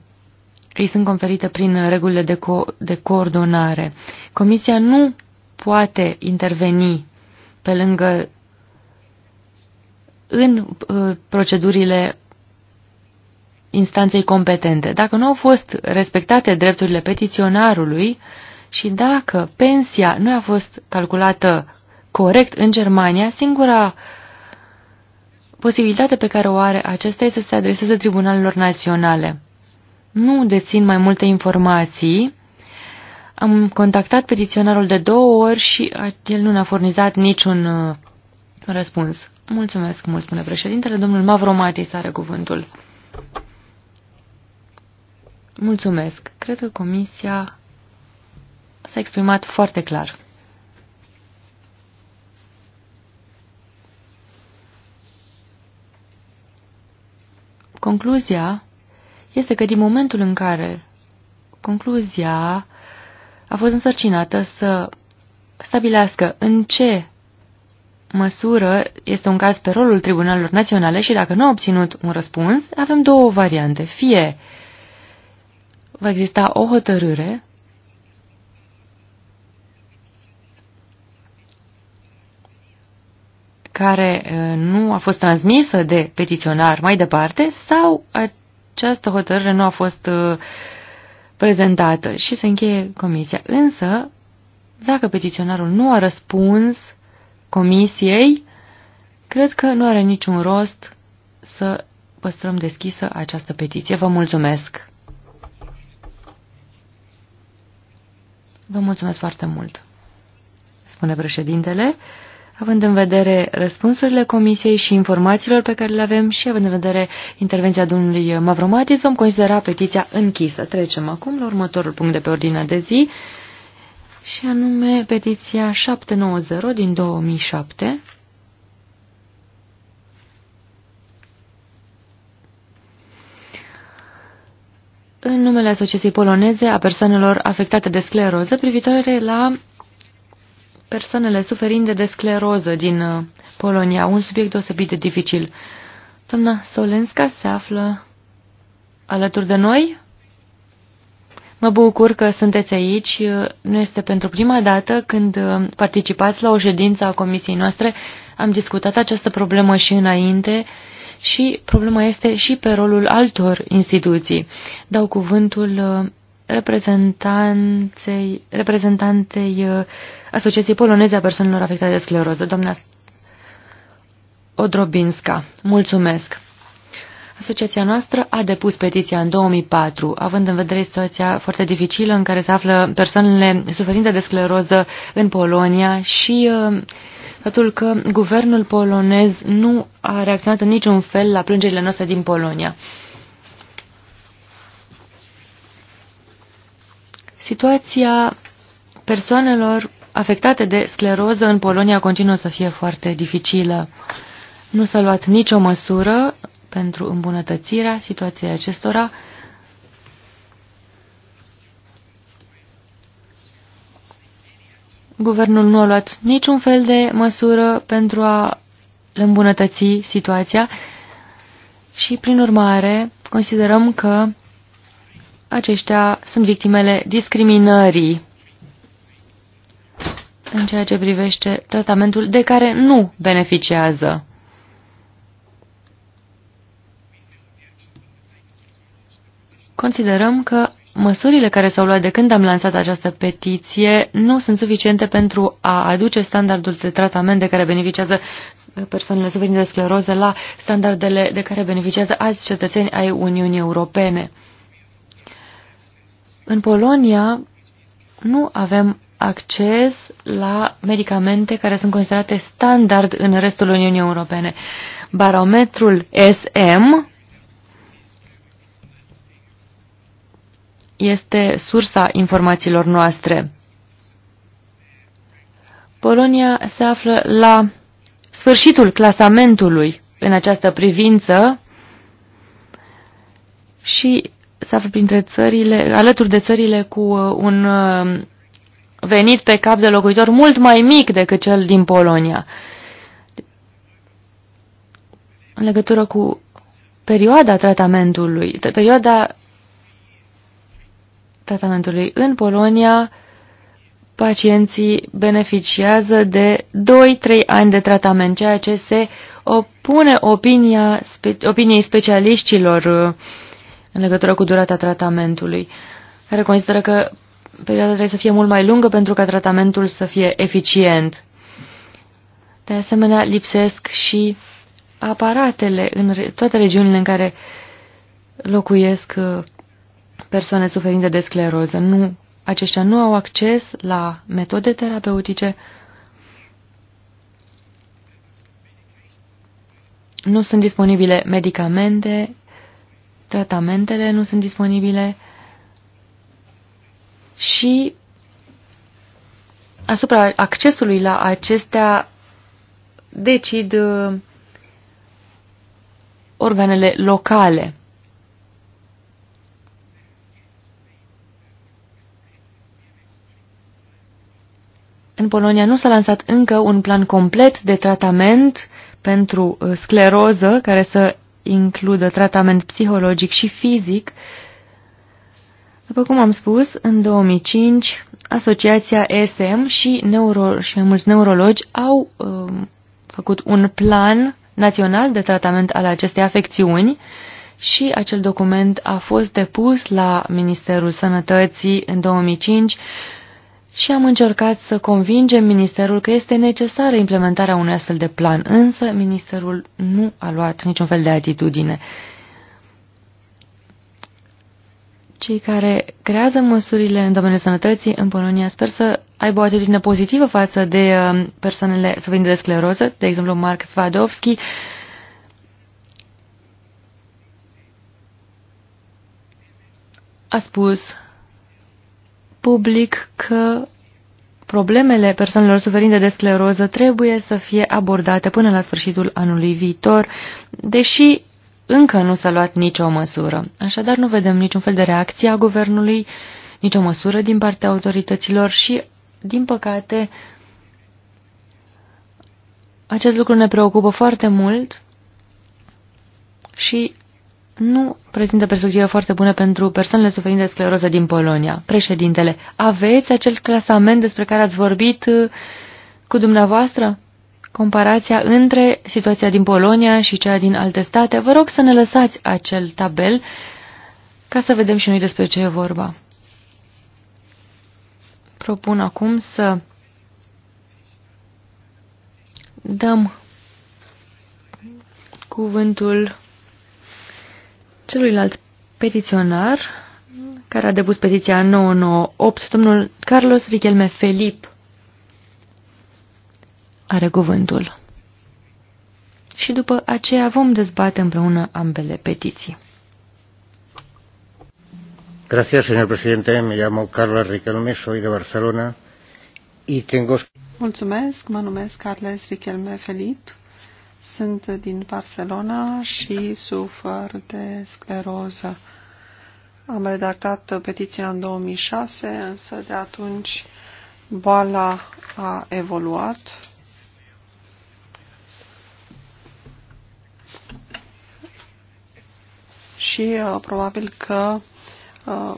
îi sunt conferite prin regulile de, co de coordonare. Comisia nu poate interveni pe lângă în procedurile instanței competente. Dacă nu au fost respectate drepturile petiționarului, uh, și dacă pensia nu a fost calculată corect în Germania, singura posibilitate pe care o are acesta este să se adreseze tribunalelor naționale. Nu dețin mai multe informații. Am contactat petiționarul de două ori și el nu ne-a furnizat niciun uh, răspuns. Mulțumesc mult, spune președintele. Domnul Mavromatis are cuvântul. Mulțumesc. Cred că comisia s-a exprimat foarte clar. Concluzia este că din momentul în care concluzia a fost însărcinată să stabilească în ce măsură este un caz pe rolul tribunalelor naționale și dacă nu a obținut un răspuns, avem două variante. Fie va exista o hotărâre care uh, nu a fost transmisă de petiționar mai departe sau această hotărâre nu a fost uh, prezentată și se încheie comisia. Însă, dacă petiționarul nu a răspuns comisiei, cred că nu are niciun rost să păstrăm deschisă această petiție. Vă mulțumesc! Vă mulțumesc foarte mult, spune președintele având în vedere răspunsurile comisiei și informațiilor pe care le avem și având în vedere intervenția domnului Mavromatis, vom considera petiția închisă. Trecem acum la următorul punct de pe ordinea de zi, și anume petiția 790 din 2007, în numele Asociației Poloneze a persoanelor afectate de scleroză privitoare la persoanele suferind de scleroză din uh, Polonia, un subiect deosebit de dificil. Doamna Solenska se află alături de noi. Mă bucur că sunteți aici. Nu este pentru prima dată când uh, participați la o ședință a comisiei noastre. Am discutat această problemă și înainte și problema este și pe rolul altor instituții. Dau cuvântul uh, reprezentanței, reprezentantei uh, Asociației Poloneze a Persoanelor Afectate de Scleroză, doamna Odrobinska. Mulțumesc! Asociația noastră a depus petiția în 2004, având în vedere situația foarte dificilă în care se află persoanele suferinte de scleroză în Polonia și uh, faptul că guvernul polonez nu a reacționat în niciun fel la plângerile noastre din Polonia. Situația persoanelor afectate de scleroză în Polonia continuă să fie foarte dificilă. Nu s-a luat nicio măsură pentru îmbunătățirea situației acestora. Guvernul nu a luat niciun fel de măsură pentru a îmbunătăți situația și, prin urmare, considerăm că aceștia sunt victimele discriminării în ceea ce privește tratamentul de care nu beneficiază. Considerăm că măsurile care s-au luat de când am lansat această petiție nu sunt suficiente pentru a aduce standardul de tratament de care beneficiază persoanele suferind de scleroză la standardele de care beneficiază alți cetățeni ai Uniunii Europene. În Polonia nu avem acces la medicamente care sunt considerate standard în restul Uniunii Europene. Barometrul SM este sursa informațiilor noastre. Polonia se află la sfârșitul clasamentului în această privință și se află printre țările, alături de țările cu uh, un uh, venit pe cap de locuitor mult mai mic decât cel din Polonia. În legătură cu perioada tratamentului, perioada tratamentului în Polonia, pacienții beneficiază de 2-3 ani de tratament, ceea ce se opune opinia, spe, opiniei specialiștilor uh, în legătură cu durata tratamentului, care consideră că perioada trebuie să fie mult mai lungă pentru ca tratamentul să fie eficient. De asemenea, lipsesc și aparatele în toate regiunile în care locuiesc uh, persoane suferind de scleroză. Nu, aceștia nu au acces la metode terapeutice, nu sunt disponibile medicamente tratamentele nu sunt disponibile și asupra accesului la acestea decid uh, organele locale. În Polonia nu s-a lansat încă un plan complet de tratament pentru uh, scleroză care să includă tratament psihologic și fizic. După cum am spus, în 2005, Asociația SM și, neuro, și mai mulți neurologi au uh, făcut un plan național de tratament al acestei afecțiuni și acel document a fost depus la Ministerul Sănătății în 2005 și am încercat să convingem ministerul că este necesară implementarea unui astfel de plan, însă ministerul nu a luat niciun fel de atitudine. Cei care creează măsurile în domeniul sănătății în Polonia sper să aibă o atitudine pozitivă față de uh, persoanele suferinte de scleroză, de exemplu Mark Svadovski, a spus public că problemele persoanelor suferinte de scleroză trebuie să fie abordate până la sfârșitul anului viitor, deși încă nu s-a luat nicio măsură. Așadar, nu vedem niciun fel de reacție a guvernului, nicio măsură din partea autorităților și, din păcate, acest lucru ne preocupă foarte mult și nu prezintă perspectivă foarte bună pentru persoanele suferind de scleroză din Polonia. Președintele, aveți acel clasament despre care ați vorbit uh, cu dumneavoastră? Comparația între situația din Polonia și cea din alte state. Vă rog să ne lăsați acel tabel ca să vedem și noi despre ce e vorba. Propun acum să dăm cuvântul celuilalt petiționar care a depus petiția 998, domnul Carlos Riquelme Felip, are cuvântul. Și după aceea vom dezbate împreună ambele petiții. Gracias, señor presidente. Me llamo Carlos Riquelme, soy de Barcelona y tengo... Mulțumesc, mă numesc Carles Riquelme Felipe. Sunt din Barcelona și sufăr de scleroză. Am redactat petiția în 2006, însă de atunci boala a evoluat. Și uh, probabil că uh,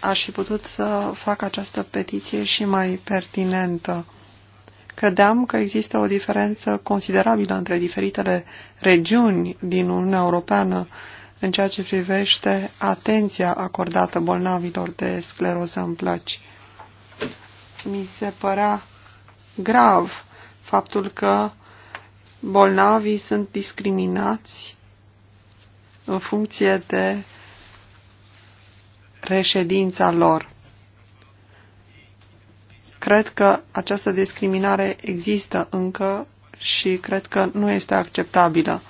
aș fi putut să fac această petiție și mai pertinentă. Credeam că există o diferență considerabilă între diferitele regiuni din Uniunea Europeană în ceea ce privește atenția acordată bolnavilor de scleroză în plăci. Mi se părea grav faptul că bolnavii sunt discriminați în funcție de reședința lor. Cred că această discriminare există încă și cred că nu este acceptabilă.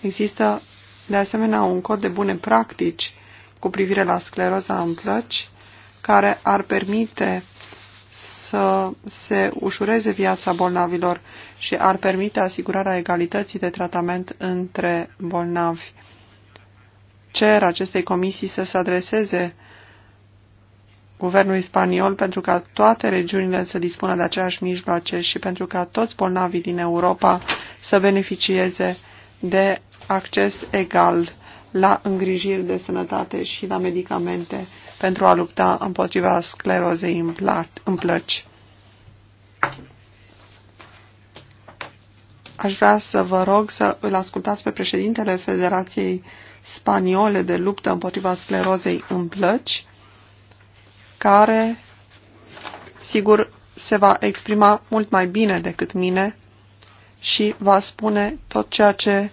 Există, de asemenea, un cod de bune practici cu privire la scleroza în plăci care ar permite să se ușureze viața bolnavilor și ar permite asigurarea egalității de tratament între bolnavi. Cer acestei comisii să se adreseze guvernului spaniol pentru ca toate regiunile să dispună de aceleași mijloace și pentru ca toți bolnavii din Europa să beneficieze de acces egal la îngrijiri de sănătate și la medicamente pentru a lupta împotriva sclerozei în plăci. Aș vrea să vă rog să îl ascultați pe președintele Federației Spaniole de Luptă împotriva sclerozei în plăci, care, sigur, se va exprima mult mai bine decât mine și va spune tot ceea ce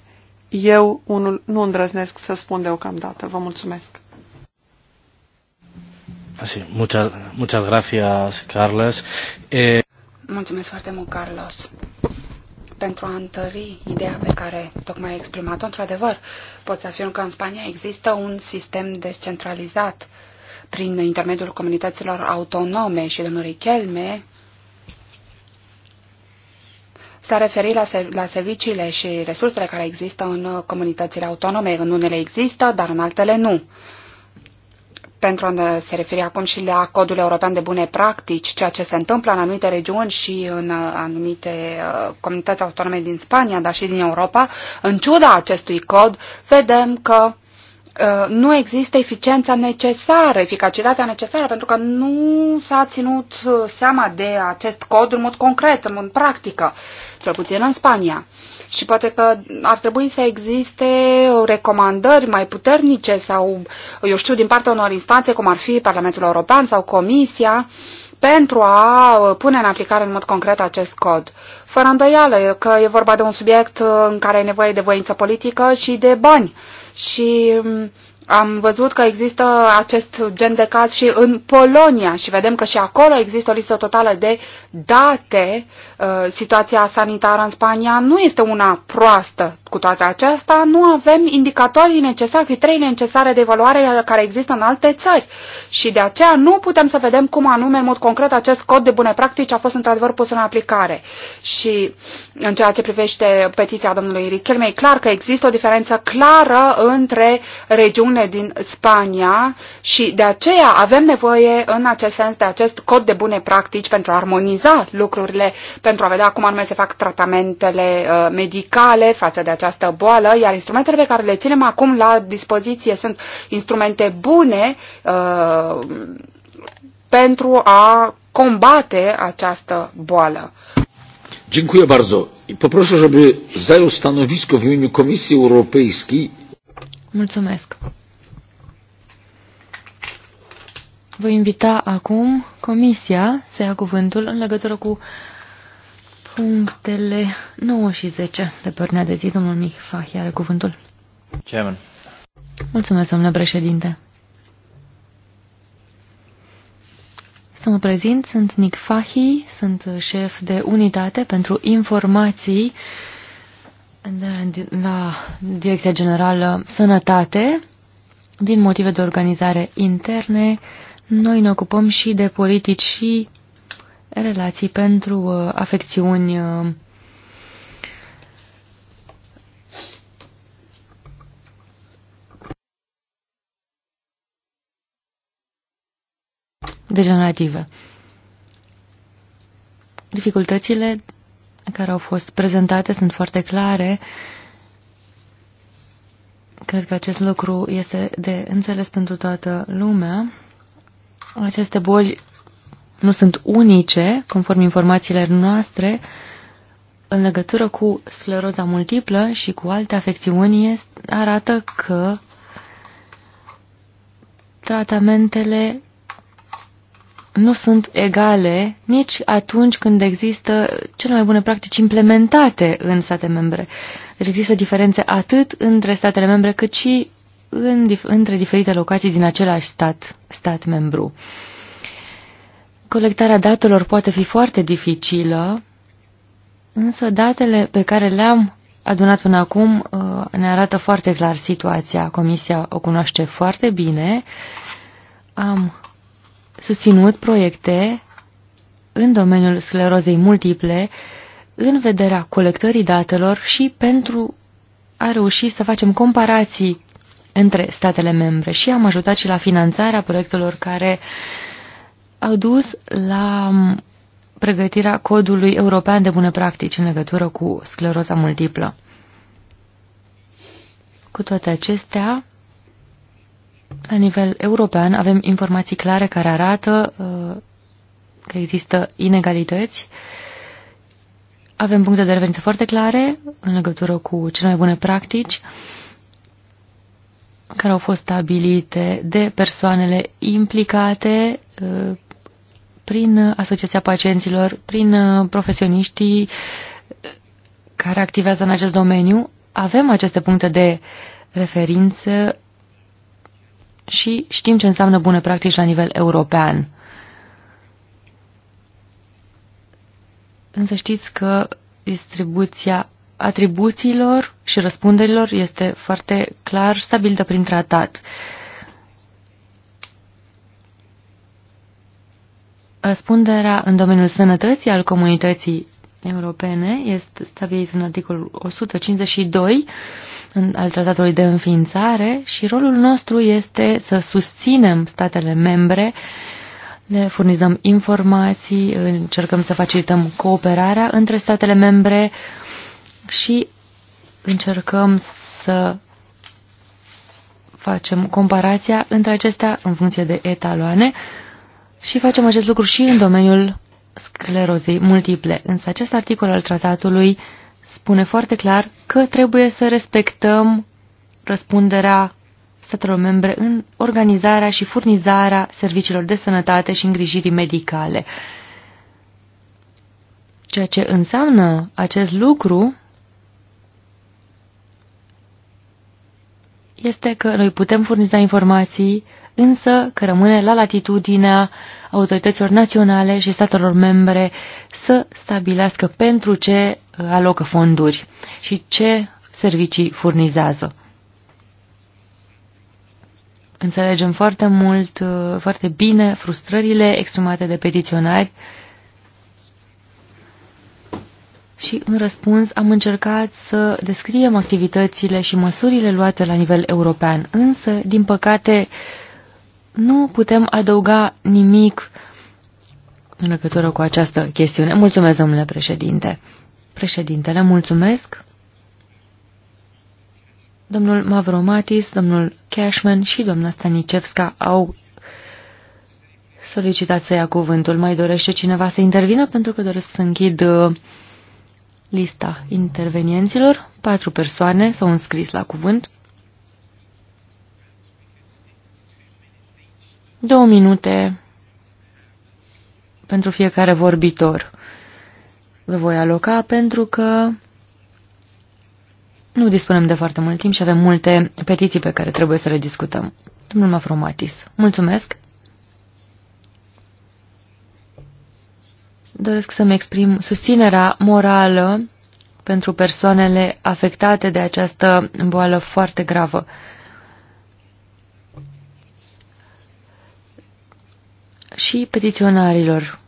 eu unul nu îndrăznesc să spun deocamdată. Vă mulțumesc. Sí, muchas, muchas gracias, Carlos. Eh... Mulțumesc foarte mult, Carlos, pentru a întări ideea pe care tocmai ai exprimat-o. Într-adevăr, pot să afirm că în Spania există un sistem descentralizat uh, prin intermediul comunităților autonome și domnului Chelme, s-a referit la, la serviciile și resursele care există în comunitățile autonome. În unele există, dar în altele nu pentru a se referi acum și la codul european de bune practici, ceea ce se întâmplă în anumite regiuni și în uh, anumite uh, comunități autonome din Spania, dar și din Europa, în ciuda acestui cod, vedem că Uh, nu există eficiența necesară, eficacitatea necesară, pentru că nu s-a ținut uh, seama de acest cod în mod concret, în mod practică, cel puțin în Spania. Și poate că ar trebui să existe recomandări mai puternice sau, eu știu, din partea unor instanțe, cum ar fi Parlamentul European sau Comisia, uh, pentru a uh, pune în aplicare în mod concret acest cod. Fără îndoială că e vorba de un subiect uh, în care e nevoie de voință politică și de bani. Și mm, am văzut că există acest gen de caz și în Polonia și vedem că și acolo există o listă totală de date. Uh, situația sanitară în Spania nu este una proastă. Cu toate acestea, nu avem indicatorii necesari, criterii necesare de evaluare care există în alte țări. Și de aceea nu putem să vedem cum anume, în mod concret, acest cod de bune practici a fost într-adevăr pus în aplicare. Și în ceea ce privește petiția domnului Richelme, e clar că există o diferență clară între regiuni bune din Spania și de aceea avem nevoie în acest sens de acest cod de bune practici pentru a armoniza lucrurile, pentru a vedea cum anume se fac tratamentele uh, medicale față de această boală, iar instrumentele pe care le ținem acum la dispoziție sunt instrumente bune uh, pentru a combate această boală. Dziękuję bardzo. I poproszę, żeby zajął stanowisko w imieniu Komisji Europejskiej. Mulțumesc. Voi invita acum Comisia să ia cuvântul în legătură cu punctele 9 și 10 de părnea de zi. Domnul Mic are cuvântul. Chairman. Mulțumesc, domnule președinte. Să mă prezint, sunt Nic Fahi, sunt șef de unitate pentru informații de la Direcția Generală Sănătate din motive de organizare interne noi ne ocupăm și de politici și relații pentru uh, afecțiuni uh, degenerative. Dificultățile care au fost prezentate sunt foarte clare. Cred că acest lucru este de înțeles pentru toată lumea. Aceste boli nu sunt unice, conform informațiilor noastre, în legătură cu scleroza multiplă și cu alte afecțiuni, arată că tratamentele nu sunt egale nici atunci când există cele mai bune practici implementate în state membre. Deci există diferențe atât între statele membre cât și în, între diferite locații din același stat, stat membru. Colectarea datelor poate fi foarte dificilă, însă datele pe care le-am adunat până acum uh, ne arată foarte clar situația. Comisia o cunoaște foarte bine. Am susținut proiecte în domeniul sclerozei multiple în vederea colectării datelor și pentru a reuși să facem comparații între statele membre și am ajutat și la finanțarea proiectelor care au dus la pregătirea codului european de bune practici în legătură cu scleroza multiplă. Cu toate acestea, la nivel european avem informații clare care arată uh, că există inegalități. Avem puncte de referință foarte clare în legătură cu cele mai bune practici. Uh, care au fost stabilite de persoanele implicate uh, prin Asociația Pacienților, prin uh, profesioniștii uh, care activează în acest domeniu. Avem aceste puncte de referință și știm ce înseamnă bune practici la nivel european. Însă știți că distribuția atribuțiilor și răspunderilor este foarte clar stabilită prin tratat. Răspunderea în domeniul sănătății al comunității europene este stabilită în articolul 152 al Tratatului de Înființare și rolul nostru este să susținem statele membre, le furnizăm informații, încercăm să facilităm cooperarea între statele membre, uh, și încercăm să facem comparația între acestea în funcție de etaloane și facem acest lucru și în domeniul sclerozei multiple. Însă acest articol al tratatului spune foarte clar că trebuie să respectăm răspunderea statelor membre în organizarea și furnizarea serviciilor de sănătate și îngrijirii medicale. Ceea ce înseamnă acest lucru este că noi putem furniza informații, însă că rămâne la latitudinea autorităților naționale și statelor membre să stabilească pentru ce uh, alocă fonduri și ce servicii furnizează. Înțelegem foarte mult, uh, foarte bine frustrările exprimate de petiționari și în răspuns am încercat să descriem activitățile și măsurile luate la nivel european, însă, din păcate, nu putem adăuga nimic în legătură cu această chestiune. Mulțumesc, domnule președinte. Președintele, mulțumesc. Domnul Mavromatis, domnul Cashman și doamna Stanicevska au solicitat să ia cuvântul. Mai dorește cineva să intervină pentru că doresc să închid uh, lista intervenienților. Patru persoane s-au înscris la cuvânt. Două minute pentru fiecare vorbitor vă voi aloca pentru că nu dispunem de foarte mult timp și avem multe petiții pe care trebuie să le discutăm. Domnul Mafromatis, mulțumesc! doresc să-mi exprim susținerea morală pentru persoanele afectate de această boală foarte gravă. Și petiționarilor.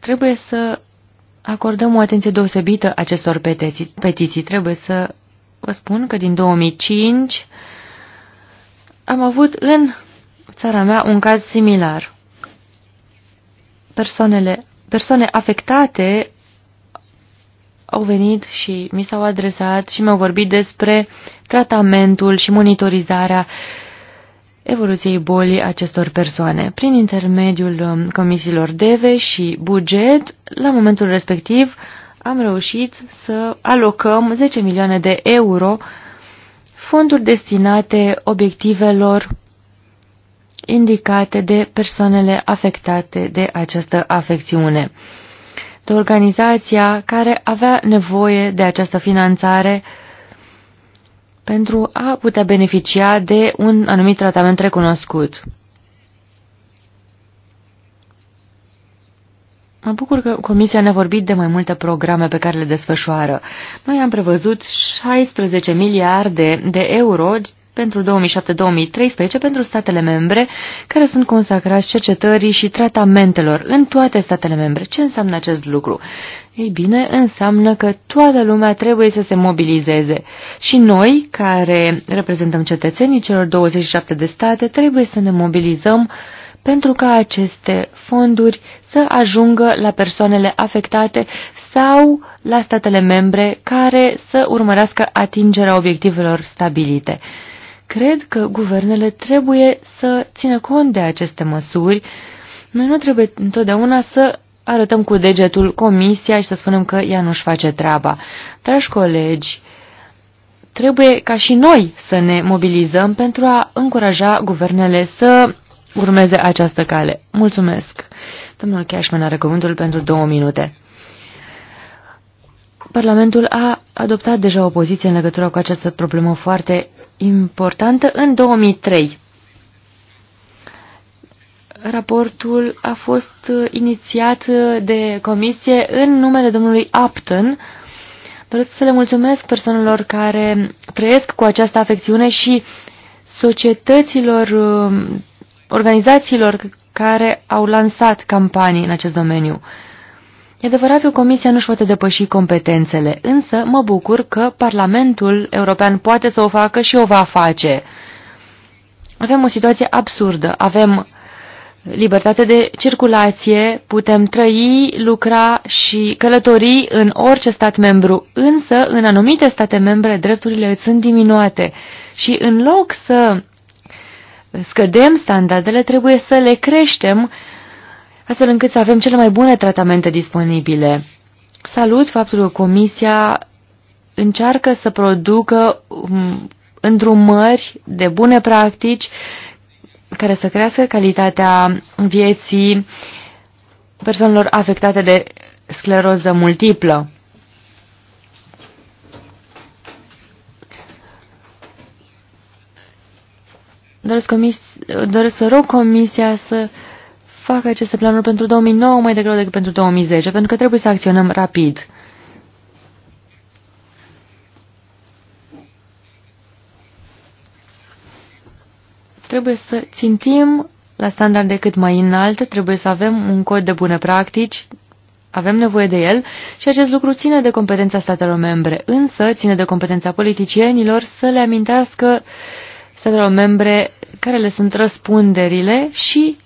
Trebuie să acordăm o atenție deosebită acestor petiții. petiții. Trebuie să vă spun că din 2005 am avut în țara mea un caz similar. Persoanele persoane afectate au venit și mi s-au adresat și mi-au vorbit despre tratamentul și monitorizarea evoluției bolii acestor persoane prin intermediul um, comisiilor DEVE și buget. La momentul respectiv am reușit să alocăm 10 milioane de euro fonduri destinate obiectivelor indicate de persoanele afectate de această afecțiune, de organizația care avea nevoie de această finanțare pentru a putea beneficia de un anumit tratament recunoscut. Mă bucur că Comisia ne-a vorbit de mai multe programe pe care le desfășoară. Noi am prevăzut 16 miliarde de euro pentru 2007-2013 pentru statele membre care sunt consacrați cercetării și tratamentelor în toate statele membre. Ce înseamnă acest lucru? Ei bine, înseamnă că toată lumea trebuie să se mobilizeze și noi, care reprezentăm cetățenii celor 27 de state, trebuie să ne mobilizăm pentru ca aceste fonduri să ajungă la persoanele afectate sau la statele membre care să urmărească atingerea obiectivelor stabilite. Cred că guvernele trebuie să țină cont de aceste măsuri. Noi nu trebuie întotdeauna să arătăm cu degetul comisia și să spunem că ea nu-și face treaba. Dragi colegi, trebuie ca și noi să ne mobilizăm pentru a încuraja guvernele să urmeze această cale. Mulțumesc! Domnul Cashman are cuvântul pentru două minute. Parlamentul a adoptat deja o poziție în legătură cu această problemă foarte importantă în 2003. Raportul a fost uh, inițiat uh, de comisie în numele domnului Upton. Doresc să le mulțumesc persoanelor care trăiesc cu această afecțiune și societăților, uh, organizațiilor care au lansat campanii în acest domeniu. E adevărat că Comisia nu-și poate depăși competențele, însă mă bucur că Parlamentul European poate să o facă și o va face. Avem o situație absurdă. Avem libertate de circulație, putem trăi, lucra și călători în orice stat membru, însă în anumite state membre drepturile sunt diminuate și în loc să scădem standardele, trebuie să le creștem astfel încât să avem cele mai bune tratamente disponibile. Salut faptul că Comisia încearcă să producă um, îndrumări de bune practici care să crească calitatea vieții persoanelor afectate de scleroză multiplă. Doresc, comis, doresc să rog Comisia să Fac aceste planuri pentru 2009 mai degrabă decât pentru 2010, pentru că trebuie să acționăm rapid. Trebuie să țintim la standarde cât mai înalte, trebuie să avem un cod de bune practici, avem nevoie de el și acest lucru ține de competența statelor membre, însă ține de competența politicienilor să le amintească statelor membre care le sunt răspunderile și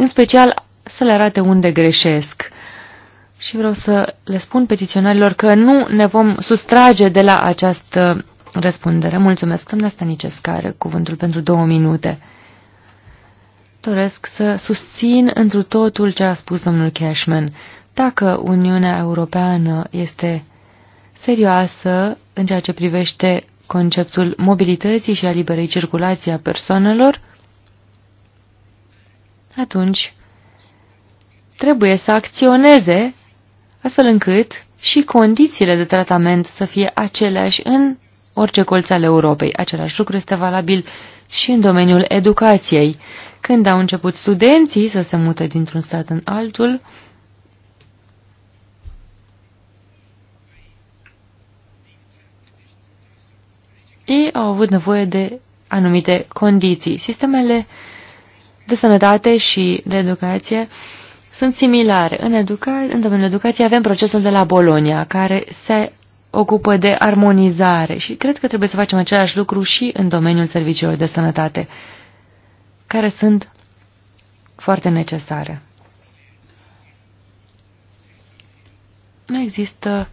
în special să le arate unde greșesc. Și vreau să le spun petiționarilor că nu ne vom sustrage de la această răspundere. Mulțumesc, domnule Stanicescu, are cuvântul pentru două minute. Doresc să susțin întru totul ce a spus domnul Cashman. Dacă Uniunea Europeană este serioasă în ceea ce privește conceptul mobilității și a liberei circulației a persoanelor, atunci trebuie să acționeze astfel încât și condițiile de tratament să fie aceleași în orice colț al Europei. Același lucru este valabil și în domeniul educației. Când au început studenții să se mute dintr-un stat în altul, ei au avut nevoie de anumite condiții. Sistemele de sănătate și de educație sunt similare. În, educa în domeniul educației avem procesul de la Bolonia, care se ocupă de armonizare și cred că trebuie să facem același lucru și în domeniul serviciilor de sănătate, care sunt foarte necesare. Nu există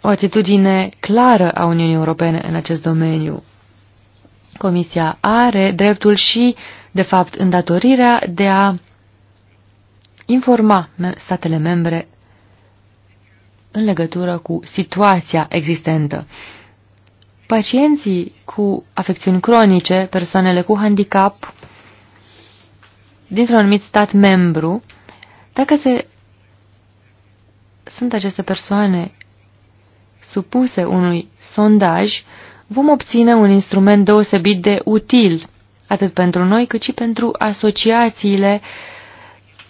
o atitudine clară a Uniunii Europene în acest domeniu. Comisia are dreptul și, de fapt, îndatorirea de a informa statele membre în legătură cu situația existentă. Pacienții cu afecțiuni cronice, persoanele cu handicap dintr-un anumit stat membru, dacă se, sunt aceste persoane supuse unui sondaj, vom obține un instrument deosebit de util, atât pentru noi cât și pentru asociațiile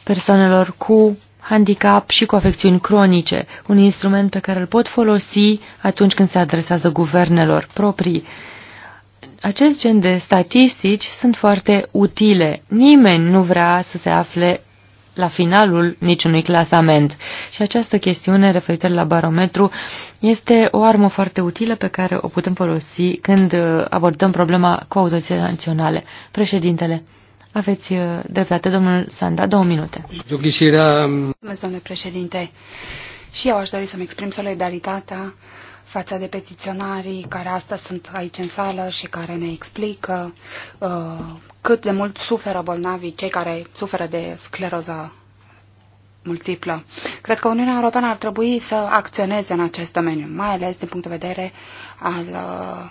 persoanelor cu handicap și cu afecțiuni cronice, un instrument pe care îl pot folosi atunci când se adresează guvernelor proprii. Acest gen de statistici sunt foarte utile. Nimeni nu vrea să se afle la finalul niciunui clasament. Și această chestiune referitoare la barometru este o armă foarte utilă pe care o putem folosi când uh, abordăm problema cu autoritățile naționale. Președintele, aveți uh, dreptate, domnul Sanda, două minute. Mulțumesc, domnule președinte. Și eu aș dori să-mi exprim solidaritatea față de petiționarii care astăzi sunt aici în sală și care ne explică uh, cât de mult suferă bolnavii, cei care suferă de scleroză multiplă. Cred că Uniunea Europeană ar trebui să acționeze în acest domeniu, mai ales din punct de vedere al uh,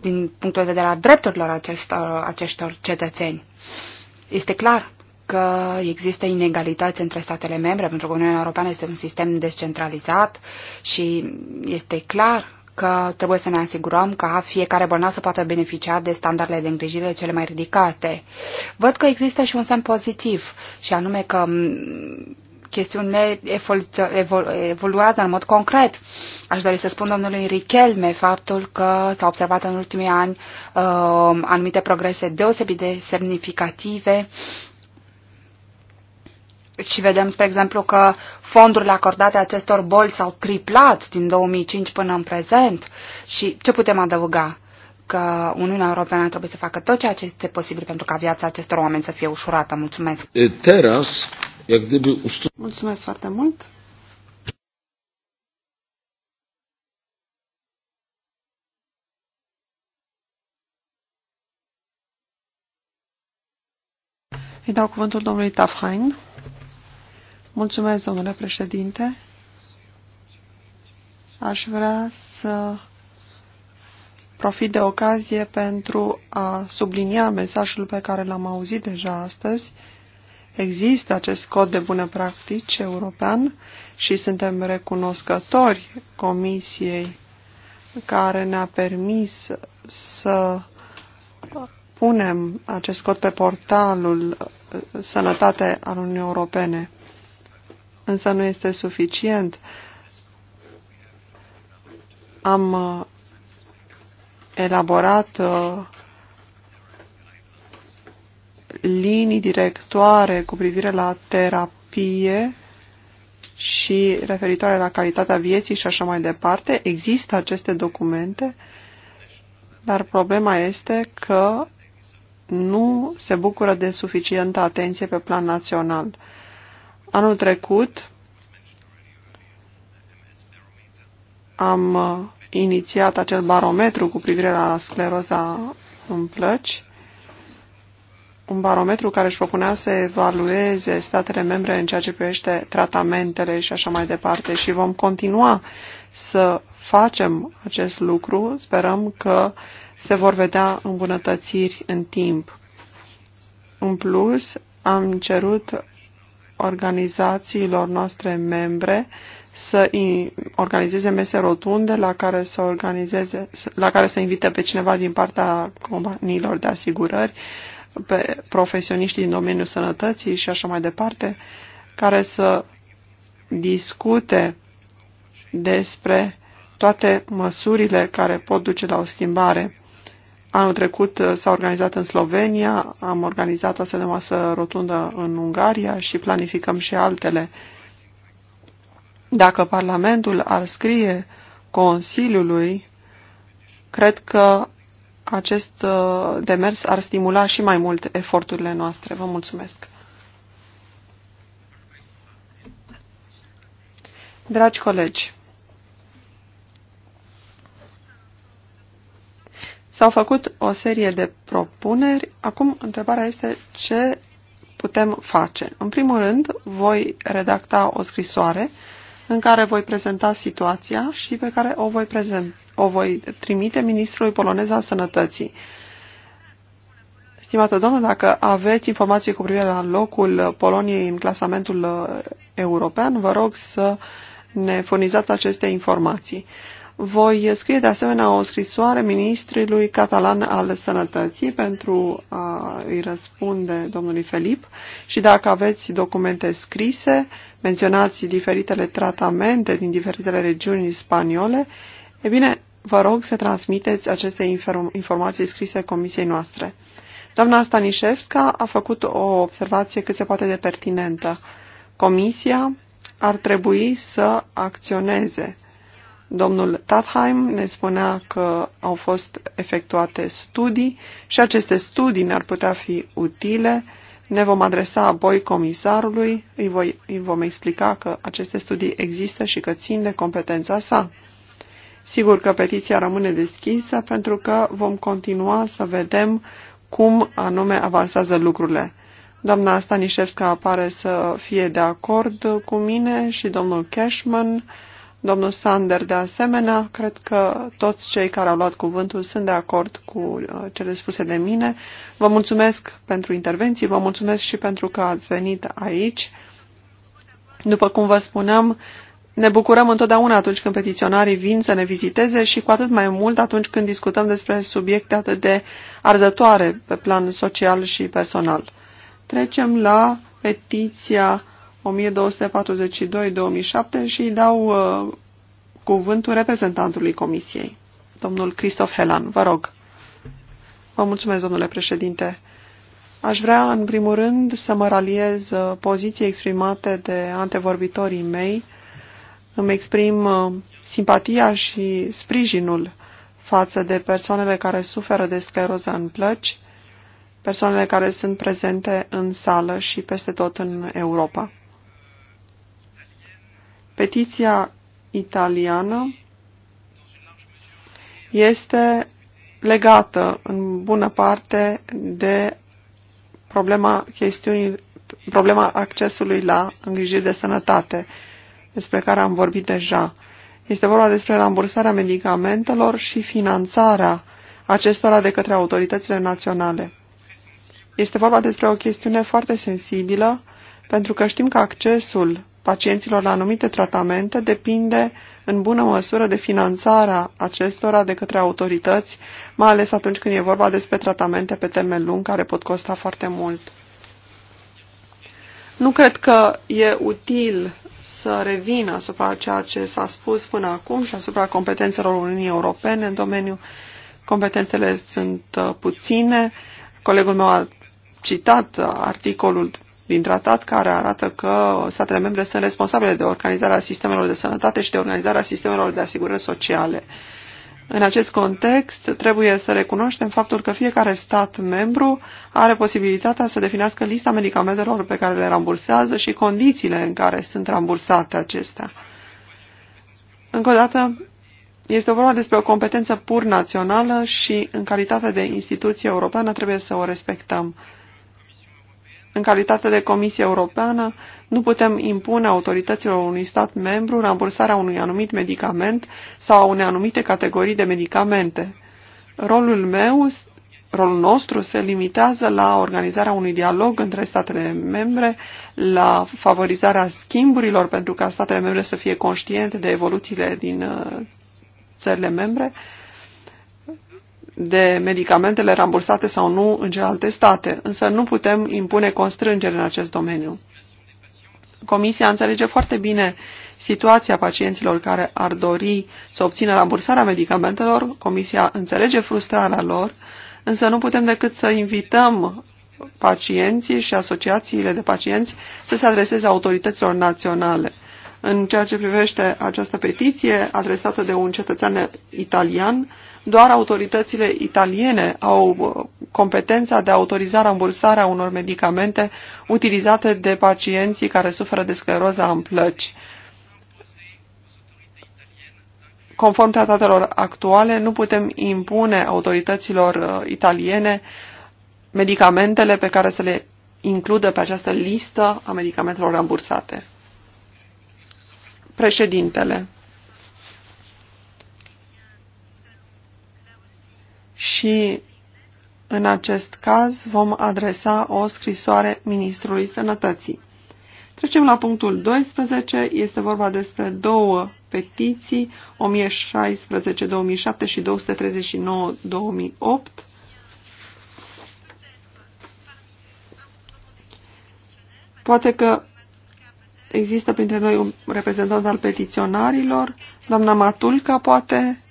din punctul de vedere al drepturilor acestor, acestor cetățeni. Este clar că există inegalități între statele membre, pentru că Uniunea Europeană este un sistem descentralizat și este clar că trebuie să ne asigurăm ca fiecare bolnav să poată beneficia de standardele de îngrijire cele mai ridicate. Văd că există și un semn pozitiv, și anume că chestiunile evolu evolu evoluează în mod concret. Aș dori să spun domnului Richelme faptul că s a observat în ultimii ani uh, anumite progrese deosebit de semnificative și vedem, spre exemplu, că fondurile acordate acestor boli s-au triplat din 2005 până în prezent și ce putem adăuga? Că Uniunea Europeană trebuie să facă tot ceea ce este posibil pentru ca viața acestor oameni să fie ușurată. Mulțumesc! Teraz, Teras, gdyby... Mulțumesc foarte mult! Îi dau cuvântul domnului Tafhain. Mulțumesc, domnule președinte. Aș vrea să profit de ocazie pentru a sublinia mesajul pe care l-am auzit deja astăzi. Există acest cod de bune practici european și suntem recunoscători Comisiei care ne-a permis să punem acest cod pe portalul Sănătate al Uniunii Europene însă nu este suficient. Am uh, elaborat uh, linii directoare cu privire la terapie și referitoare la calitatea vieții și așa mai departe. Există aceste documente, dar problema este că nu se bucură de suficientă atenție pe plan național. Anul trecut am uh, inițiat acel barometru cu privire la scleroza în plăci, un barometru care își propunea să evalueze statele membre în ceea ce privește tratamentele și așa mai departe și vom continua să facem acest lucru. Sperăm că se vor vedea îmbunătățiri în timp. În plus, am cerut organizațiilor noastre membre să organizeze mese rotunde la care să, organizeze, la care să invite pe cineva din partea companiilor de asigurări, pe profesioniști din domeniul sănătății și așa mai departe, care să discute despre toate măsurile care pot duce la o schimbare. Anul trecut uh, s-a organizat în Slovenia, am organizat o astfel de masă rotundă în Ungaria și planificăm și altele. Dacă Parlamentul ar scrie Consiliului, cred că acest uh, demers ar stimula și mai mult eforturile noastre. Vă mulțumesc! Dragi colegi, S-au făcut o serie de propuneri. Acum, întrebarea este ce putem face. În primul rând, voi redacta o scrisoare în care voi prezenta situația și pe care o voi, prezent, o voi trimite ministrului polonez al sănătății. Stimată domnul, dacă aveți informații cu privire la locul Poloniei în clasamentul uh, european, vă rog să ne furnizați aceste informații. Voi scrie de asemenea o scrisoare ministrului catalan al sănătății pentru a îi răspunde domnului Felip și dacă aveți documente scrise, menționați diferitele tratamente din diferitele regiuni spaniole, e bine, vă rog să transmiteți aceste inform informații scrise comisiei noastre. Doamna Stanișevska a făcut o observație cât se poate de pertinentă. Comisia ar trebui să acționeze Domnul Tatheim ne spunea că au fost efectuate studii și aceste studii ne-ar putea fi utile. Ne vom adresa apoi comisarului, îi, voi, îi vom explica că aceste studii există și că țin de competența sa. Sigur că petiția rămâne deschisă pentru că vom continua să vedem cum anume avansează lucrurile. Doamna Stanișevska apare să fie de acord cu mine și domnul Cashman domnul Sander de asemenea. Cred că toți cei care au luat cuvântul sunt de acord cu uh, cele spuse de mine. Vă mulțumesc pentru intervenții, vă mulțumesc și pentru că ați venit aici. După cum vă spuneam, ne bucurăm întotdeauna atunci când petiționarii vin să ne viziteze și cu atât mai mult atunci când discutăm despre subiecte atât de arzătoare pe plan social și personal. Trecem la petiția 1242-2007 și îi dau uh, cuvântul reprezentantului Comisiei, domnul Christoph Helan. Vă rog. Vă mulțumesc, domnule președinte. Aș vrea, în primul rând, să mă raliez uh, poziției exprimate de antevorbitorii mei. Îmi exprim uh, simpatia și sprijinul față de persoanele care suferă de scleroză în plăci, persoanele care sunt prezente în sală și peste tot în Europa. Petiția italiană este legată în bună parte de problema chestiunii, problema accesului la îngrijiri de sănătate, despre care am vorbit deja. Este vorba despre rambursarea medicamentelor și finanțarea acestora de către autoritățile naționale. Este vorba despre o chestiune foarte sensibilă, pentru că știm că accesul pacienților la anumite tratamente depinde în bună măsură de finanțarea acestora de către autorități, mai ales atunci când e vorba despre tratamente pe termen lung care pot costa foarte mult. Nu cred că e util să revin asupra ceea ce s-a spus până acum și asupra competențelor Uniunii Europene în domeniu. Competențele sunt uh, puține. Colegul meu a citat uh, articolul din tratat care arată că statele membre sunt responsabile de organizarea sistemelor de sănătate și de organizarea sistemelor de asigurări sociale. În acest context, trebuie să recunoaștem faptul că fiecare stat membru are posibilitatea să definească lista medicamentelor pe care le rambursează și condițiile în care sunt rambursate acestea. Încă o dată, este vorba despre o competență pur națională și, în calitate de instituție europeană, trebuie să o respectăm. În calitate de Comisie Europeană, nu putem impune autorităților unui stat membru rambursarea unui anumit medicament sau a unei anumite categorii de medicamente. Rolul meu, rolul nostru se limitează la organizarea unui dialog între statele membre, la favorizarea schimburilor pentru ca statele membre să fie conștiente de evoluțiile din uh, țările membre, de medicamentele rambursate sau nu în celelalte state, însă nu putem impune constrângeri în acest domeniu. Comisia înțelege foarte bine situația pacienților care ar dori să obțină rambursarea medicamentelor, Comisia înțelege frustrarea lor, însă nu putem decât să invităm pacienții și asociațiile de pacienți să se adreseze autorităților naționale. În ceea ce privește această petiție adresată de un cetățean italian, doar autoritățile italiene au uh, competența de a autoriza rambursarea unor medicamente utilizate de pacienții care suferă de scleroza în plăci. Conform tratatelor actuale, nu putem impune autorităților uh, italiene medicamentele pe care să le includă pe această listă a medicamentelor rambursate. Președintele și în acest caz vom adresa o scrisoare Ministrului Sănătății. Trecem la punctul 12. Este vorba despre două petiții, 1016-2007 și 239-2008. Poate că există printre noi un reprezentant al petiționarilor, doamna Matulca poate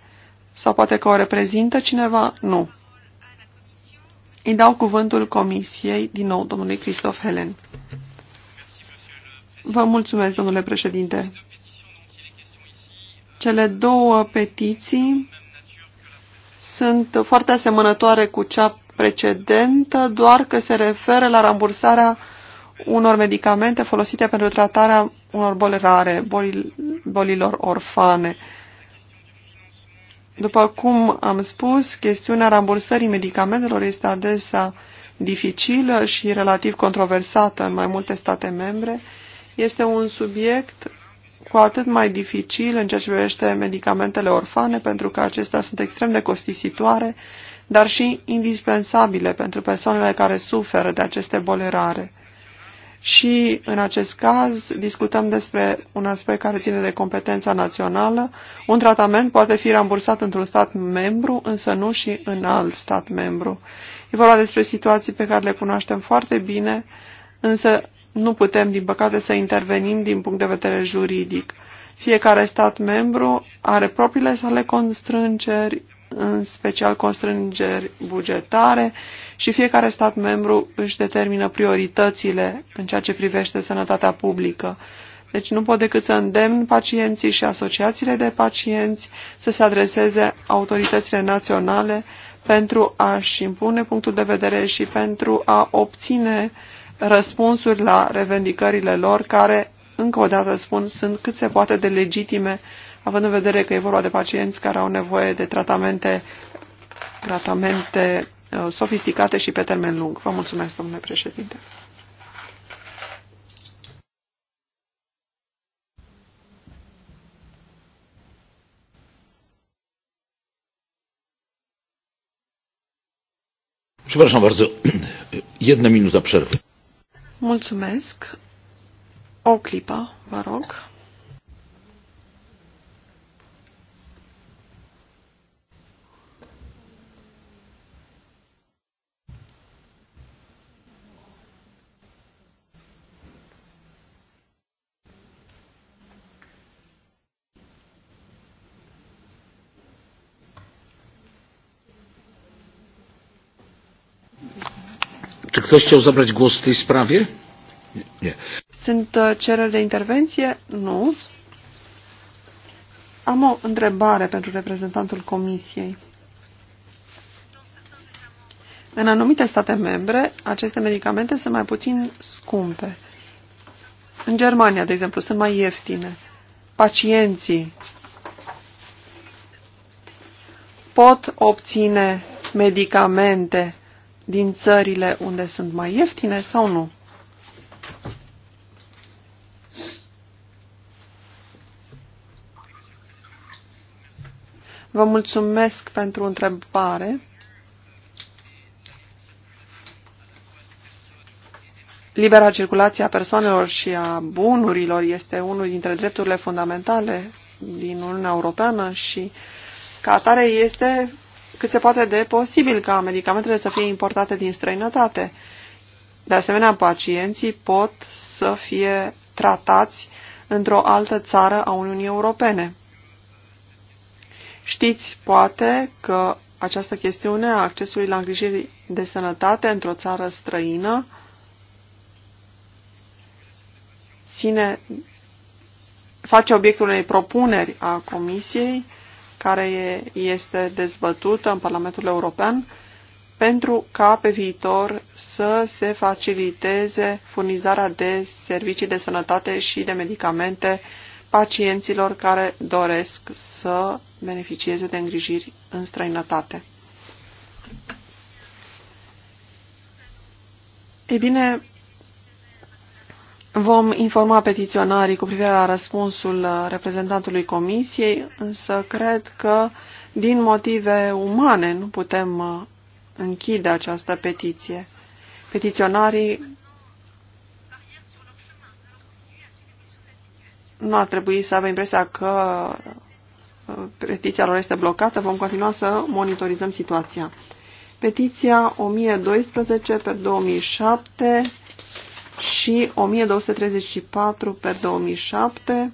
sau poate că o reprezintă cineva? Nu. Îi dau cuvântul comisiei, din nou, domnului Christoph Helen. Vă mulțumesc, domnule președinte. Cele două petiții sunt foarte asemănătoare cu cea precedentă, doar că se referă la rambursarea unor medicamente folosite pentru tratarea unor boli rare, bolilor orfane. După cum am spus, chestiunea rambursării medicamentelor este adesea dificilă și relativ controversată în mai multe state membre. Este un subiect cu atât mai dificil în ceea ce privește medicamentele orfane, pentru că acestea sunt extrem de costisitoare, dar și indispensabile pentru persoanele care suferă de aceste boli rare și, în acest caz, discutăm despre un aspect care ține de competența națională. Un tratament poate fi rambursat într-un stat membru, însă nu și în alt stat membru. E vorba despre situații pe care le cunoaștem foarte bine, însă nu putem, din păcate, să intervenim din punct de vedere juridic. Fiecare stat membru are propriile sale constrângeri, în special constrângeri bugetare și fiecare stat membru își determină prioritățile în ceea ce privește sănătatea publică. Deci nu pot decât să îndemn pacienții și asociațiile de pacienți să se adreseze autoritățile naționale pentru a-și impune punctul de vedere și pentru a obține răspunsuri la revendicările lor, care, încă o dată spun, sunt cât se poate de legitime, având în vedere că e vorba de pacienți care au nevoie de tratamente, tratamente Uh, sofisticate și pe termen lung. Vă mulțumesc, domnule președinte. Przepraszam bardzo. Jedna minuta przerwy. Mulțumesc. O clipă, vă rog. Czy ktoś chciał zabrać głos w tej sprawie? Nie. nie. Sunt uh, cereri de intervenție? Nu. Am o întrebare pentru reprezentantul Comisiei. În anumite state membre, aceste medicamente sunt mai puțin scumpe. În Germania, de exemplu, sunt mai ieftine. Pacienții pot obține medicamente din țările unde sunt mai ieftine sau nu? Vă mulțumesc pentru întrebare. Libera circulație a persoanelor și a bunurilor este unul dintre drepturile fundamentale din Uniunea Europeană și ca atare este cât se poate de posibil ca medicamentele să fie importate din străinătate. De asemenea, pacienții pot să fie tratați într-o altă țară a Uniunii Europene. Știți, poate, că această chestiune a accesului la îngrijiri de sănătate într-o țară străină ține, face obiectul unei propuneri a Comisiei care este dezbătută în Parlamentul European pentru ca pe viitor să se faciliteze furnizarea de servicii de sănătate și de medicamente pacienților care doresc să beneficieze de îngrijiri în străinătate. Ei bine, Vom informa petiționarii cu privire la răspunsul uh, reprezentantului comisiei, însă cred că din motive umane nu putem uh, închide această petiție. Petiționarii nu ar trebui să avem impresia că uh, petiția lor este blocată, vom continua să monitorizăm situația. Petiția 1012 pe 2007 și 1234 pe 2007.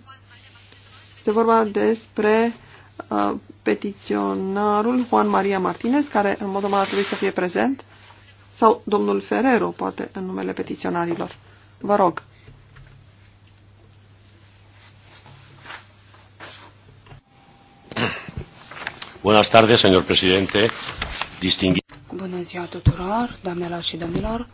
Este vorba despre uh, petiționarul Juan Maria Martinez, care în mod normal ar trebui să fie prezent, sau domnul Ferrero, poate, în numele petiționarilor. Vă rog. Buenas tardes, señor presidente. Distingui... Bună ziua tuturor, doamnelor și domnilor.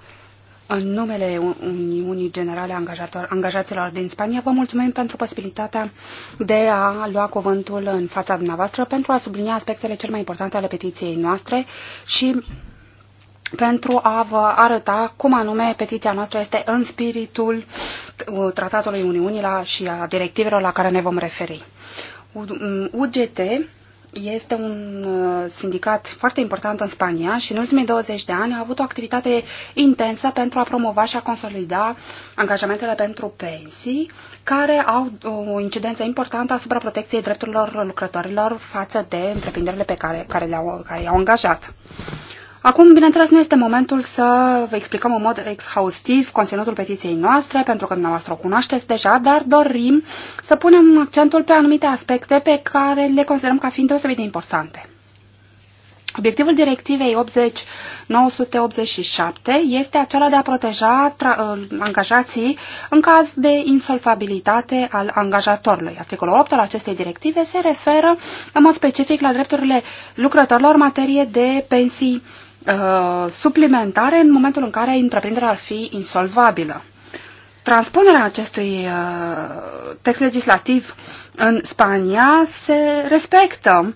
În numele Uniunii Generale a Angajaților din Spania, vă mulțumim pentru posibilitatea de a lua cuvântul în fața dumneavoastră pentru a sublinia aspectele cel mai importante ale petiției noastre și pentru a vă arăta cum anume petiția noastră este în spiritul uh, Tratatului Uniunii la, și a directivelor la care ne vom referi. UGT este un uh, sindicat foarte important în Spania și în ultimii 20 de ani a avut o activitate intensă pentru a promova și a consolida angajamentele pentru pensii, care au o incidență importantă asupra protecției drepturilor lucrătorilor față de întreprinderile pe care, care, le-au, care le au angajat. Acum, bineînțeles, nu este momentul să vă explicăm în mod exhaustiv conținutul petiției noastre, pentru că dumneavoastră o cunoașteți deja, dar dorim să punem accentul pe anumite aspecte pe care le considerăm ca fiind deosebit de importante. Obiectivul directivei 80-987 este acela de a proteja uh, angajații în caz de insolvabilitate al angajatorului. Articolul 8 al acestei directive se referă în mod specific la drepturile lucrătorilor în materie de pensii Uh, suplimentare în momentul în care întreprinderea ar fi insolvabilă. Transpunerea acestui uh, text legislativ în Spania se respectă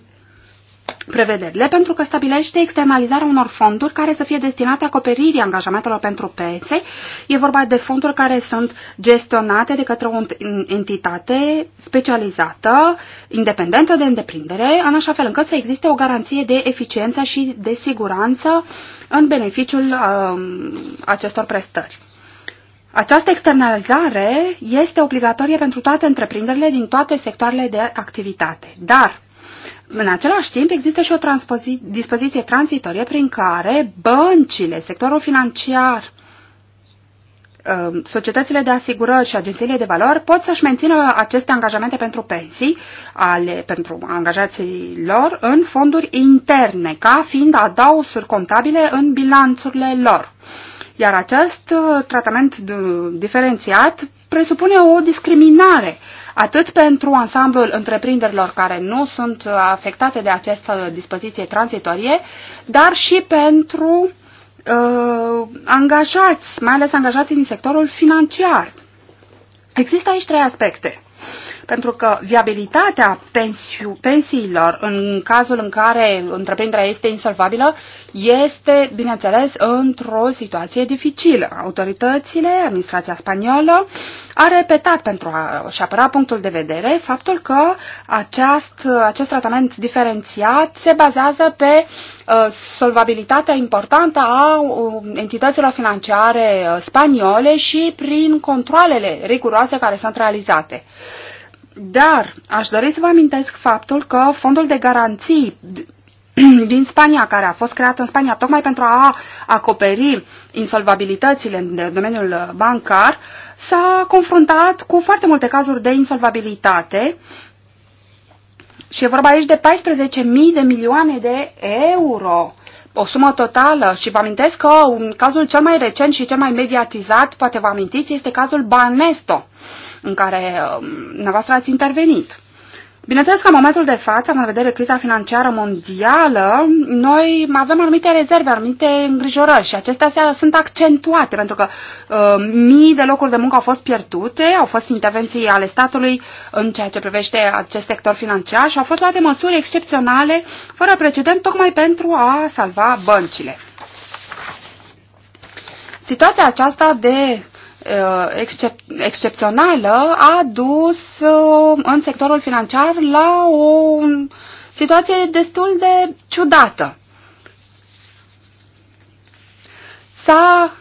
prevederile pentru că stabilește externalizarea unor fonduri care să fie destinate acoperirii angajamentelor pentru pețe. E vorba de fonduri care sunt gestionate de către o entitate specializată, independentă de întreprindere, în așa fel încât să existe o garanție de eficiență și de siguranță în beneficiul um, acestor prestări. Această externalizare este obligatorie pentru toate întreprinderile din toate sectoarele de activitate, dar în același timp există și o dispoziție tranzitorie prin care băncile, sectorul financiar, um, societățile de asigurări și agențiile de valori pot să-și mențină aceste angajamente pentru pensii ale, pentru angajații lor în fonduri interne, ca fiind adausuri contabile în bilanțurile lor. Iar acest uh, tratament uh, diferențiat presupune o discriminare, atât pentru ansamblul întreprinderilor care nu sunt uh, afectate de această dispoziție tranzitorie, dar și pentru uh, angajați, mai ales angajații din sectorul financiar. Există aici trei aspecte pentru că viabilitatea pensiu, pensiilor în cazul în care întreprinderea este insolvabilă este, bineînțeles, într-o situație dificilă. Autoritățile, administrația spaniolă, a repetat pentru a-și apăra punctul de vedere faptul că aceast, acest tratament diferențiat se bazează pe uh, solvabilitatea importantă a uh, entităților financiare uh, spaniole și prin controlele riguroase care sunt realizate. Dar aș dori să vă amintesc faptul că fondul de garanții [CLEARS THROAT] din Spania, care a fost creat în Spania tocmai pentru a acoperi insolvabilitățile în domeniul bancar, s-a confruntat cu foarte multe cazuri de insolvabilitate și e vorba aici de 14.000 de milioane de euro o sumă totală și vă amintesc că un cazul cel mai recent și cel mai mediatizat, poate vă amintiți, este cazul Banesto, în care um, dumneavoastră ați intervenit. Bineînțeles că în momentul de față, în vedere criza financiară mondială, noi avem anumite rezerve, anumite îngrijorări și acestea sunt accentuate pentru că uh, mii de locuri de muncă au fost pierdute, au fost intervenții ale statului în ceea ce privește acest sector financiar și au fost luate măsuri excepționale, fără precedent, tocmai pentru a salva băncile. Situația aceasta de Uh, excep excepțională a dus uh, în sectorul financiar la o situație destul de ciudată. S-a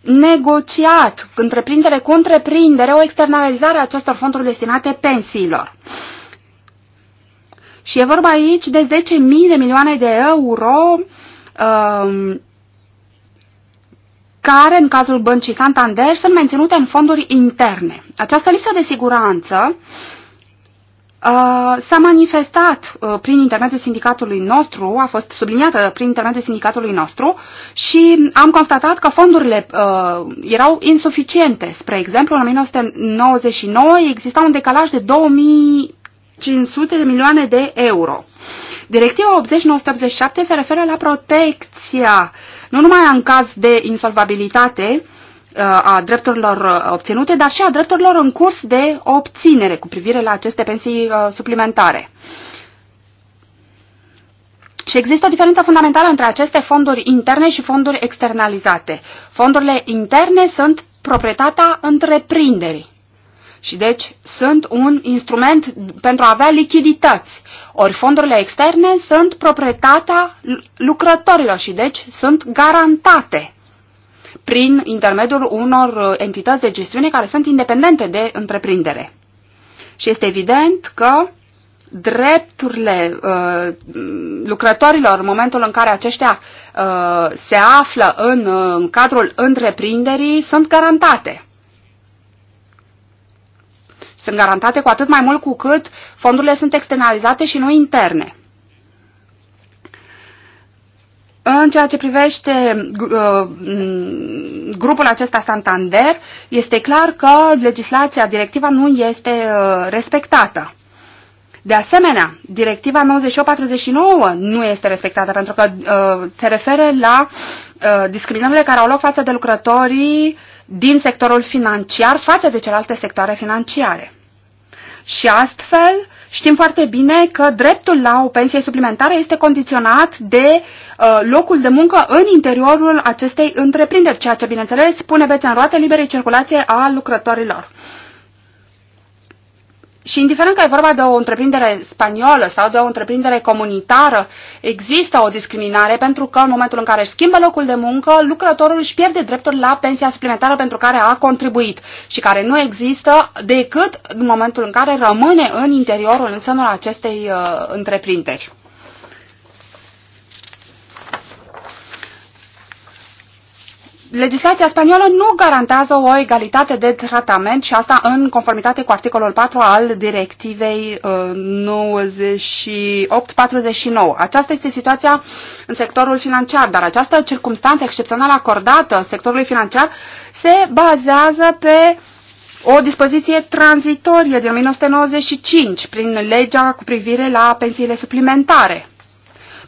negociat întreprindere cu întreprindere o externalizare a acestor fonduri destinate pensiilor. Și e vorba aici de 10.000 de milioane de euro um, care, în cazul băncii Santander, sunt menținute în fonduri interne. Această lipsă de siguranță uh, s-a manifestat uh, prin intermediul sindicatului nostru, a fost subliniată prin intermediul sindicatului nostru și am constatat că fondurile uh, erau insuficiente. Spre exemplu, în 1999 exista un decalaj de 2500 de milioane de euro. Directiva 80-987 se referă la protecția uh, nu numai în caz de insolvabilitate uh, a drepturilor uh, obținute, dar și a drepturilor în curs de obținere cu privire la aceste pensii uh, suplimentare. Și există o diferență fundamentală între aceste fonduri interne și fonduri externalizate. Fondurile interne sunt proprietatea întreprinderii. Și deci sunt un instrument pentru a avea lichidități. Ori fondurile externe sunt proprietatea lucrătorilor și deci sunt garantate prin intermediul unor uh, entități de gestiune care sunt independente de întreprindere. Și este evident că drepturile uh, lucrătorilor în momentul în care aceștia uh, se află în, uh, în cadrul întreprinderii sunt garantate. Sunt garantate cu atât mai mult cu cât fondurile sunt externalizate și nu interne. În ceea ce privește uh, grupul acesta Santander, este clar că legislația, directiva nu este uh, respectată. De asemenea, directiva 9849 nu este respectată pentru că uh, se referă la uh, discriminările care au loc față de lucrătorii uh, din sectorul financiar față de celelalte sectoare financiare. Și astfel, știm foarte bine că dreptul la o pensie suplimentară este condiționat de uh, locul de muncă în interiorul acestei întreprinderi, ceea ce, bineînțeles, pune bețe în roate liberei circulație a lucrătorilor. Și indiferent că e vorba de o întreprindere spaniolă sau de o întreprindere comunitară, există o discriminare pentru că în momentul în care își schimbă locul de muncă, lucrătorul își pierde dreptul la pensia suplimentară pentru care a contribuit și care nu există decât în momentul în care rămâne în interiorul, în sânul acestei uh, întreprinderi. legislația spaniolă nu garantează o egalitate de tratament și asta în conformitate cu articolul 4 al directivei 9849. Uh, Aceasta este situația în sectorul financiar, dar această circunstanță excepțională acordată sectorului financiar se bazează pe o dispoziție tranzitorie din 1995 prin legea cu privire la pensiile suplimentare.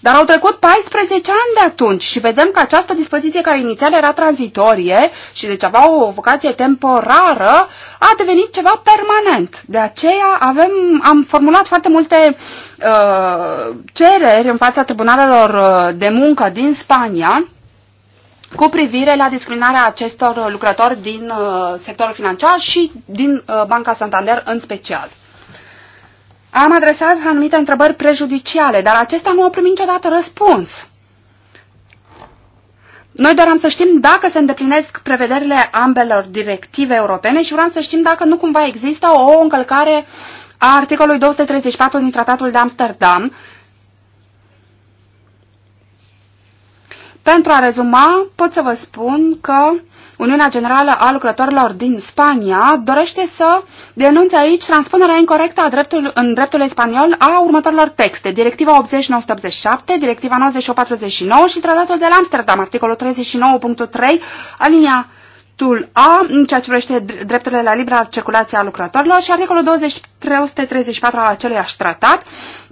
Dar au trecut 14 ani de atunci și vedem că această dispoziție care inițial era tranzitorie și deci avea o vocație temporară, a devenit ceva permanent. De aceea avem, am formulat foarte multe uh, cereri în fața tribunalelor uh, de muncă din Spania cu privire la discriminarea acestor lucrători din uh, sectorul financiar și din uh, Banca Santander în special am adresat anumite întrebări prejudiciale, dar acestea nu au primit niciodată răspuns. Noi doar am să știm dacă se îndeplinesc prevederile ambelor directive europene și vreau să știm dacă nu cumva există o încălcare a articolului 234 din Tratatul de Amsterdam. Pentru a rezuma, pot să vă spun că Uniunea Generală a Lucrătorilor din Spania dorește să denunțe aici transpunerea incorrectă a dreptul, în dreptul spaniol a următorilor texte. Directiva 80987, Directiva 9849 și Tratatul de la Amsterdam, articolul 39.3, alinia Tul A, în ceea ce privește drepturile la libera circulație a lucrătorilor și articolul 2334 al aceluiași tratat,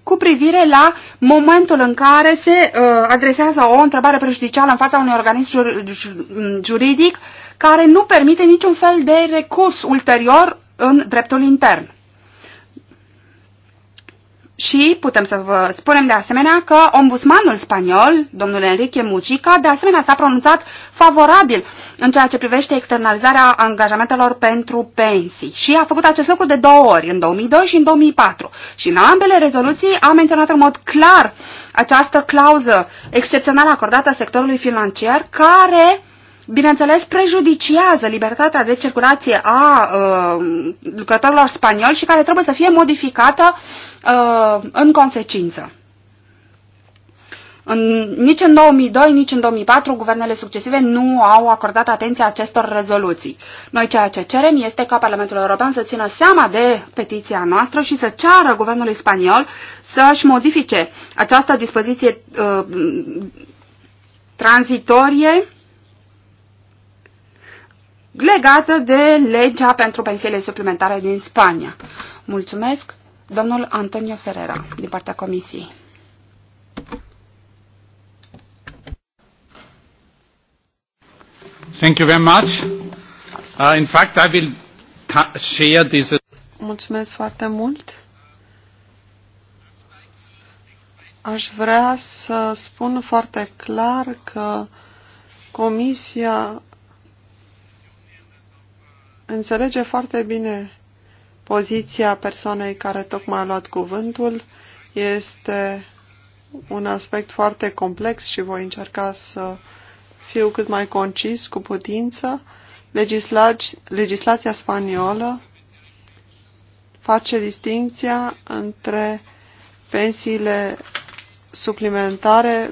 cu privire la momentul în care se uh, adresează o întrebare prejudicială în fața unui organism jur, juridic care nu permite niciun fel de recurs ulterior în dreptul intern. Și putem să vă spunem de asemenea că ombudsmanul spaniol, domnul Enrique Mucica, de asemenea s-a pronunțat favorabil în ceea ce privește externalizarea angajamentelor pentru pensii și a făcut acest lucru de două ori, în 2002 și în 2004. Și în ambele rezoluții a menționat în mod clar această clauză excepțională acordată sectorului financiar care uh, bineînțeles, prejudiciază libertatea de circulație a uh, lucrătorilor spanioli și care trebuie să fie modificată uh, în consecință. În, nici în 2002, nici în 2004, guvernele succesive nu au acordat atenția acestor rezoluții. Noi ceea ce cerem este ca Parlamentul European să țină seama de petiția noastră și să ceară guvernului spaniol să-și modifice această dispoziție uh, tranzitorie legată de legea pentru pensiile suplimentare din Spania. Mulțumesc, domnul Antonio Ferrera, din partea Comisiei. Thank you very much. Uh, in fact, I will share this. Mulțumesc foarte mult. Aș vrea să spun foarte clar că Comisia înțelege foarte bine poziția persoanei care tocmai a luat cuvântul. Este un aspect foarte complex și voi încerca să fiu cât mai concis cu putință. Legisla legislația spaniolă face distinția între pensiile suplimentare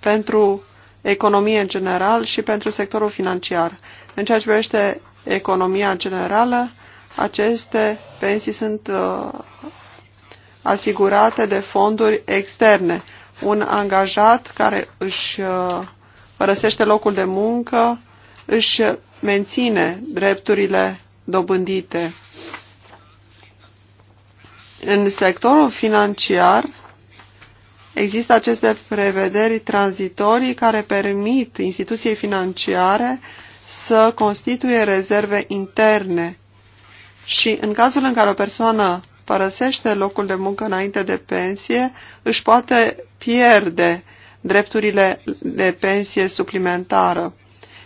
pentru economie în general și pentru sectorul financiar. În ceea ce privește economia generală, aceste pensii sunt uh, asigurate de fonduri externe. Un angajat care își uh, părăsește locul de muncă își menține drepturile dobândite. În sectorul financiar există aceste prevederi tranzitorii care permit instituției financiare să constituie rezerve interne și în cazul în care o persoană părăsește locul de muncă înainte de pensie, își poate pierde drepturile de pensie suplimentară.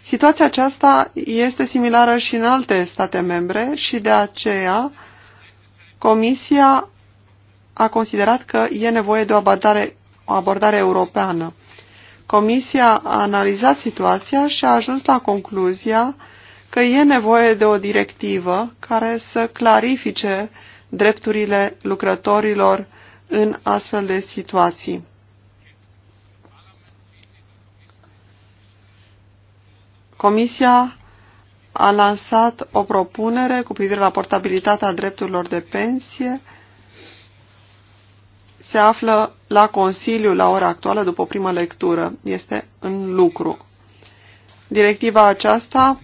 Situația aceasta este similară și în alte state membre și de aceea Comisia a considerat că e nevoie de o abordare, o abordare europeană. Comisia a analizat situația și a ajuns la concluzia că e nevoie de o directivă care să clarifice drepturile lucrătorilor în astfel de situații. Comisia a lansat o propunere cu privire la portabilitatea drepturilor de pensie se află la Consiliu la ora actuală, după prima lectură. Este în lucru. Directiva aceasta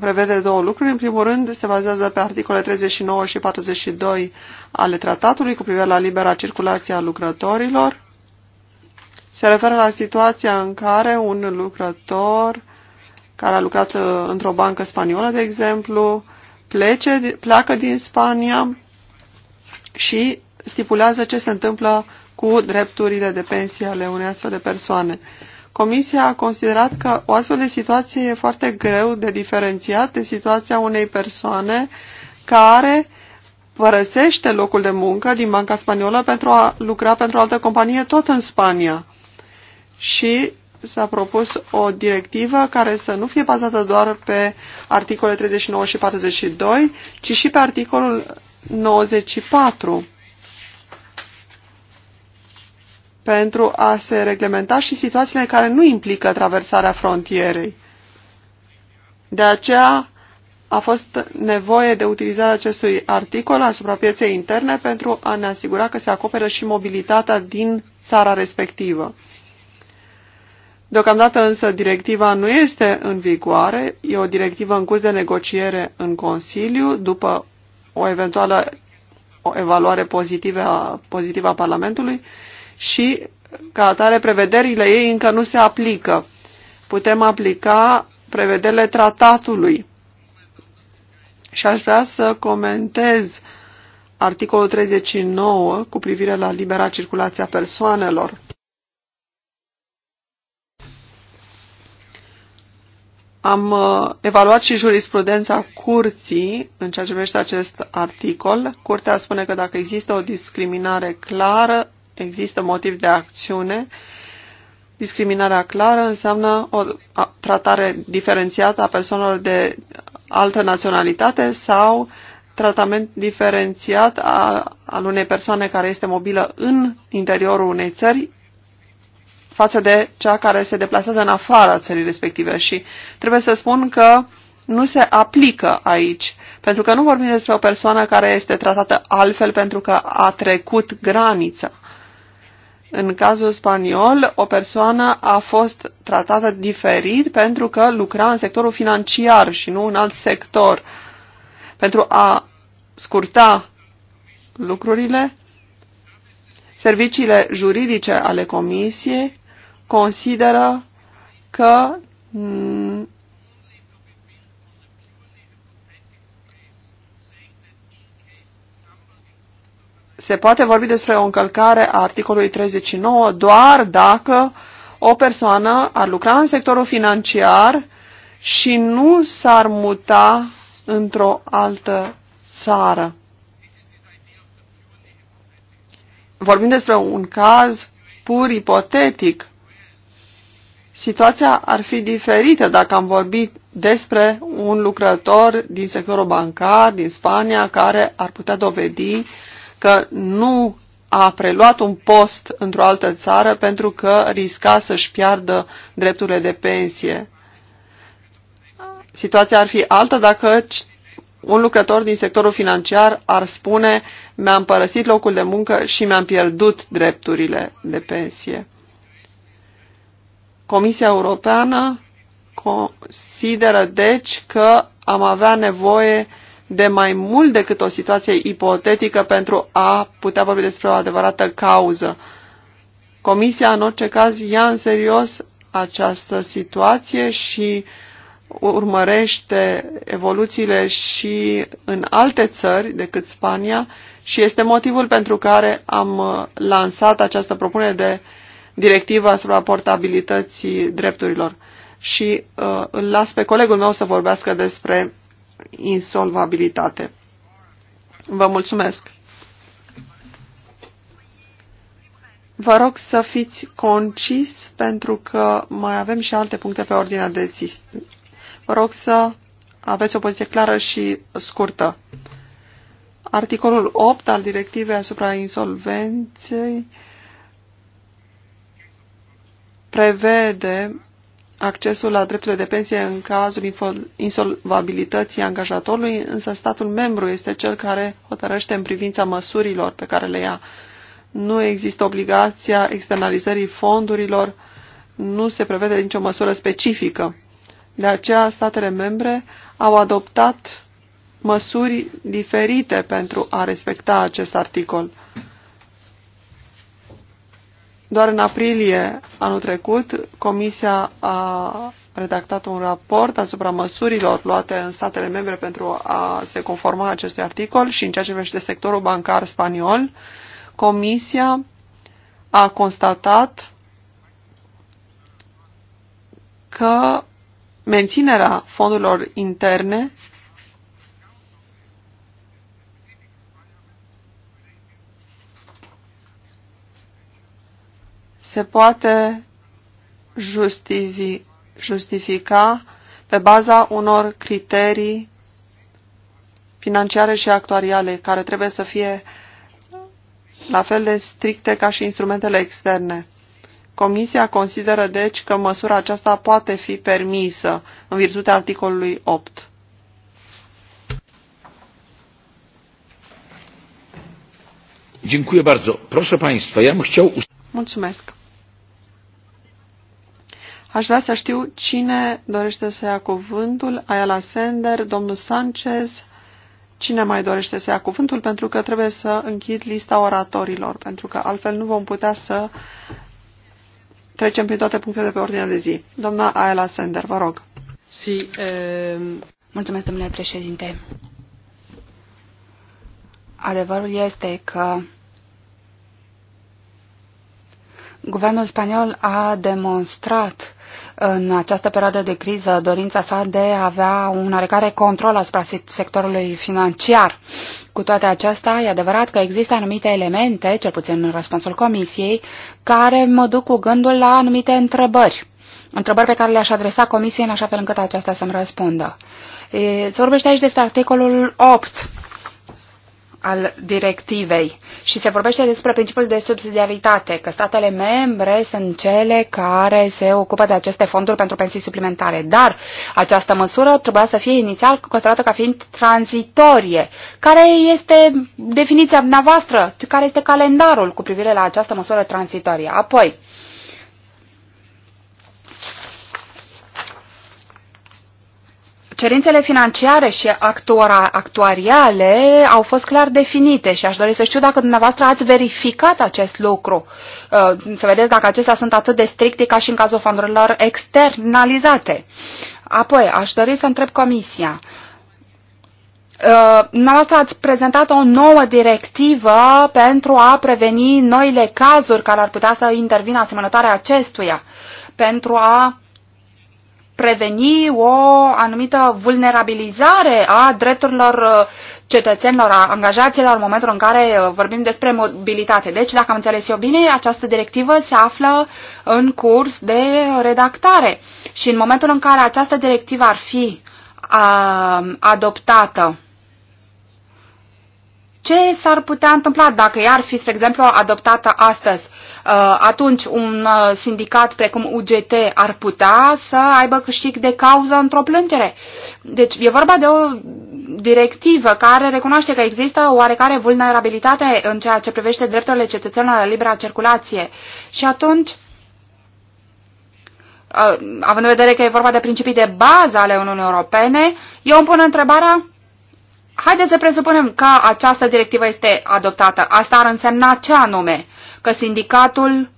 prevede două lucruri. În primul rând, se bazează pe articole 39 și 42 ale tratatului cu privire la libera circulație a lucrătorilor. Se referă la situația în care un lucrător care a lucrat uh, într-o bancă spaniolă, de exemplu, plece, pleacă din Spania și stipulează ce se întâmplă cu drepturile de pensie ale unei astfel de persoane. Comisia a considerat că o astfel de situație e foarte greu de diferențiat de situația unei persoane care părăsește locul de muncă din Banca Spaniolă pentru a lucra pentru o altă companie tot în Spania. Și s-a propus o directivă care să nu fie bazată doar pe articole 39 și 42, ci și pe articolul 94 pentru a se reglementa și situațiile care nu implică traversarea frontierei. De aceea a fost nevoie de utilizarea acestui articol asupra pieței interne pentru a ne asigura că se acoperă și mobilitatea din țara respectivă. Deocamdată însă directiva nu este în vigoare, e o directivă în curs de negociere în Consiliu, după o eventuală o evaluare pozitivă a, pozitivă a Parlamentului și, ca atare, prevederile ei încă nu se aplică. Putem aplica prevederile tratatului. Și aș vrea să comentez articolul 39 cu privire la libera circulație a persoanelor. Am uh, evaluat și jurisprudența curții în ceea ce privește acest articol. Curtea spune că dacă există o discriminare clară, există motiv de acțiune. Discriminarea clară înseamnă o tratare diferențiată a persoanelor de altă naționalitate sau tratament diferențiat al unei persoane care este mobilă în interiorul unei țări față de cea care se deplasează în afara țării respective și trebuie să spun că nu se aplică aici, pentru că nu vorbim despre o persoană care este tratată altfel pentru că a trecut granița. În cazul spaniol, o persoană a fost tratată diferit pentru că lucra în sectorul financiar și nu în alt sector. Pentru a scurta lucrurile, serviciile juridice ale comisiei consideră că se poate vorbi despre o încălcare a articolului 39 doar dacă o persoană ar lucra în sectorul financiar și nu s-ar muta într-o altă țară. Vorbim despre un caz pur ipotetic situația ar fi diferită dacă am vorbit despre un lucrător din sectorul bancar din Spania care ar putea dovedi că nu a preluat un post într-o altă țară pentru că risca să-și piardă drepturile de pensie. Situația ar fi altă dacă un lucrător din sectorul financiar ar spune mi-am părăsit locul de muncă și mi-am pierdut drepturile de pensie. Comisia Europeană consideră deci că am avea nevoie de mai mult decât o situație ipotetică pentru a putea vorbi despre o adevărată cauză. Comisia, în orice caz, ia în serios această situație și urmărește evoluțiile și în alte țări decât Spania și este motivul pentru care am lansat această propunere de directiva asupra portabilității drepturilor. Și uh, îl las pe colegul meu să vorbească despre insolvabilitate. Vă mulțumesc! Vă rog să fiți concis pentru că mai avem și alte puncte pe ordinea de zi. Vă rog să aveți o poziție clară și scurtă. Articolul 8 al directivei asupra insolvenței prevede accesul la drepturile de pensie în cazul insolvabilității angajatorului, însă statul membru este cel care hotărăște în privința măsurilor pe care le ia. Nu există obligația externalizării fondurilor, nu se prevede nicio măsură specifică. De aceea, statele membre au adoptat măsuri diferite pentru a respecta acest articol. Doar în aprilie anul trecut, Comisia a redactat un raport asupra măsurilor luate în statele membre pentru a se conforma acestui articol și în ceea ce privește sectorul bancar spaniol, Comisia a constatat că menținerea fondurilor interne se poate justifi, justifica pe baza unor criterii financiare și actuariale, care trebuie să fie la fel de stricte ca și instrumentele externe. Comisia consideră, deci, că măsura aceasta poate fi permisă în virtutea articolului 8. Dziękuję bardzo. Proszę Państwa, ja bym chciał... Mulțumesc. Aș vrea să știu cine dorește să ia cuvântul, Ayala Sender, domnul Sanchez, cine mai dorește să ia cuvântul, pentru că trebuie să închid lista oratorilor, pentru că altfel nu vom putea să trecem prin toate punctele de pe ordinea de zi. Doamna Ayala Sender, vă rog. Si, e... Eh, Mulțumesc, domnule președinte. Adevărul este că Guvernul spaniol a demonstrat în această perioadă de criză dorința sa de a avea un oarecare control asupra sectorului financiar. Cu toate acestea, e adevărat că există anumite elemente, cel puțin în răspunsul Comisiei, care mă duc cu gândul la anumite întrebări. Întrebări pe care le-aș adresa Comisiei în așa fel încât aceasta să-mi răspundă. Se vorbește aici despre articolul 8 al directivei și se vorbește despre principiul de subsidiaritate, că statele membre sunt cele care se ocupă de aceste fonduri pentru pensii suplimentare. Dar această măsură trebuia să fie inițial considerată ca fiind tranzitorie. Care este definiția dumneavoastră? Care este calendarul cu privire la această măsură tranzitorie? Apoi, Cerințele financiare și actuara, actuariale au fost clar definite și aș dori să știu dacă dumneavoastră ați verificat acest lucru, uh, să vedeți dacă acestea sunt atât de stricte ca și în cazul fondurilor externalizate. Apoi, aș dori să întreb Comisia. Uh, dumneavoastră ați prezentat o nouă directivă pentru a preveni noile cazuri care ar putea să intervină asemănătoare acestuia, pentru a preveni o anumită vulnerabilizare a drepturilor uh, cetățenilor, a angajaților în momentul în care uh, vorbim despre mobilitate. Deci, dacă am înțeles eu bine, această directivă se află în curs de redactare și în momentul în care această directivă ar fi a, uh, adoptată, ce s-ar putea întâmpla dacă ea ar fi, spre exemplu, adoptată astăzi? Uh, atunci un uh, sindicat precum UGT ar putea să aibă câștig de cauză într-o plângere. Deci e vorba de o directivă care recunoaște că există oarecare vulnerabilitate în ceea ce privește drepturile cetățenilor la libera circulație. Și atunci uh, având în vedere că e vorba de principii de bază ale Uniunii Europene, eu îmi pun întrebarea, haideți să presupunem că această directivă este adoptată. Asta ar însemna ce anume? că sindicatul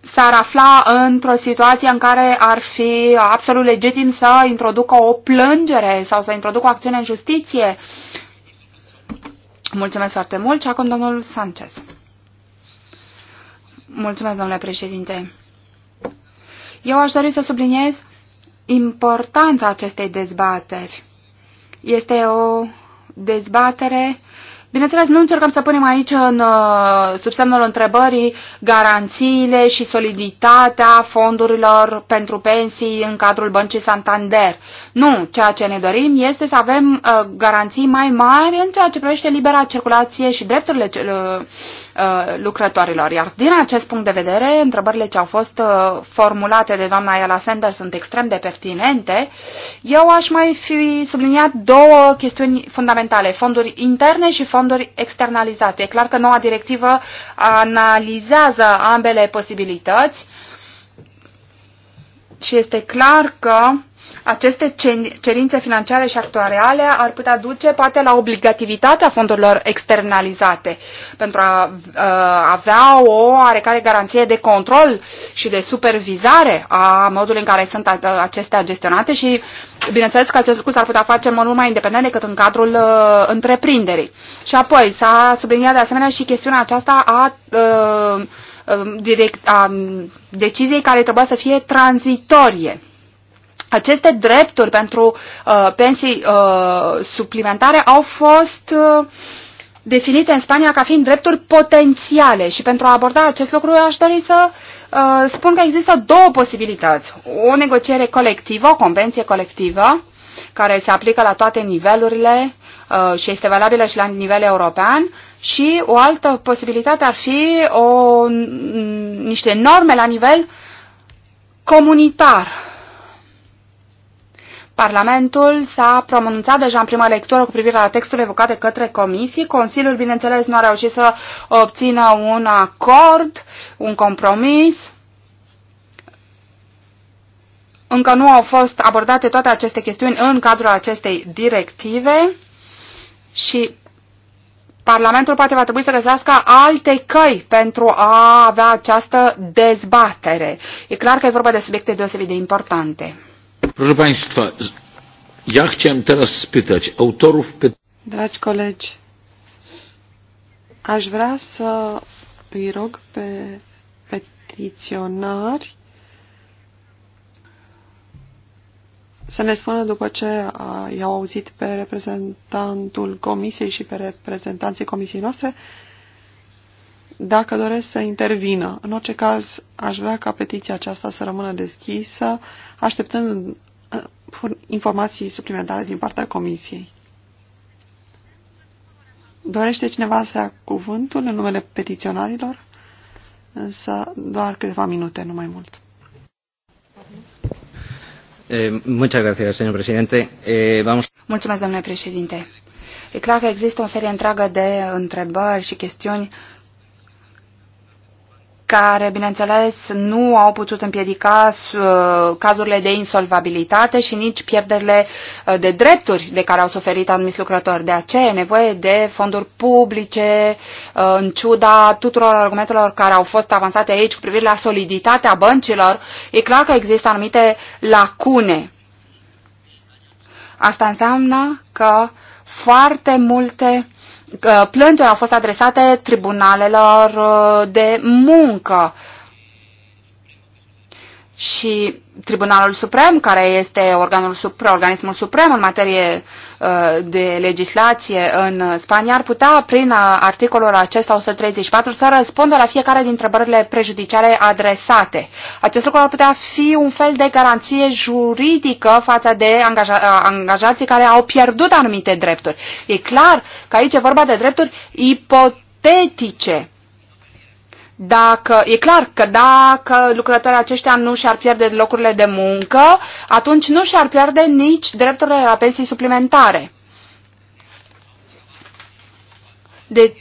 s-ar afla într-o situație în care ar fi absolut legitim să introducă o plângere sau să introducă o acțiune în justiție. Mulțumesc foarte mult și acum domnul Sanchez. Mulțumesc, domnule președinte. Eu aș dori să subliniez importanța acestei dezbateri. Este o dezbatere Bineînțeles, nu încercăm să punem aici în uh, sub semnul întrebării garanțiile și soliditatea fondurilor pentru pensii în cadrul băncii Santander. Nu, ceea ce ne dorim este să avem uh, garanții mai mari în ceea ce privește libera circulație și drepturile uh, Uh, lucrătorilor. Iar din acest punct de vedere, întrebările ce au fost uh, formulate de doamna Ayala Sender sunt extrem de pertinente. Eu aș mai fi subliniat două chestiuni fundamentale, fonduri interne și fonduri externalizate. E clar că noua directivă analizează ambele posibilități și este clar că aceste cerințe financiare și actuariale ar putea duce poate la obligativitatea fondurilor externalizate pentru a uh, avea o oarecare garanție de control și de supervizare a modului în care sunt acestea gestionate și bineînțeles că acest lucru s-ar putea face mult mai independent decât în cadrul uh, întreprinderii. Și apoi s-a subliniat de asemenea și chestiunea aceasta a uh, um, direct, a deciziei care trebuia să fie tranzitorie aceste drepturi pentru uh, pensii uh, suplimentare au fost uh, definite în Spania ca fiind drepturi potențiale și pentru a aborda acest lucru aș dori să uh, spun că există două posibilități. O negociere colectivă, o convenție colectivă, care se aplică la toate nivelurile uh, și este valabilă și la nivel european și o altă posibilitate ar fi o, niște norme la nivel comunitar Parlamentul s-a pronunțat deja în prima lectură cu privire la textul evocat de către comisii. Consiliul, bineînțeles, nu a reușit să obțină un acord, un compromis. Încă nu au fost abordate toate aceste chestiuni în cadrul acestei directive și Parlamentul poate va trebui să găsească alte căi pentru a avea această dezbatere. E clar că e vorba de subiecte deosebit de importante. Proszę Państwa, ja chciałem teraz spytać autorów pytania. Dragi colegi, aș vrea să îi rog pe petiționari să ne spună după ce i-au auzit pe reprezentantul comisiei și pe reprezentanții comisiei noastre dacă doresc să intervină. În orice caz, aș vrea ca petiția aceasta să rămână deschisă, așteptând informații suplimentare din partea Comisiei. Dorește cineva să ia cuvântul în numele petiționarilor? Însă doar câteva minute, nu mai mult. Eh, eh, Mulțumesc, domnule președinte. E clar că există o serie întreagă de întrebări și chestiuni care, bineînțeles, nu au putut împiedica uh, cazurile de insolvabilitate și nici pierderile uh, de drepturi de care au suferit anumiți lucrători. De aceea e nevoie de fonduri publice, uh, în ciuda tuturor argumentelor care au fost avansate aici cu privire la soliditatea băncilor, e clar că există anumite lacune. Asta înseamnă că foarte multe Plângerea au fost adresate tribunalelor uh, de muncă și Tribunalul Suprem, care este organul supra, organismul suprem în materie uh, de legislație în Spania, ar putea, prin articolul acesta 134, să răspundă la fiecare din întrebările prejudiciale adresate. Acest lucru ar putea fi un fel de garanție juridică față de angaja angajații care au pierdut anumite drepturi. E clar că aici e vorba de drepturi ipotetice dacă, e clar că dacă lucrătorii aceștia nu și-ar pierde locurile de muncă, atunci nu și-ar pierde nici drepturile la pensii suplimentare. De,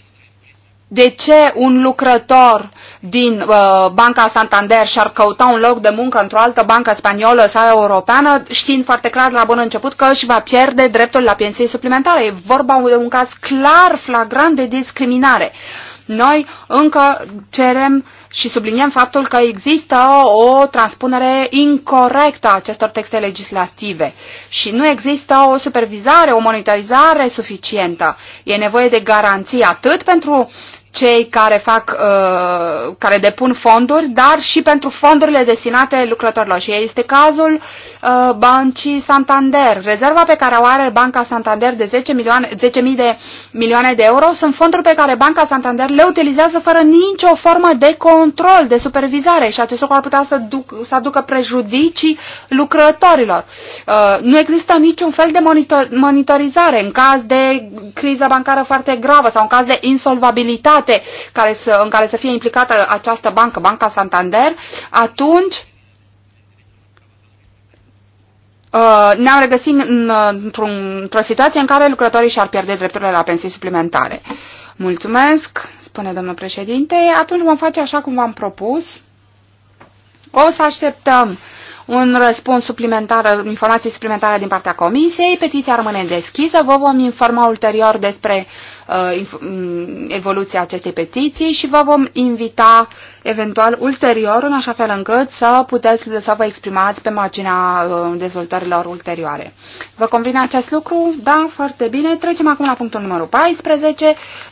de ce un lucrător din uh, Banca Santander și-ar căuta un loc de muncă într-o altă bancă spaniolă sau europeană, știind foarte clar la bun început că își va pierde dreptul la pensii suplimentare. E vorba de un caz clar, flagrant de discriminare. Uh, noi încă cerem și subliniem faptul că există o transpunere incorrectă a acestor texte legislative și nu există o supervizare, o monitorizare suficientă. E nevoie de garanții atât pentru cei care, fac, uh, care depun fonduri, dar și pentru fondurile destinate lucrătorilor. Și este cazul uh, Bancii Santander. Rezerva pe care o are Banca Santander de 10 milioane, 10.000 de milioane de euro sunt fonduri pe care Banca Santander le utilizează fără nicio formă de control, de supervizare și acest lucru ar putea să, duc, să aducă prejudicii lucrătorilor. Uh, nu există niciun fel de monitor, monitorizare în caz de criză bancară foarte gravă sau în caz de insolvabilitate state care să, în care să fie implicată această bancă, Banca Santander, atunci uh, ne-am regăsit într-o într situație în care lucrătorii și-ar pierde drepturile la pensii suplimentare. Mulțumesc, spune domnul președinte. Atunci vom face așa cum v-am propus. O să așteptăm un răspuns suplimentar, informații suplimentare din partea comisiei. Petiția rămâne deschisă. Vă vom informa ulterior despre Uh, mm, evoluția acestei petiții și vă vom invita eventual ulterior în așa fel încât să puteți să vă exprimați pe marginea uh, dezvoltărilor ulterioare. Vă convine acest lucru? Da, foarte bine. Trecem acum la punctul numărul 14.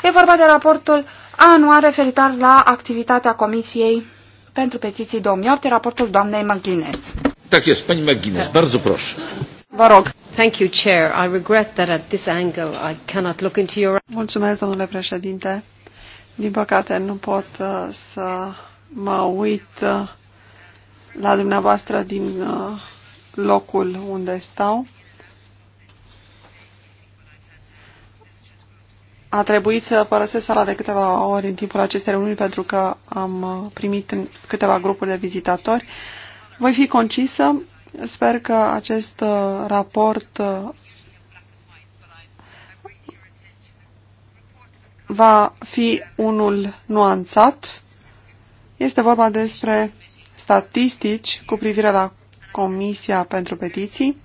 E vorba de raportul anual referitor la activitatea Comisiei pentru petiții 2008, raportul doamnei McGuinness. Tak jest, pani McGuinness, da. bardzo proszę. Vă rog. Mulțumesc, domnule președinte. Din păcate nu pot uh, să mă uit uh, la dumneavoastră din uh, locul unde stau. A trebuit să părăsesc sala de câteva ori în timpul acestei reuniuni pentru că am uh, primit câteva grupuri de vizitatori. Voi fi concisă, Sper că acest uh, raport uh, va fi unul nuanțat. Este vorba despre statistici cu privire la Comisia pentru Petiții,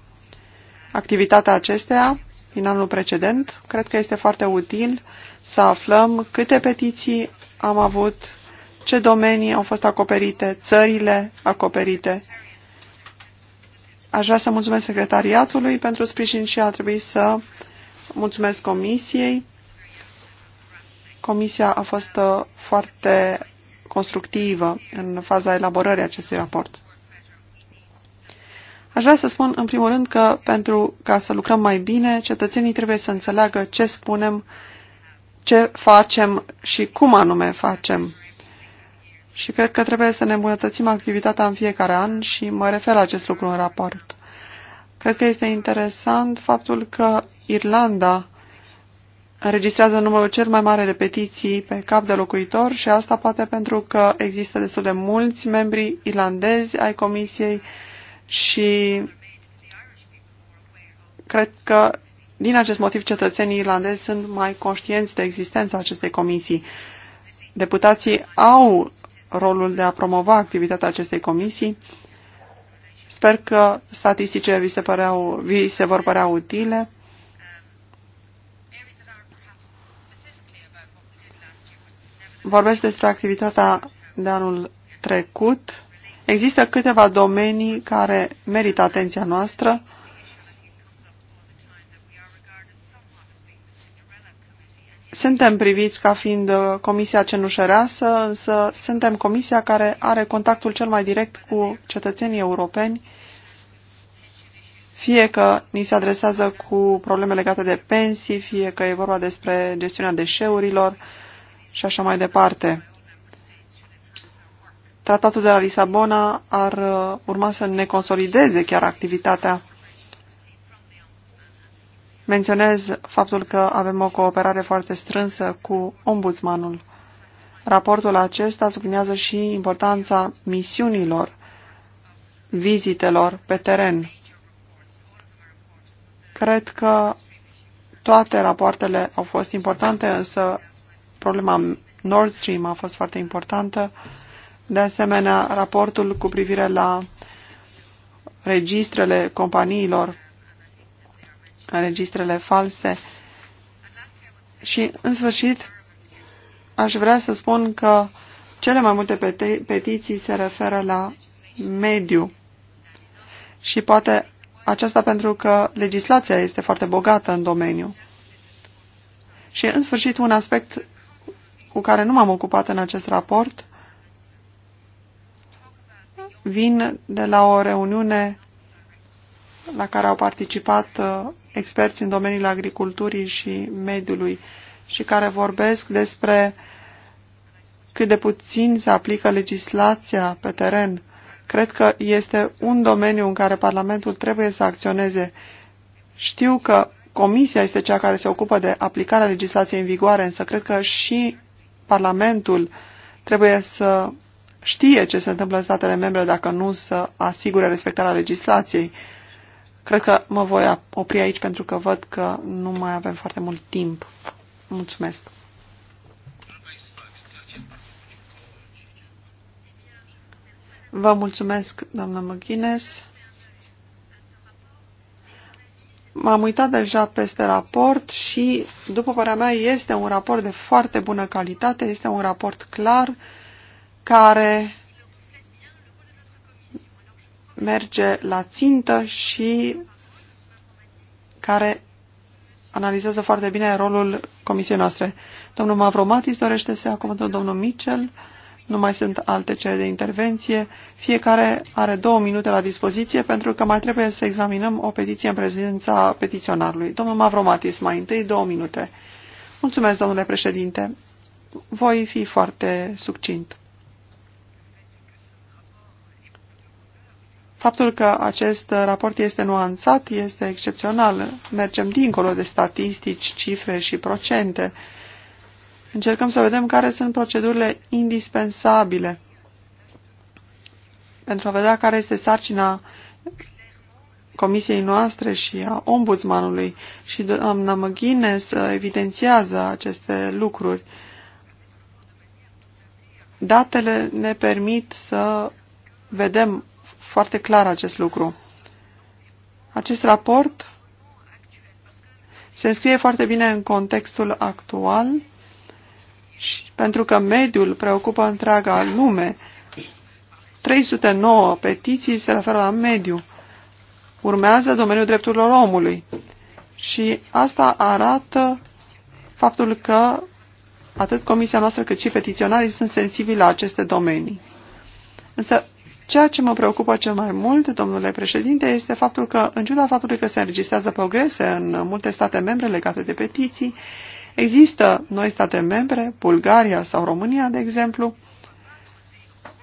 activitatea acesteia din anul precedent. Cred că este foarte util să aflăm câte petiții am avut, ce domenii au fost acoperite, țările acoperite Aș vrea să mulțumesc secretariatului pentru sprijin și a trebuit să mulțumesc comisiei. Comisia a fost uh, foarte constructivă în faza elaborării acestui raport. Aș vrea să spun, în primul rând, că pentru ca să lucrăm mai bine, cetățenii trebuie să înțeleagă ce spunem, ce facem și cum anume facem și cred că trebuie să ne îmbunătățim activitatea în fiecare an și mă refer la acest lucru în raport. Cred că este interesant faptul că Irlanda înregistrează numărul cel mai mare de petiții pe cap de locuitor și asta poate pentru că există destul de mulți membri irlandezi ai comisiei și cred că din acest motiv cetățenii irlandezi sunt mai conștienți de existența acestei comisii. Deputații au rolul de a promova activitatea acestei comisii. Sper că statisticile vi se, păreau, vi se vor părea utile. Vorbesc despre activitatea de anul trecut. Există câteva domenii care merită atenția noastră. Suntem priviți ca fiind uh, Comisia Cenușăreasă, însă suntem Comisia care are contactul cel mai direct cu cetățenii europeni, fie că ni se adresează cu probleme legate de pensii, fie că e vorba despre gestiunea deșeurilor și așa mai departe. Tratatul de la Lisabona ar uh, urma să ne consolideze chiar activitatea Menționez faptul că avem o cooperare foarte strânsă cu ombudsmanul. Raportul acesta sublinează și importanța misiunilor, vizitelor pe teren. Cred că toate rapoartele au fost importante, însă problema Nord Stream a fost foarte importantă. De asemenea, raportul cu privire la registrele companiilor registrele false. Și, în sfârșit, aș vrea să spun că cele mai multe peti petiții se referă la mediu. Și poate aceasta pentru că legislația este foarte bogată în domeniu. Și, în sfârșit, un aspect cu care nu m-am ocupat în acest raport vin de la o reuniune la care au participat uh, experți în domeniul agriculturii și mediului și care vorbesc despre cât de puțin se aplică legislația pe teren. Cred că este un domeniu în care Parlamentul trebuie să acționeze. Știu că Comisia este cea care se ocupă de aplicarea legislației în vigoare, însă cred că și Parlamentul trebuie să știe ce se întâmplă în statele membre dacă nu să asigure respectarea legislației. Cred că mă voi opri aici pentru că văd că nu mai avem foarte mult timp. Mulțumesc! Vă mulțumesc, doamnă McGuinness. M-am uitat deja peste raport și, după părerea mea, este un raport de foarte bună calitate, este un raport clar care merge la țintă și care analizează foarte bine rolul comisiei noastre. Domnul Mavromatis dorește să ia cuvântul domnul Mitchell. Nu mai sunt alte cele de intervenție. Fiecare are două minute la dispoziție pentru că mai trebuie să examinăm o petiție în prezența petiționarului. Domnul Mavromatis, mai întâi două minute. Mulțumesc, domnule președinte. Voi fi foarte succint. Faptul că acest raport este nuanțat este excepțional. Mergem dincolo de statistici, cifre și procente. Încercăm să vedem care sunt procedurile indispensabile pentru a vedea care este sarcina comisiei noastre și a ombudsmanului și doamna McGuinness evidențiază aceste lucruri. Datele ne permit să vedem foarte clar acest lucru. Acest raport se înscrie foarte bine în contextul actual și pentru că mediul preocupă întreaga lume. 309 petiții se referă la mediu. Urmează domeniul drepturilor omului. Și asta arată faptul că atât comisia noastră cât și petiționarii sunt sensibili la aceste domenii. Însă Ceea ce mă preocupă cel mai mult, domnule președinte, este faptul că, în ciuda faptului că se înregistrează progrese în multe state membre legate de petiții, există noi state membre, Bulgaria sau România, de exemplu,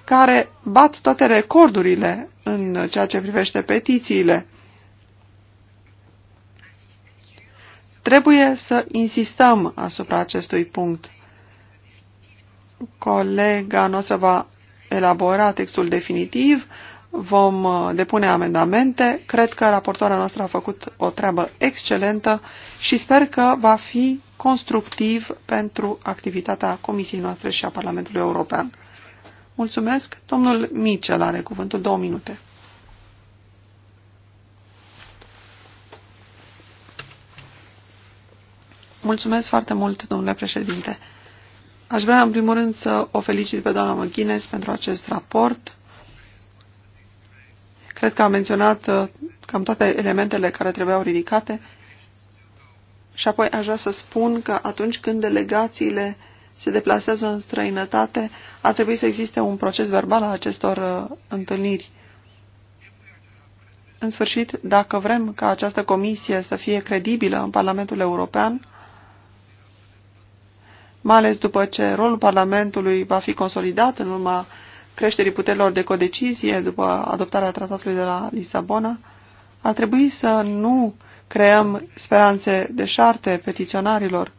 care bat toate recordurile în ceea ce privește petițiile. Trebuie să insistăm asupra acestui punct. Colega noastră va elabora textul definitiv, vom uh, depune amendamente. Cred că raportoarea noastră a făcut o treabă excelentă și sper că va fi constructiv pentru activitatea Comisiei noastre și a Parlamentului European. Mulțumesc. Domnul Michel are cuvântul două minute. Mulțumesc foarte mult, domnule președinte. Aș vrea, în primul rând, să o felicit pe doamna McGuinness pentru acest raport. Cred că a menționat uh, cam toate elementele care trebuiau ridicate. Și apoi aș vrea să spun că atunci când delegațiile se deplasează în străinătate, ar trebui să existe un proces verbal al acestor uh, întâlniri. În sfârșit, dacă vrem ca această comisie să fie credibilă în Parlamentul European, mai ales după ce rolul Parlamentului va fi consolidat în urma creșterii puterilor de codecizie după adoptarea tratatului de la Lisabona, ar trebui să nu creăm speranțe deșarte petiționarilor,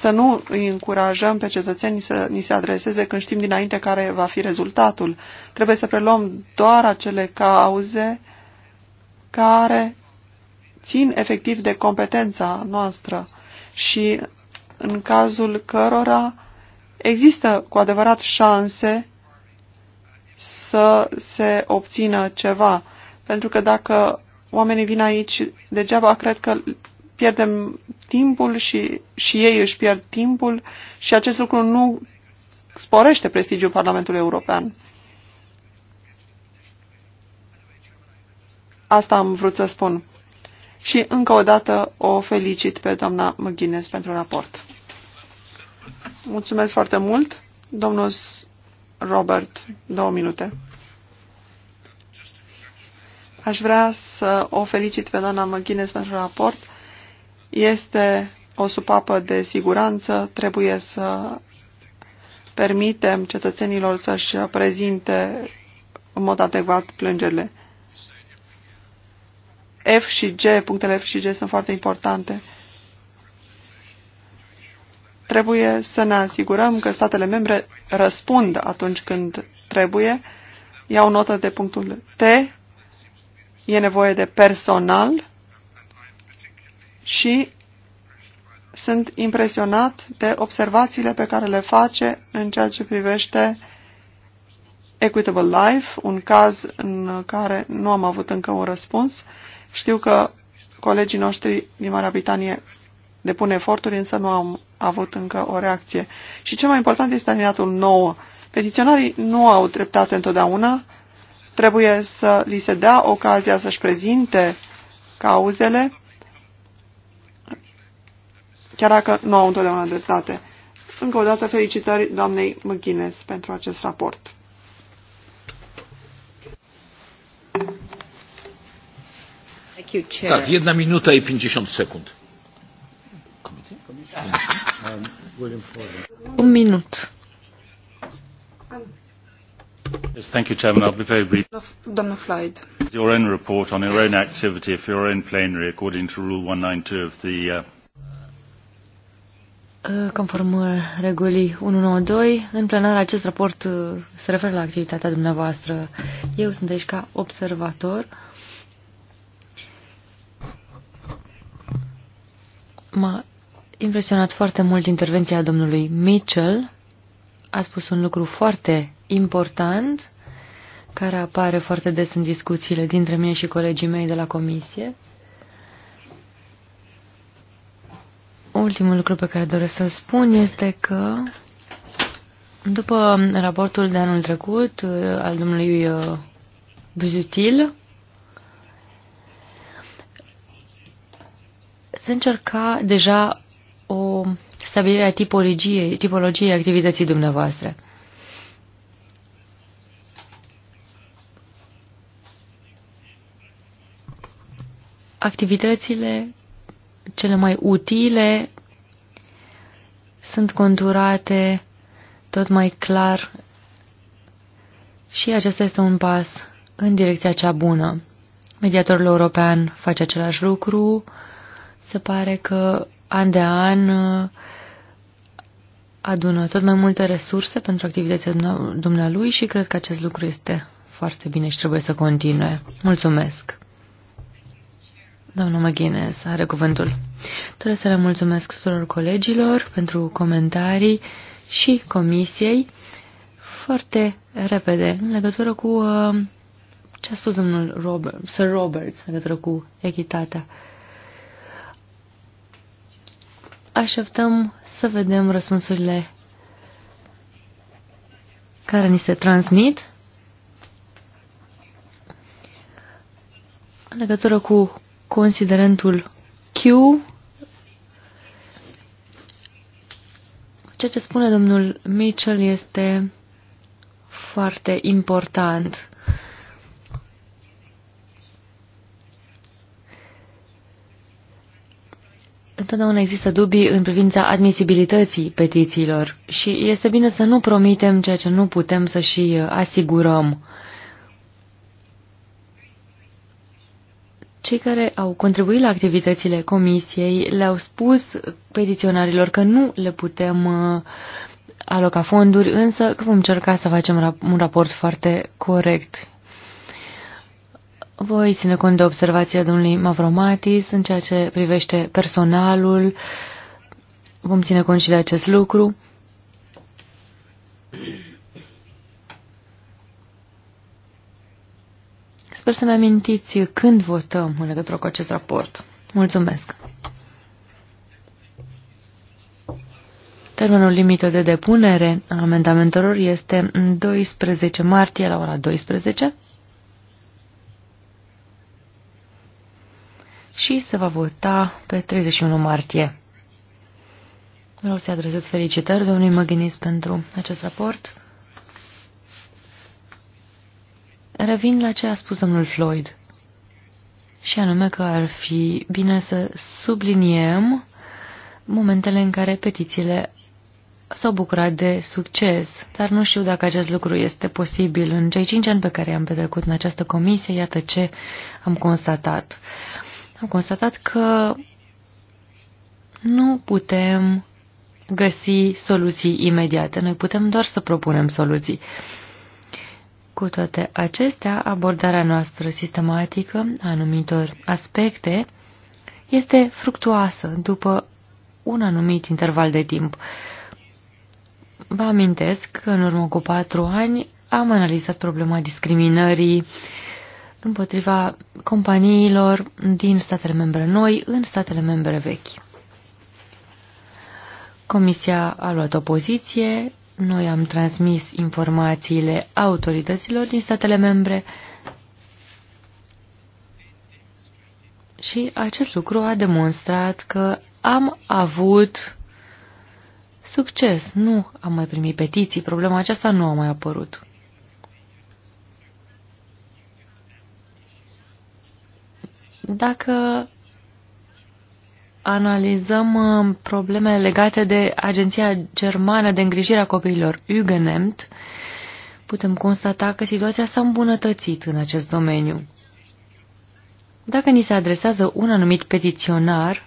să nu îi încurajăm pe cetățenii să ni se adreseze când știm dinainte care va fi rezultatul. Trebuie să preluăm doar acele cauze care țin efectiv de competența noastră și în cazul cărora există cu adevărat șanse să se obțină ceva. Pentru că dacă oamenii vin aici degeaba, cred că pierdem timpul și, și ei își pierd timpul și acest lucru nu sporește prestigiul Parlamentului European. Asta am vrut să spun și încă o dată o felicit pe doamna McGuinness pentru raport. Mulțumesc foarte mult. Domnul Robert, două minute. Aș vrea să o felicit pe doamna McGuinness pentru raport. Este o supapă de siguranță. Trebuie să permitem cetățenilor să-și prezinte în mod adecvat plângerile. F și G, punctele F și G sunt foarte importante. Trebuie să ne asigurăm că statele membre răspund atunci când trebuie. Iau notă de punctul T. E nevoie de personal și sunt impresionat de observațiile pe care le face în ceea ce privește Equitable Life, un caz în care nu am avut încă un răspuns. Știu că colegii noștri din Marea Britanie depun eforturi, însă nu am avut încă o reacție. Și cel mai important este alineatul 9. Petiționarii nu au dreptate întotdeauna, trebuie să li se dea ocazia să-și prezinte cauzele, chiar dacă nu au întotdeauna dreptate. Încă o dată felicitări doamnei McGuinness pentru acest raport. Tak, jedna minuta i 50 sekund. Un um, minut. Yes, thank you, Chairman. I'll be very brief. Domnul Floyd. Your own report on your own activity for your own plenary according to Rule 192 of the uh, uh Conform uh, regulii 192, în plenar acest raport uh, se referă la activitatea dumneavoastră. Eu sunt aici ca observator M-a impresionat foarte mult intervenția domnului Mitchell. A spus un lucru foarte important, care apare foarte des în discuțiile dintre mine și colegii mei de la comisie. Ultimul lucru pe care doresc să-l spun este că după raportul de anul trecut uh, al domnului uh, Buzutil, se încerca deja o stabilire a tipologiei, tipologiei activității dumneavoastră. Activitățile cele mai utile sunt conturate tot mai clar și acesta este un pas în direcția cea bună. Mediatorul european face același lucru, uh, se pare că an de an uh, adună tot mai multe resurse pentru activitatea dumnealui și cred că acest lucru este foarte bine și trebuie să continue. Mulțumesc! Doamna McGuinness are cuvântul. Trebuie să le mulțumesc tuturor colegilor pentru comentarii și comisiei foarte repede în legătură cu uh, ce a spus domnul Robert, Sir Roberts în legătură cu echitatea. Uh, așteptăm să vedem răspunsurile care ni se transmit în legătură cu considerentul Q, ceea ce spune domnul Mitchell este foarte important. Întotdeauna există dubii în privința admisibilității petițiilor și este bine să nu promitem ceea ce nu putem să și uh, asigurăm. Cei care au contribuit la activitățile comisiei le-au spus petiționarilor că nu le putem uh, aloca fonduri, însă că vom încerca să facem un raport foarte corect voi ține cont de observația domnului Mavromatis în ceea ce privește personalul. Vom ține cont și de acest lucru. Sper să ne amintiți când votăm în legătură cu acest raport. Mulțumesc! Termenul limită de depunere a amendamentelor este 12 martie la ora 12. și se va vota pe 31 martie. Vreau să-i adresez felicitări domnului Măghinis pentru acest raport. Revin la ce a spus domnul Floyd, și anume că ar fi bine să subliniem momentele în care petițiile s-au bucurat de succes, dar nu știu dacă acest lucru este posibil. În cei cinci ani pe care i-am petrecut în această comisie, iată ce am constatat. Uh, am constatat că nu putem găsi soluții imediate. Noi putem doar să propunem soluții. Cu toate acestea, abordarea noastră sistematică a anumitor aspecte este fructuoasă după un anumit interval de timp. Vă amintesc că în urmă cu patru ani am analizat problema discriminării uh, împotriva companiilor din statele membre noi în statele membre vechi. Comisia a luat o poziție, noi am transmis informațiile autorităților din statele membre și acest lucru a demonstrat că am avut succes, nu am mai primit petiții, problema aceasta nu a mai apărut. Dacă analizăm uh, problemele legate de Agenția Germană de Îngrijire a Copiilor, Ugenemt, putem constata că situația s-a îmbunătățit în acest domeniu. Dacă ni se adresează un anumit petiționar,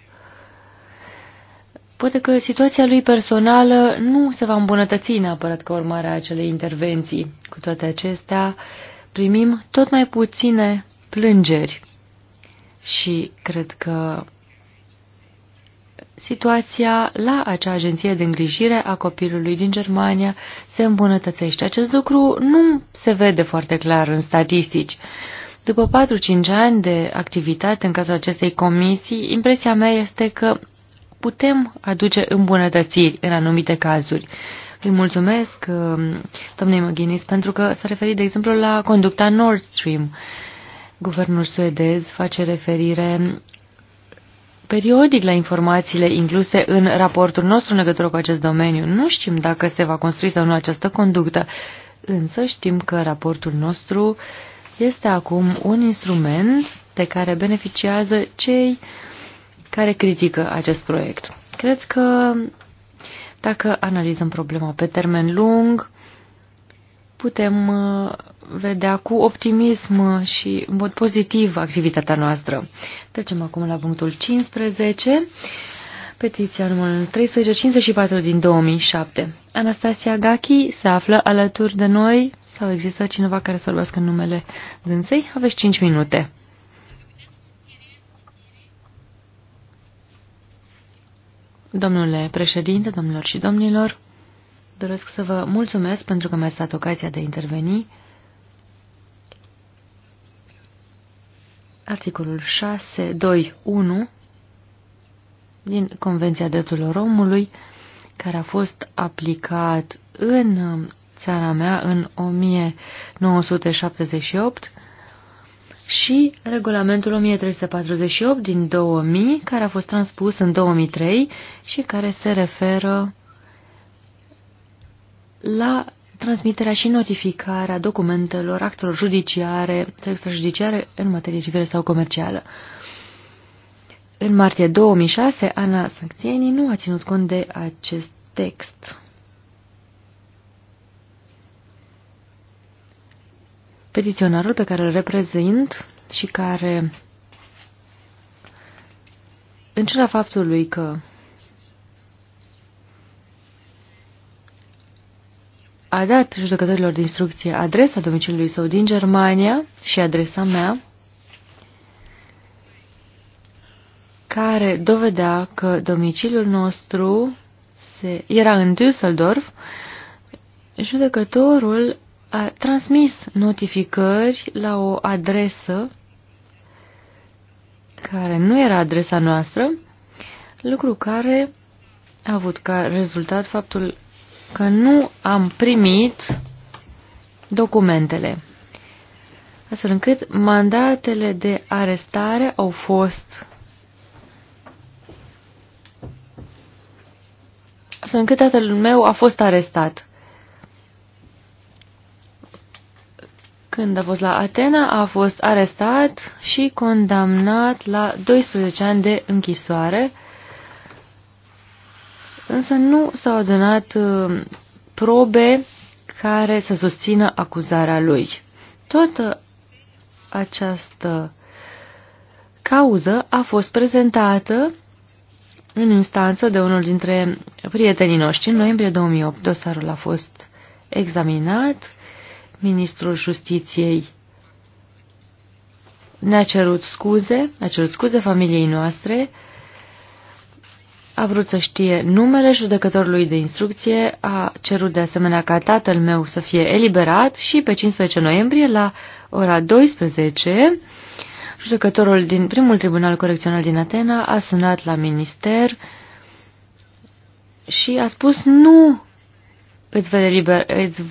poate că situația lui personală nu se va îmbunătăți neapărat ca urmare a acelei intervenții. Cu toate acestea, primim tot mai puține plângeri și cred că situația la acea agenție de îngrijire a copilului din Germania se îmbunătățește. Acest lucru nu se vede foarte clar în statistici. După 4-5 ani de activitate în cazul acestei comisii, impresia mea este că putem aduce îmbunătățiri în anumite cazuri. Îi mulțumesc, um, domnului Măghinis, pentru că s-a referit, de exemplu, la conducta Nord Stream Guvernul suedez face referire periodic la informațiile incluse în raportul nostru în legătură cu acest domeniu. Nu știm dacă se va construi sau nu această conductă, însă știm că raportul nostru este acum un instrument de care beneficiază cei care critică acest proiect. Cred că dacă analizăm problema pe termen lung, putem uh, vedea cu optimism și în mod pozitiv activitatea noastră. Trecem acum la punctul 15, petiția numărul 354 din 2007. Anastasia Gachi se află alături de noi sau există cineva care să vorbească numele dânsei? Aveți 5 minute. Domnule președinte, domnilor și domnilor, doresc să vă mulțumesc pentru că mi-ați dat ocazia de a interveni. Articolul 6.2.1 din Convenția Drepturilor Omului, care a fost aplicat în um, țara mea în 1978 și regulamentul 1348 din 2000, care a fost transpus în 2003 și care se referă la transmiterea și notificarea documentelor, actelor judiciare, extrajudiciare în materie civilă sau comercială. În martie 2006, Ana Sancțieni nu a ținut cont de acest text. Petiționarul pe care îl reprezint și care, în ciuda faptului că a dat judecătorilor de instrucție adresa domiciliului său din Germania și adresa mea, care dovedea că domiciliul nostru se, era în Düsseldorf, judecătorul a transmis notificări la o adresă care nu era adresa noastră, lucru care a avut ca rezultat faptul că nu am primit documentele, astfel încât mandatele de arestare au fost astfel încât tatăl meu a fost arestat. Când a fost la Atena, a fost arestat și condamnat la 12 ani de închisoare însă nu s-au adunat uh, probe care să susțină acuzarea lui. Toată această cauză a fost prezentată în instanță de unul dintre prietenii noștri. În noiembrie 2008 dosarul a fost examinat, ministrul justiției ne-a cerut scuze, a cerut scuze familiei noastre, a vrut să știe numele judecătorului de instrucție, a cerut de asemenea ca tatăl meu să fie eliberat și pe 15 noiembrie la ora 12, judecătorul din primul tribunal corecțional din Atena a sunat la minister și a spus nu îți, vei eliber, îți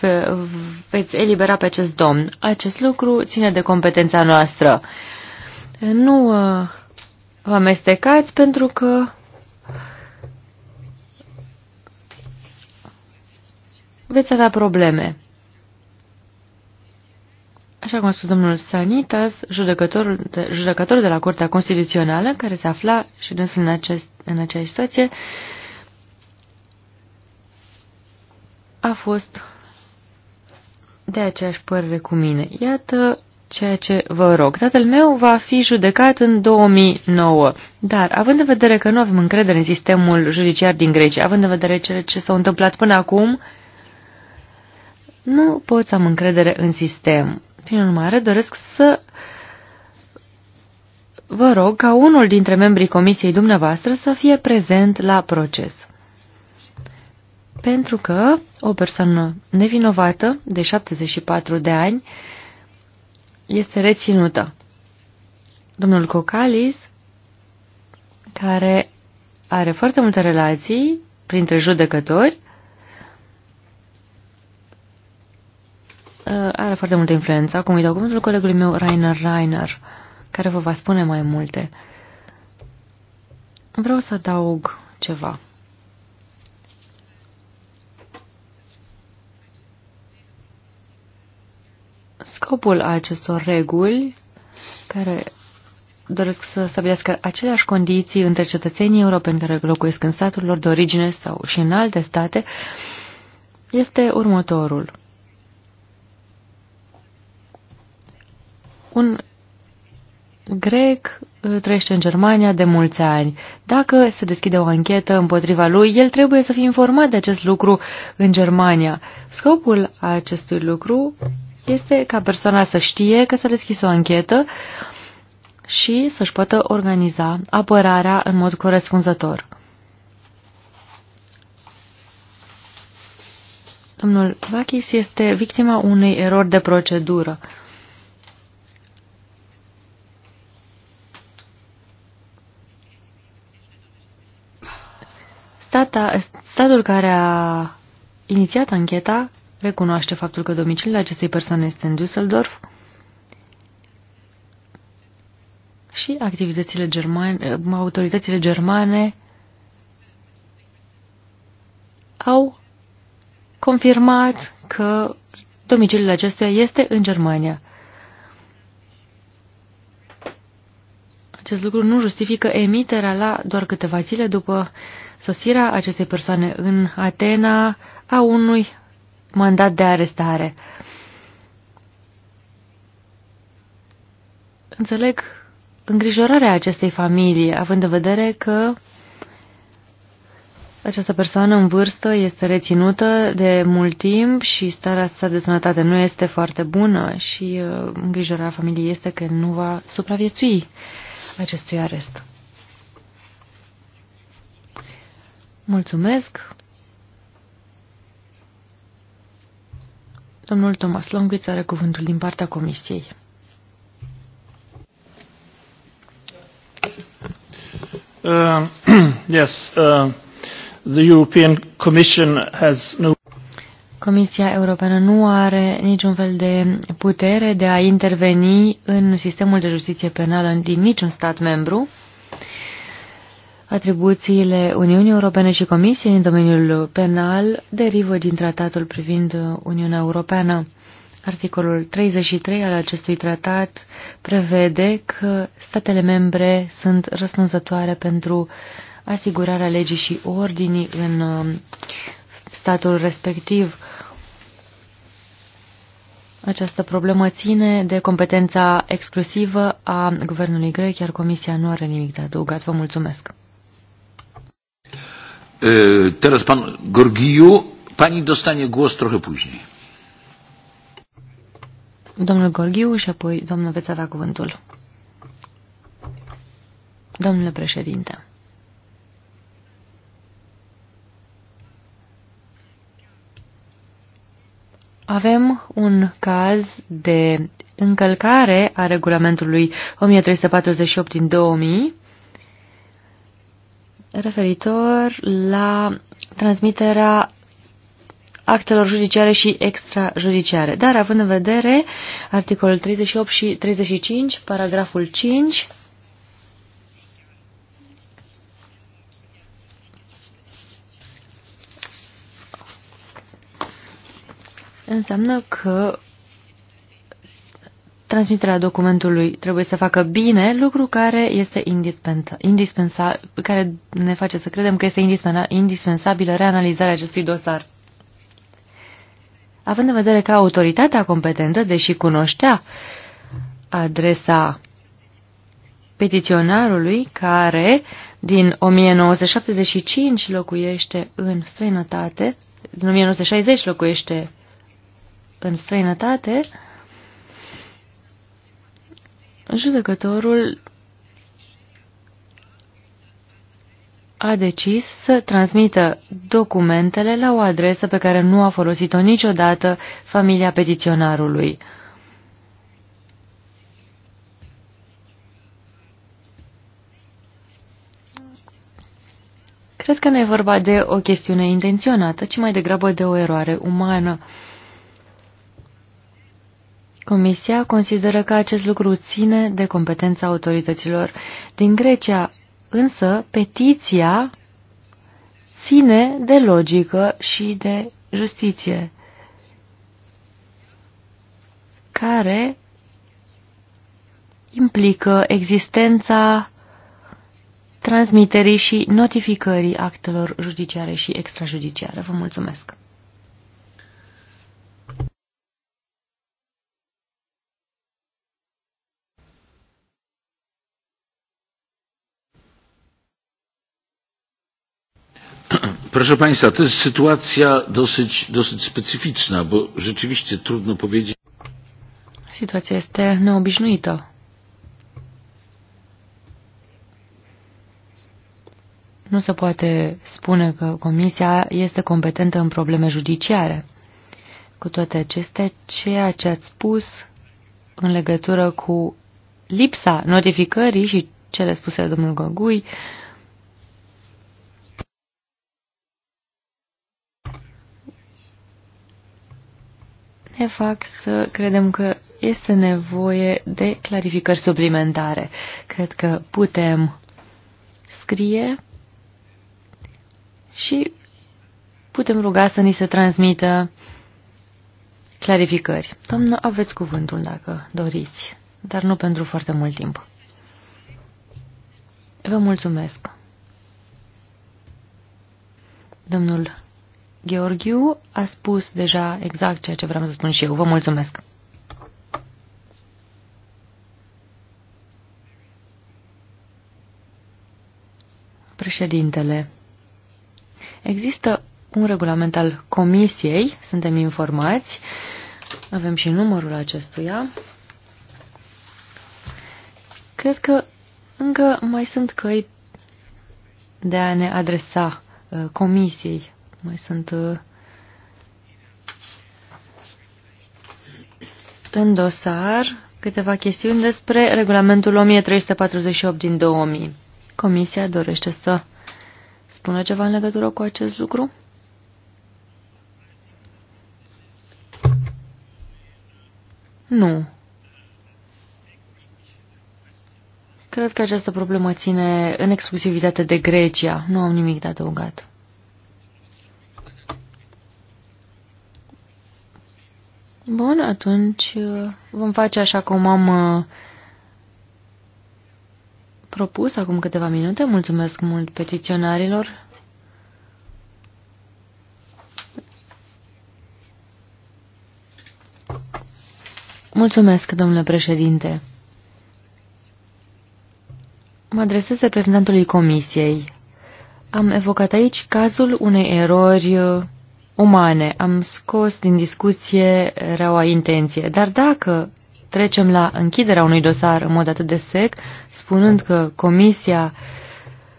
ve, veți elibera pe acest domn. Acest lucru ține de competența noastră. Nu uh, vă amestecați pentru că veți avea probleme. Așa cum a spus domnul Sanitas, judecătorul de, judecătorul de la Curtea Constituțională, care se afla și dânsul în, acest, în acea situație, a fost de aceeași părere cu mine. Iată ceea ce vă rog. Tatăl meu va fi judecat în 2009, dar având în vedere că nu avem încredere în sistemul judiciar din Grecia, având în vedere cele ce s-au întâmplat până acum, uh, nu pot să am încredere în sistem. Prin urmare, doresc să vă rog ca unul dintre membrii comisiei dumneavoastră să fie prezent la proces. Pentru că o persoană nevinovată de 74 de ani este reținută. Domnul Cocalis, care are foarte multe relații printre judecători, foarte multă influență. Acum îi dau cuvântul colegului meu, Rainer Rainer, care vă va spune mai multe. Vreau să adaug ceva. Scopul acestor reguli, care doresc să stabilească aceleași condiții între cetățenii europeni care locuiesc în statul lor de origine sau și în alte state, este următorul. Un grec trăiește în Germania de mulți ani. Dacă se deschide o anchetă împotriva lui, el trebuie să fie informat de acest lucru în Germania. Scopul acestui lucru este ca persoana să știe că s-a deschis o anchetă și să-și poată organiza apărarea în mod corespunzător. Domnul Vachis este victima unei erori de procedură. Stata, statul care a inițiat ancheta recunoaște faptul că domiciliul acestei persoane este în Düsseldorf și activitățile germane, autoritățile germane au confirmat că domiciliul acestuia este în Germania. Acest lucru nu justifică emiterea la doar câteva zile după uh, sosirea acestei persoane în Atena a unui mandat de arestare. Înțeleg îngrijorarea acestei familii, având în vedere că această persoană în vârstă este reținută de mult timp și starea sa de sănătate nu este foarte bună și uh, îngrijorarea familiei este că nu va supraviețui acestui arest. Mulțumesc. Domnul Thomas Longwitz are cuvântul din partea Comisiei. Uh, [CLEARS THROAT] yes, uh, the European Commission has no Comisia Europeană nu are niciun fel de putere de a interveni în sistemul de justiție penală din niciun stat membru. Atribuțiile Uniunii Europene și Comisiei în domeniul penal derivă din tratatul privind Uniunea Europeană. Articolul 33 al acestui tratat prevede că statele membre sunt răspunzătoare pentru asigurarea legii și ordinii în um, statul respectiv. Această problemă ține de competența exclusivă a guvernului grec, iar Comisia nu are nimic de adăugat. Vă mulțumesc! Teraz pan Gorgiu. Pani dostanie głos trochę później. Domnul Gorghiu și apoi domnul veți avea cuvântul. Domnule președinte. Avem un caz de încălcare a regulamentului 1348 din 2000 referitor la transmiterea actelor judiciare și extrajudiciare. Dar având în vedere articolul 38 și 35, paragraful 5, înseamnă că transmiterea documentului trebuie să facă bine, lucru care este indispensabil, care ne face să credem că este indispensabilă reanalizarea acestui dosar. Având în vedere că autoritatea competentă, deși cunoștea adresa petiționarului care din 1975 locuiește în străinătate, din 1960 locuiește în străinătate, judecătorul a decis să transmită documentele la o adresă pe care nu a folosit-o niciodată familia petiționarului. Cred că nu e vorba de o chestiune intenționată, ci mai degrabă de o eroare umană. Comisia consideră că acest lucru ține de competența autorităților din Grecia, însă petiția ține de logică și de justiție, care implică existența transmiterii și notificării actelor judiciare și extrajudiciare. Vă mulțumesc! Proszę Państwa, to jest sytuacja dosyć, dosyć specyficzna, bo rzeczywiście trudno powiedzieć. Sytuacja jest neobișnuită. Nu se poate spune că Comisia este competentă în probleme judiciare. Cu toate acestea, ceea ce ați spus în legătură cu lipsa notificării și cele spuse de domnul Gogui, uh, ne fac să credem că este nevoie de clarificări suplimentare. Cred că putem scrie și putem ruga să ni se transmită clarificări. Doamnă, aveți cuvântul dacă doriți, dar nu pentru foarte mult timp. Vă mulțumesc. Domnul Gheorghiu a spus deja exact ceea ce vreau să spun și eu. Vă mulțumesc! Președintele, există un regulament al comisiei, suntem informați, avem și numărul acestuia. Cred că încă mai sunt căi de a ne adresa uh, comisiei mai sunt uh, în dosar câteva chestiuni despre regulamentul 1348 din 2000. Comisia dorește să spună ceva în legătură cu acest lucru? Nu. Cred că această problemă ține în exclusivitate de Grecia. Nu am nimic de adăugat. Bun, atunci uh, vom face așa cum am uh, propus acum câteva minute. Mulțumesc mult petiționarilor. Mulțumesc, domnule președinte. Mă adresez reprezentantului comisiei. Am evocat aici cazul unei erori uh, umane. Am scos din discuție reaua intenție. Dar dacă trecem la închiderea unui dosar în mod atât de sec, spunând că comisia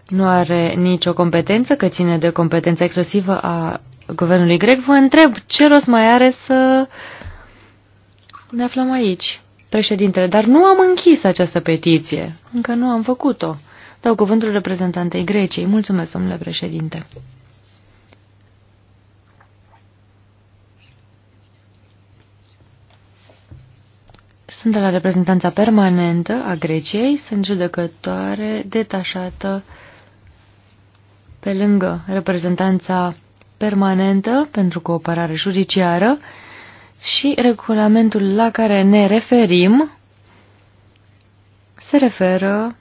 nu are nicio competență, că ține de competența exclusivă a guvernului grec, vă întreb ce rost mai are să ne aflăm aici, președintele. Dar nu am închis această petiție, încă nu am făcut-o. Dau cuvântul reprezentantei Greciei. Mulțumesc, domnule președinte. Sunt de la reprezentanța permanentă a Greciei, sunt judecătoare detașată pe lângă reprezentanța permanentă pentru cooperare judiciară și regulamentul la care ne referim se referă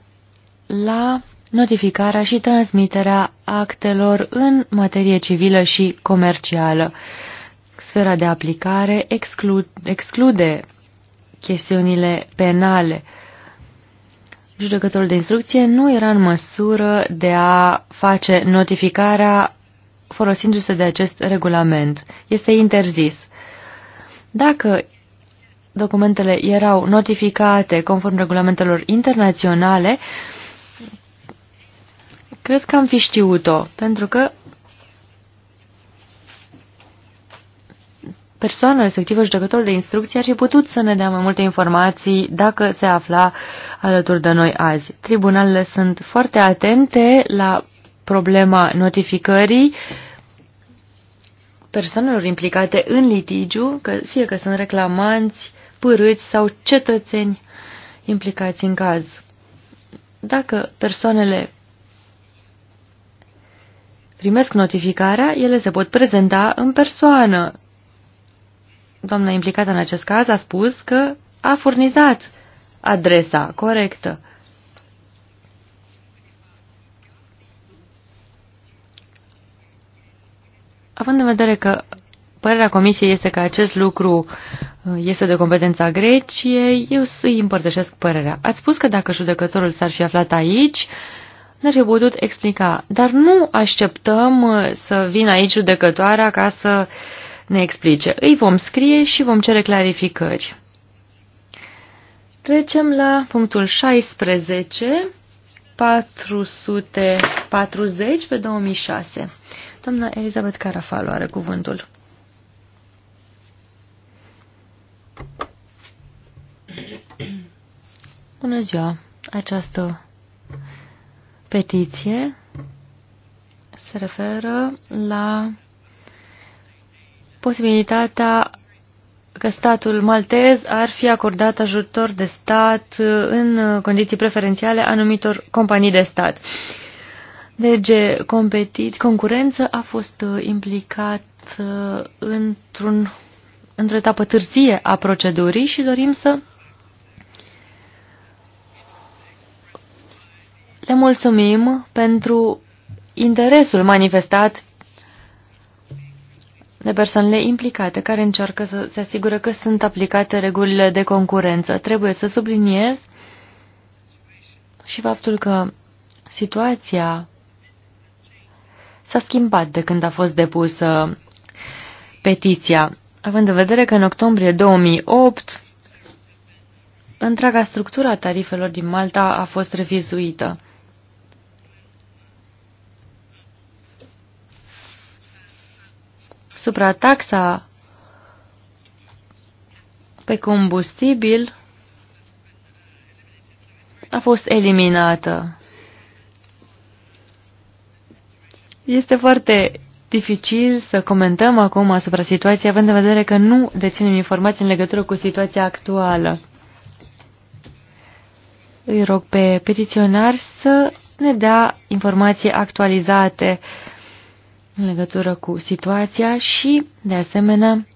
la notificarea și transmiterea actelor în materie civilă și comercială. Sfera de aplicare exclude chestiunile penale. Judecătorul de instrucție nu era în măsură de a face notificarea folosindu-se de acest regulament. Este interzis. Dacă documentele erau notificate conform regulamentelor internaționale, cred că am fi știut-o, pentru că persoana respectivă, judecătorul de instrucție, ar fi putut să ne dea mai multe informații dacă se afla alături de noi azi. Tribunalele sunt foarte atente la problema notificării persoanelor implicate în litigiu, că fie că sunt reclamanți, pârâți sau cetățeni implicați în caz. Dacă persoanele primesc notificarea, ele se pot prezenta în persoană doamna implicată în acest caz a spus că a furnizat adresa corectă. Având în vedere că părerea comisiei este că acest lucru uh, este de competența Greciei, eu să-i împărtășesc părerea. Ați spus că dacă judecătorul s-ar fi aflat aici, n-ar fi putut explica. Dar nu așteptăm uh, să vină aici judecătoarea ca să uh, ne explice. Îi vom scrie și vom cere clarificări. Trecem la punctul 16, 440 pe 2006. Doamna Elizabeth Carafalo are cuvântul. Bună ziua! Această petiție se referă la posibilitatea că statul maltez ar fi acordat ajutor de stat uh, în uh, condiții preferențiale anumitor companii de stat. DG deci, Competit, concurență a fost uh, implicat într-un, într etapă târzie a procedurii și dorim să le mulțumim pentru interesul manifestat de persoanele implicate care încearcă să se asigură că sunt aplicate regulile de concurență. Trebuie să subliniez și faptul că situația s-a schimbat de când a fost depusă petiția, având în vedere că în octombrie 2008 întreaga structură a tarifelor din Malta a fost revizuită. Suprataxa pe combustibil a fost eliminată. Este foarte dificil să comentăm acum asupra situației, având în vedere că nu deținem informații în legătură cu situația actuală. Îi rog pe petiționar să ne dea informații actualizate în legătură cu situația și, de asemenea,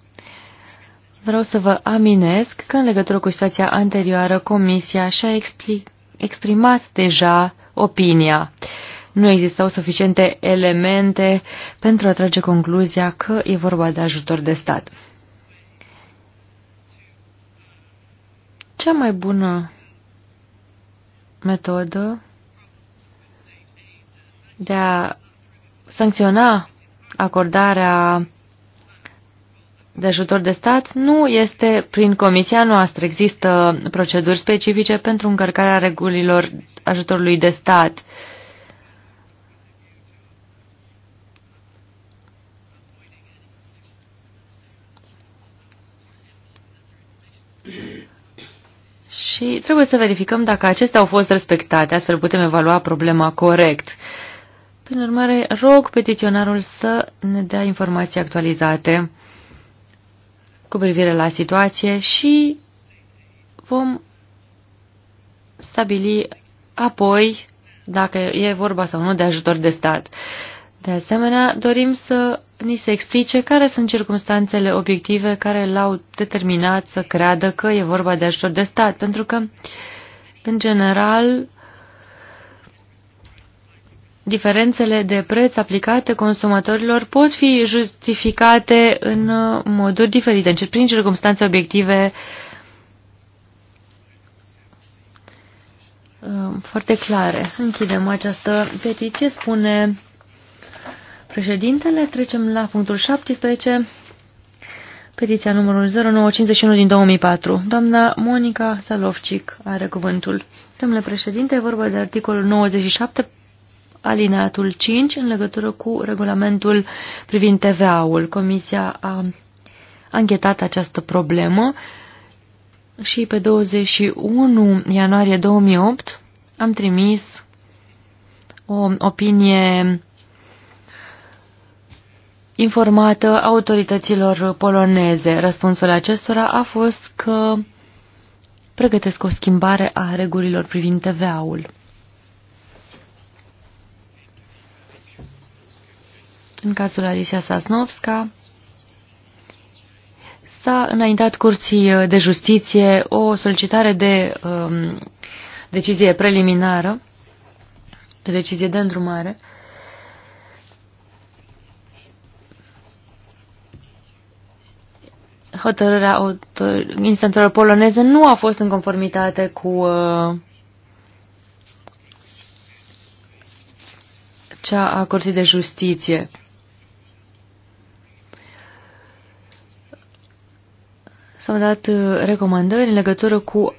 vreau să vă aminesc că în legătură cu situația anterioară, Comisia și-a exprimat deja opinia. Nu existau suficiente elemente pentru a trage concluzia că e vorba de ajutor de stat. Cea mai bună metodă de a sancționa acordarea de ajutor de stat nu este prin comisia noastră. Există proceduri specifice pentru încărcarea regulilor ajutorului de stat. Și trebuie să verificăm dacă acestea au fost respectate, astfel putem evalua problema corect. Uh, prin urmare, rog petiționarul să ne dea informații actualizate cu privire la situație și vom stabili apoi dacă e vorba sau nu de ajutor de stat. De asemenea, dorim să ni se explice care sunt circunstanțele obiective care l-au determinat să creadă că e vorba de ajutor de stat, pentru că, în general, diferențele de preț aplicate consumatorilor pot fi justificate în uh, moduri diferite, în prin circunstanțe obiective uh, foarte clare. Închidem această petiție, spune președintele. Trecem la punctul 17, petiția numărul 0951 din 2004. Doamna Monica Salovcic are cuvântul. Domnule președinte, e vorba de articolul 97 alineatul 5 în legătură cu regulamentul privind TVA-ul. Comisia a anchetat această problemă și pe 21 ianuarie 2008 am trimis o opinie informată autorităților poloneze. Răspunsul acestora a fost că pregătesc o schimbare a regulilor privind TVA-ul. În cazul Alicia Sasnovska s-a înaintat curții de justiție o solicitare de um, decizie preliminară, de decizie de îndrumare, hotărârea instanțelor poloneze nu a fost în conformitate cu uh, cea a Curții de Justiție. S-au dat uh, recomandări în legătură cu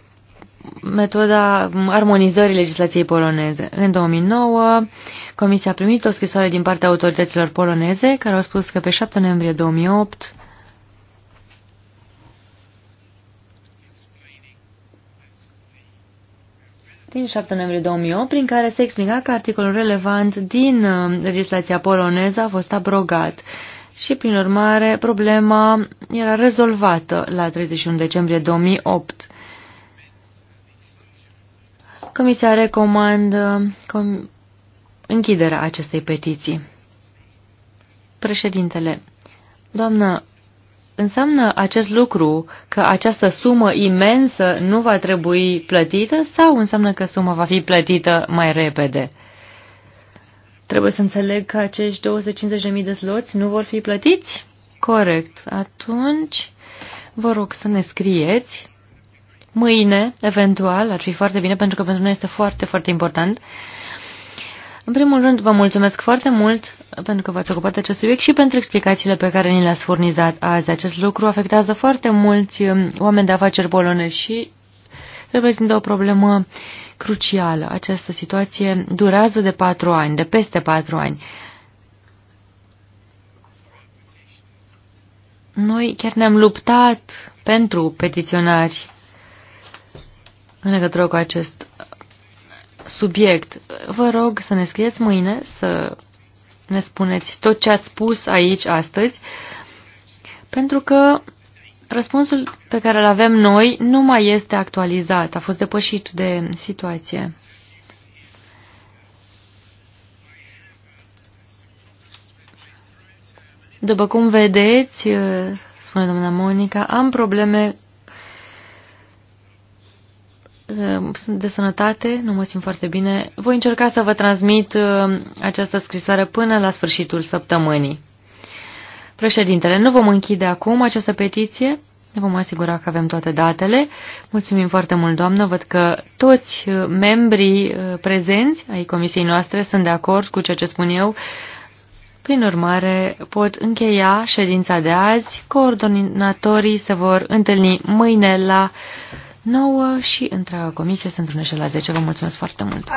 metoda armonizării legislației poloneze. În 2009, Comisia a primit o scrisoare din partea autorităților poloneze care au spus că pe 7 noiembrie 2008 din 7 noiembrie 2008, prin care se explica că articolul relevant din uh, legislația poloneză a fost abrogat. Uh, și, prin urmare, problema era rezolvată la 31 decembrie 2008. Comisia recomandă com închiderea acestei petiții. Președintele, doamnă, înseamnă acest lucru că această sumă imensă nu va trebui plătită sau înseamnă că suma va fi plătită mai repede? Trebuie să înțeleg că acești 250.000 de sloți nu vor fi plătiți? Corect. Atunci vă rog să ne scrieți. Mâine, eventual, ar fi foarte bine, pentru că pentru noi este foarte, foarte important. În primul rând, vă mulțumesc foarte mult pentru că v-ați ocupat de acest subiect și pentru explicațiile pe care ni le-ați furnizat azi. Acest lucru afectează foarte mulți um, oameni de afaceri polonezi și reprezintă o problemă crucială. Această situație durează de patru ani, de peste patru ani. Noi chiar ne-am luptat pentru petiționari în legătură cu acest subiect. Vă rog să ne scrieți mâine, să ne spuneți tot ce ați spus aici astăzi, pentru că Răspunsul pe care îl avem noi nu mai este actualizat, a fost depășit de situație. După cum vedeți, spune doamna Monica, am probleme uh, de sănătate, nu mă simt foarte bine. Voi încerca să vă transmit uh, această scrisoare până la sfârșitul săptămânii. Președintele, nu vom închide acum această petiție. Ne vom asigura că avem toate datele. Mulțumim foarte mult, doamnă. Văd că toți uh, membrii uh, prezenți ai comisiei noastre sunt de acord cu ceea ce spun eu. Prin urmare, pot încheia ședința de azi. Coordonatorii se vor întâlni mâine la 9 și întreaga comisie se întâlnește la 10. Vă mulțumesc foarte mult!